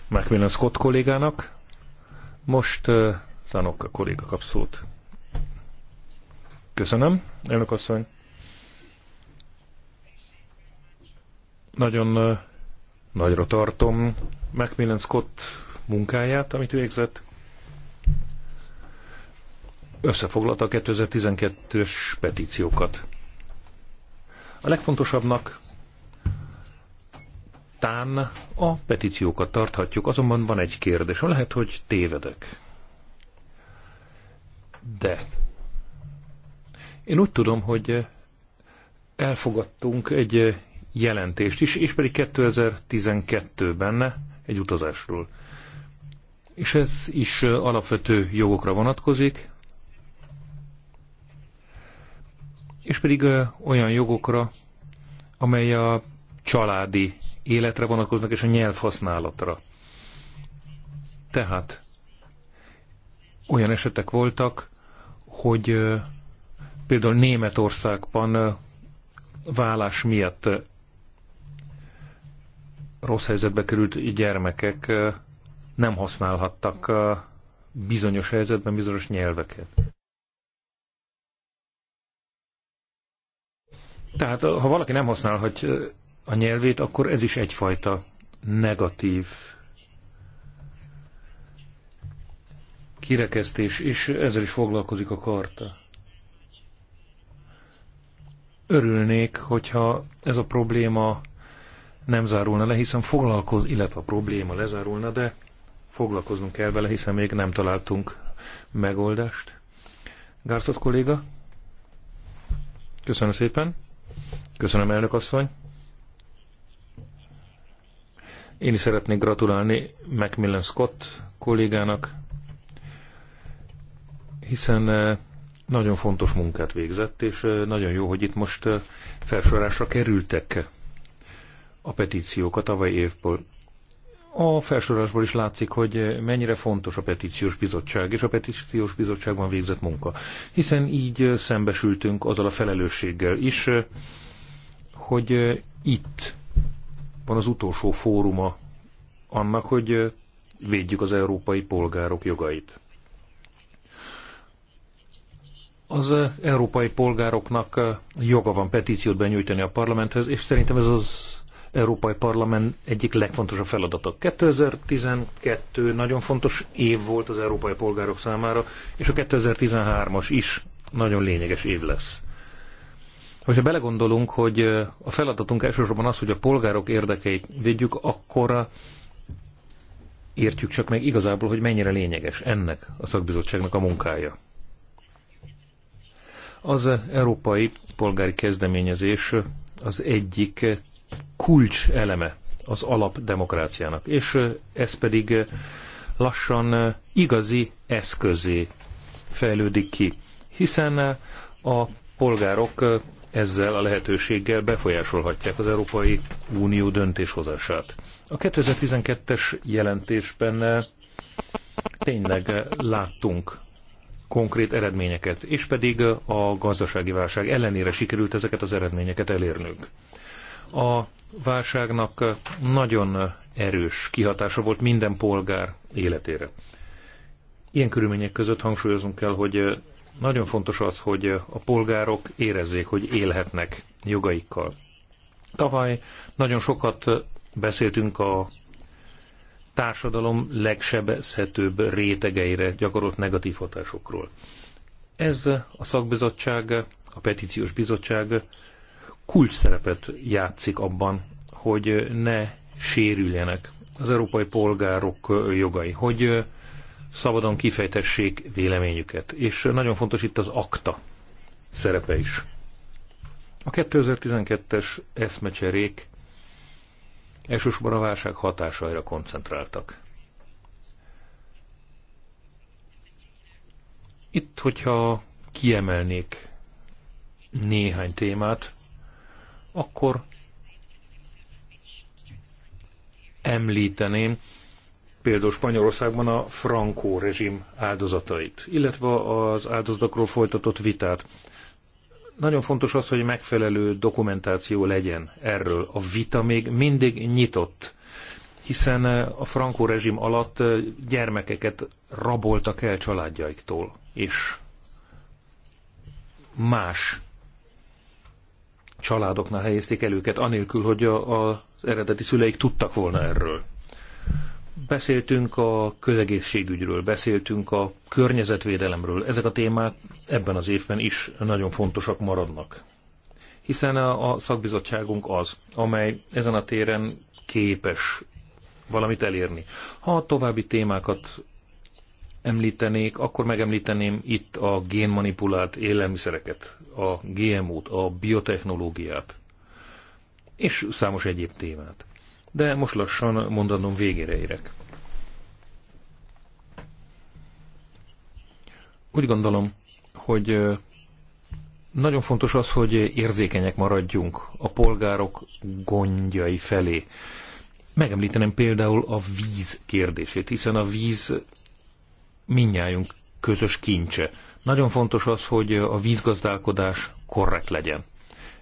Speaker 5: Macmillan Scott kollégának. Most uh, a kolléga kap szót. Köszönöm, elnök asszony. Nagyon uh, nagyra tartom Macmillan Scott munkáját, amit végzett. Összefoglalta a 2012-ös petíciókat. A legfontosabbnak tán a petíciókat tarthatjuk, azonban van egy kérdés, lehet, hogy tévedek. De én úgy tudom, hogy elfogadtunk egy jelentést is, és pedig 2012-ben egy utazásról és ez is alapvető jogokra vonatkozik, és pedig olyan jogokra, amely a családi életre vonatkoznak, és a nyelvhasználatra. Tehát olyan esetek voltak, hogy például Németországban vállás miatt rossz helyzetbe került gyermekek nem használhattak bizonyos helyzetben bizonyos nyelveket. Tehát ha valaki nem használhatja a nyelvét, akkor ez is egyfajta negatív kirekesztés, és ezzel is foglalkozik a karta. Örülnék, hogyha ez a probléma nem zárulna le, hiszen foglalkoz, illetve a probléma lezárulna, de foglalkoznunk kell vele, hiszen még nem találtunk megoldást. Gárszat kolléga? Köszönöm szépen. Köszönöm, elnök asszony. Én is szeretnék gratulálni Macmillan Scott kollégának, hiszen eh, nagyon fontos munkát végzett, és eh, nagyon jó, hogy itt most eh, felsorásra kerültek a petíciók a tavaly évből. A felsorásból is látszik, hogy mennyire fontos a petíciós bizottság és a petíciós bizottságban végzett munka. Hiszen így szembesültünk azzal a felelősséggel is, hogy itt van az utolsó fóruma annak, hogy védjük az európai polgárok jogait. Az európai polgároknak joga van petíciót benyújtani a parlamenthez, és szerintem ez az Európai Parlament egyik legfontosabb feladata. 2012 nagyon fontos év volt az európai polgárok számára, és a 2013-as is nagyon lényeges év lesz. Hogyha belegondolunk, hogy a feladatunk elsősorban az, hogy a polgárok érdekeit védjük, akkor értjük csak meg igazából, hogy mennyire lényeges ennek a szakbizottságnak a munkája. Az európai polgári kezdeményezés az egyik kulcs eleme az alapdemokráciának, és ez pedig lassan igazi eszközé fejlődik ki, hiszen a polgárok ezzel a lehetőséggel befolyásolhatják az Európai Unió döntéshozását. A 2012-es jelentésben tényleg láttunk konkrét eredményeket, és pedig a gazdasági válság ellenére sikerült ezeket az eredményeket elérnünk. A válságnak nagyon erős kihatása volt minden polgár életére. Ilyen körülmények között hangsúlyozunk kell, hogy nagyon fontos az, hogy a polgárok érezzék, hogy élhetnek jogaikkal. Tavaly nagyon sokat beszéltünk a társadalom legsebezhetőbb rétegeire gyakorolt negatív hatásokról. Ez a szakbizottság, a petíciós bizottság kulcs szerepet játszik abban, hogy ne sérüljenek az európai polgárok jogai, hogy szabadon kifejtessék véleményüket. És nagyon fontos itt az akta szerepe is. A 2012-es eszmecserék elsősorban a válság hatásaira koncentráltak. Itt, hogyha kiemelnék néhány témát, akkor említeném például Spanyolországban a Franco rezsim áldozatait, illetve az áldozatokról folytatott vitát. Nagyon fontos az, hogy megfelelő dokumentáció legyen erről. A vita még mindig nyitott, hiszen a Franco rezsim alatt gyermekeket raboltak el családjaiktól, és más családoknál helyezték el őket, anélkül, hogy az eredeti szüleik tudtak volna erről. Beszéltünk a közegészségügyről, beszéltünk a környezetvédelemről. Ezek a témák ebben az évben is nagyon fontosak maradnak. Hiszen a szakbizottságunk az, amely ezen a téren képes valamit elérni. Ha további témákat említenék, akkor megemlíteném itt a génmanipulált élelmiszereket, a GMO-t, a biotechnológiát, és számos egyéb témát. De most lassan mondanom végére érek. Úgy gondolom, hogy nagyon fontos az, hogy érzékenyek maradjunk a polgárok gondjai felé. Megemlítenem például a víz kérdését, hiszen a víz minnyájunk közös kincse. Nagyon fontos az, hogy a vízgazdálkodás korrekt legyen.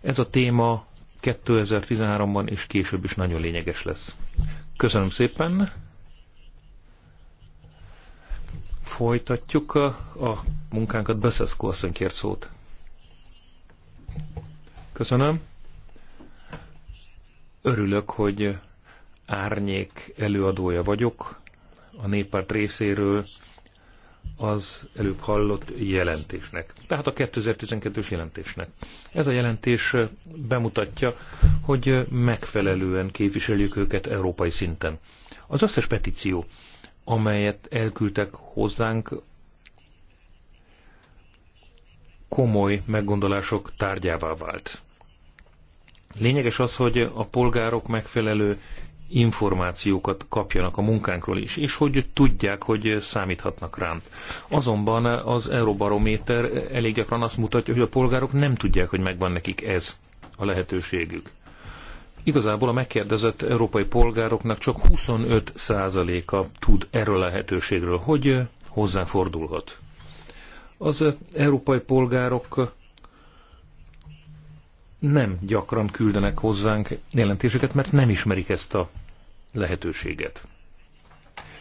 Speaker 5: Ez a téma 2013-ban és később is nagyon lényeges lesz. Köszönöm szépen! Folytatjuk a, a munkánkat. Beszeszko asszony kért szót. Köszönöm. Örülök, hogy árnyék előadója vagyok a néppárt részéről az előbb hallott jelentésnek, tehát a 2012-ös jelentésnek. Ez a jelentés bemutatja, hogy megfelelően képviseljük őket európai szinten. Az összes petíció, amelyet elküldtek hozzánk, komoly meggondolások tárgyává vált. Lényeges az, hogy a polgárok megfelelő információkat kapjanak a munkánkról is, és hogy tudják, hogy számíthatnak ránk. Azonban az Euróbarométer elég gyakran azt mutatja, hogy a polgárok nem tudják, hogy megvan nekik ez a lehetőségük. Igazából a megkérdezett európai polgároknak csak 25%-a tud erről a lehetőségről, hogy hozzáfordulhat. Az európai polgárok nem gyakran küldenek hozzánk jelentéseket, mert nem ismerik ezt a lehetőséget.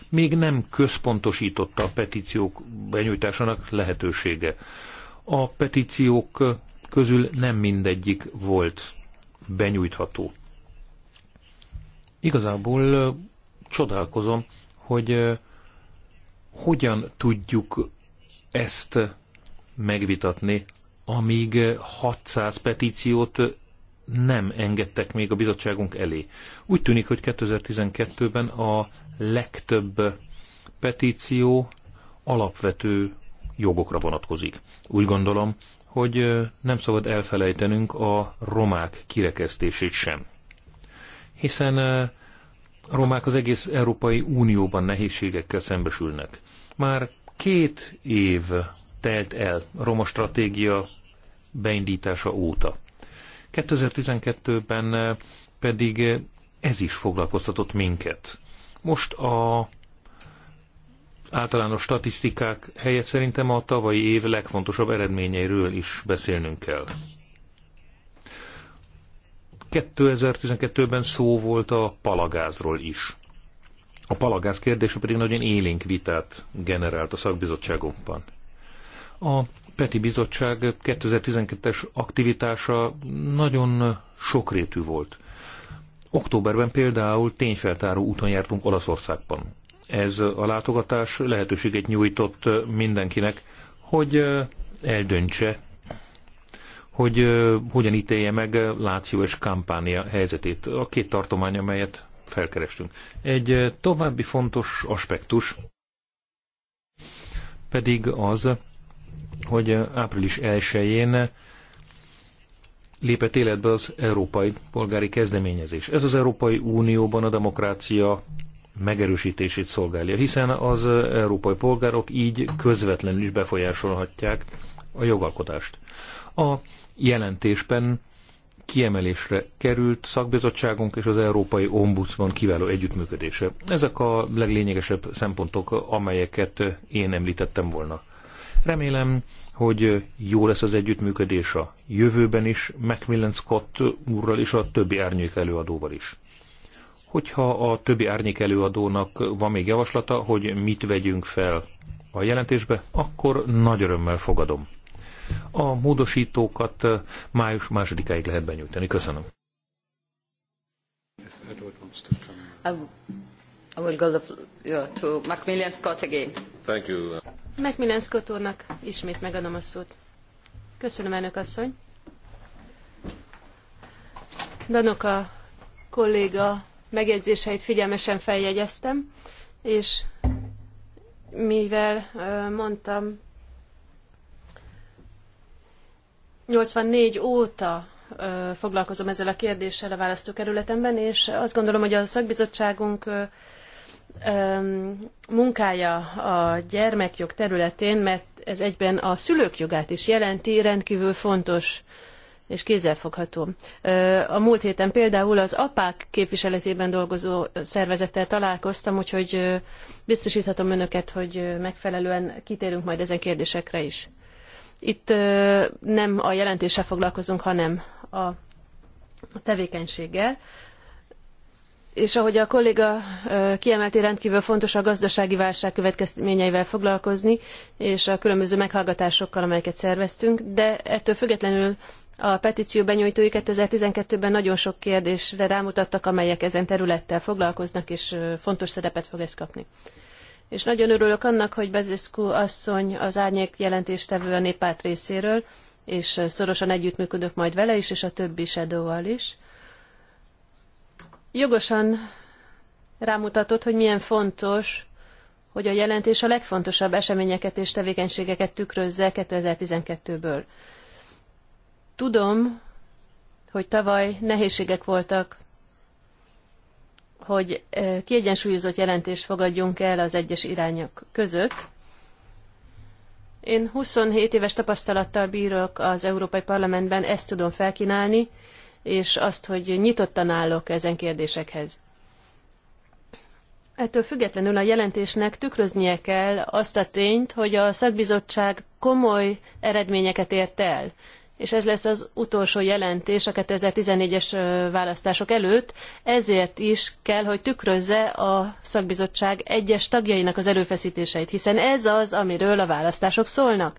Speaker 5: Még nem központosította a petíciók benyújtásának lehetősége. A petíciók közül nem mindegyik volt benyújtható. Igazából csodálkozom, hogy hogyan tudjuk ezt megvitatni amíg 600 petíciót nem engedtek még a bizottságunk elé. Úgy tűnik, hogy 2012-ben a legtöbb petíció alapvető jogokra vonatkozik. Úgy gondolom, hogy nem szabad elfelejtenünk a romák kirekesztését sem. Hiszen a romák az egész Európai Unióban nehézségekkel szembesülnek. Már két év telt el a roma stratégia beindítása óta. 2012-ben eh, pedig eh, ez is foglalkoztatott minket. Most a általános statisztikák helyett szerintem a tavalyi év legfontosabb eredményeiről is beszélnünk kell. 2012-ben szó volt a palagázról is. A palagáz kérdése pedig nagyon élénk vitát generált a szakbizottságunkban. A Peti Bizottság 2012-es aktivitása nagyon sokrétű volt. Októberben például tényfeltáró úton jártunk Olaszországban. Ez a látogatás lehetőséget nyújtott mindenkinek, hogy eldöntse, hogy hogyan ítélje meg Láció és Kampánia helyzetét, a két tartomány, amelyet felkerestünk. Egy további fontos aspektus pedig az, hogy április 1-én lépett életbe az európai polgári kezdeményezés. Ez az Európai Unióban a demokrácia megerősítését szolgálja, hiszen az európai polgárok így közvetlenül is befolyásolhatják a jogalkotást. A jelentésben kiemelésre került szakbizottságunk és az Európai Ombudsman kiváló együttműködése. Ezek a leglényegesebb szempontok, amelyeket én említettem volna. Remélem, hogy jó lesz az együttműködés a jövőben is, Macmillan Scott úrral és a többi árnyék előadóval is. Hogyha a többi árnyék előadónak van még javaslata, hogy mit vegyünk fel a jelentésbe, akkor nagy örömmel fogadom. A módosítókat május másodikáig lehet benyújtani. Köszönöm.
Speaker 2: I will go to
Speaker 1: Macmillan Scott again. Thank you. Megmilyen Scott ismét megadom a szót. Köszönöm, elnök asszony. Danoka kolléga megjegyzéseit figyelmesen feljegyeztem, és mivel mondtam, 84 óta foglalkozom ezzel a kérdéssel a választókerületemben, és azt gondolom, hogy a szakbizottságunk munkája a gyermekjog területén, mert ez egyben a szülők jogát is jelenti, rendkívül fontos és kézzelfogható. A múlt héten például az apák képviseletében dolgozó szervezettel találkoztam, úgyhogy biztosíthatom önöket, hogy megfelelően kitérünk majd ezen kérdésekre is. Itt nem a jelentéssel foglalkozunk, hanem a tevékenységgel és ahogy a kolléga kiemelti, rendkívül fontos a gazdasági válság következményeivel foglalkozni, és a különböző meghallgatásokkal, amelyeket szerveztünk, de ettől függetlenül a petíció benyújtói 2012-ben nagyon sok kérdésre rámutattak, amelyek ezen területtel foglalkoznak, és fontos szerepet fog ez kapni. És nagyon örülök annak, hogy Bezescu asszony az árnyék jelentéstevő a néppárt részéről, és szorosan együttműködök majd vele is, és a többi shadow is jogosan rámutatott, hogy milyen fontos, hogy a jelentés a legfontosabb eseményeket és tevékenységeket tükrözze 2012-ből. Tudom, hogy tavaly nehézségek voltak, hogy e, kiegyensúlyozott jelentést fogadjunk el az egyes irányok között. Én 27 éves tapasztalattal bírok az Európai Parlamentben, ezt tudom felkínálni, és azt, hogy nyitottan állok ezen kérdésekhez. Ettől függetlenül a jelentésnek tükröznie kell azt a tényt, hogy a szakbizottság komoly eredményeket ért el, és ez lesz az utolsó jelentés a 2014-es választások előtt, ezért is kell, hogy tükrözze a szakbizottság egyes tagjainak az erőfeszítéseit, hiszen ez az, amiről a választások szólnak.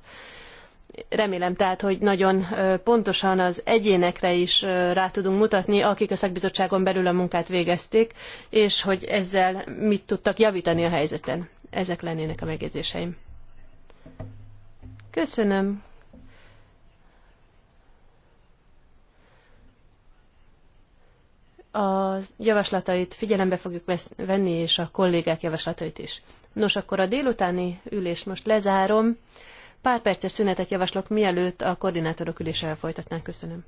Speaker 1: Remélem tehát, hogy nagyon pontosan az egyénekre is rá tudunk mutatni, akik a szakbizottságon belül a munkát végezték, és hogy ezzel mit tudtak javítani a helyzeten. Ezek lennének a megjegyzéseim. Köszönöm. A javaslatait figyelembe fogjuk venni, és a kollégák javaslatait is. Nos, akkor a délutáni ülést most lezárom. Pár perces szünetet javaslok, mielőtt a koordinátorok ülésével folytatnánk. Köszönöm.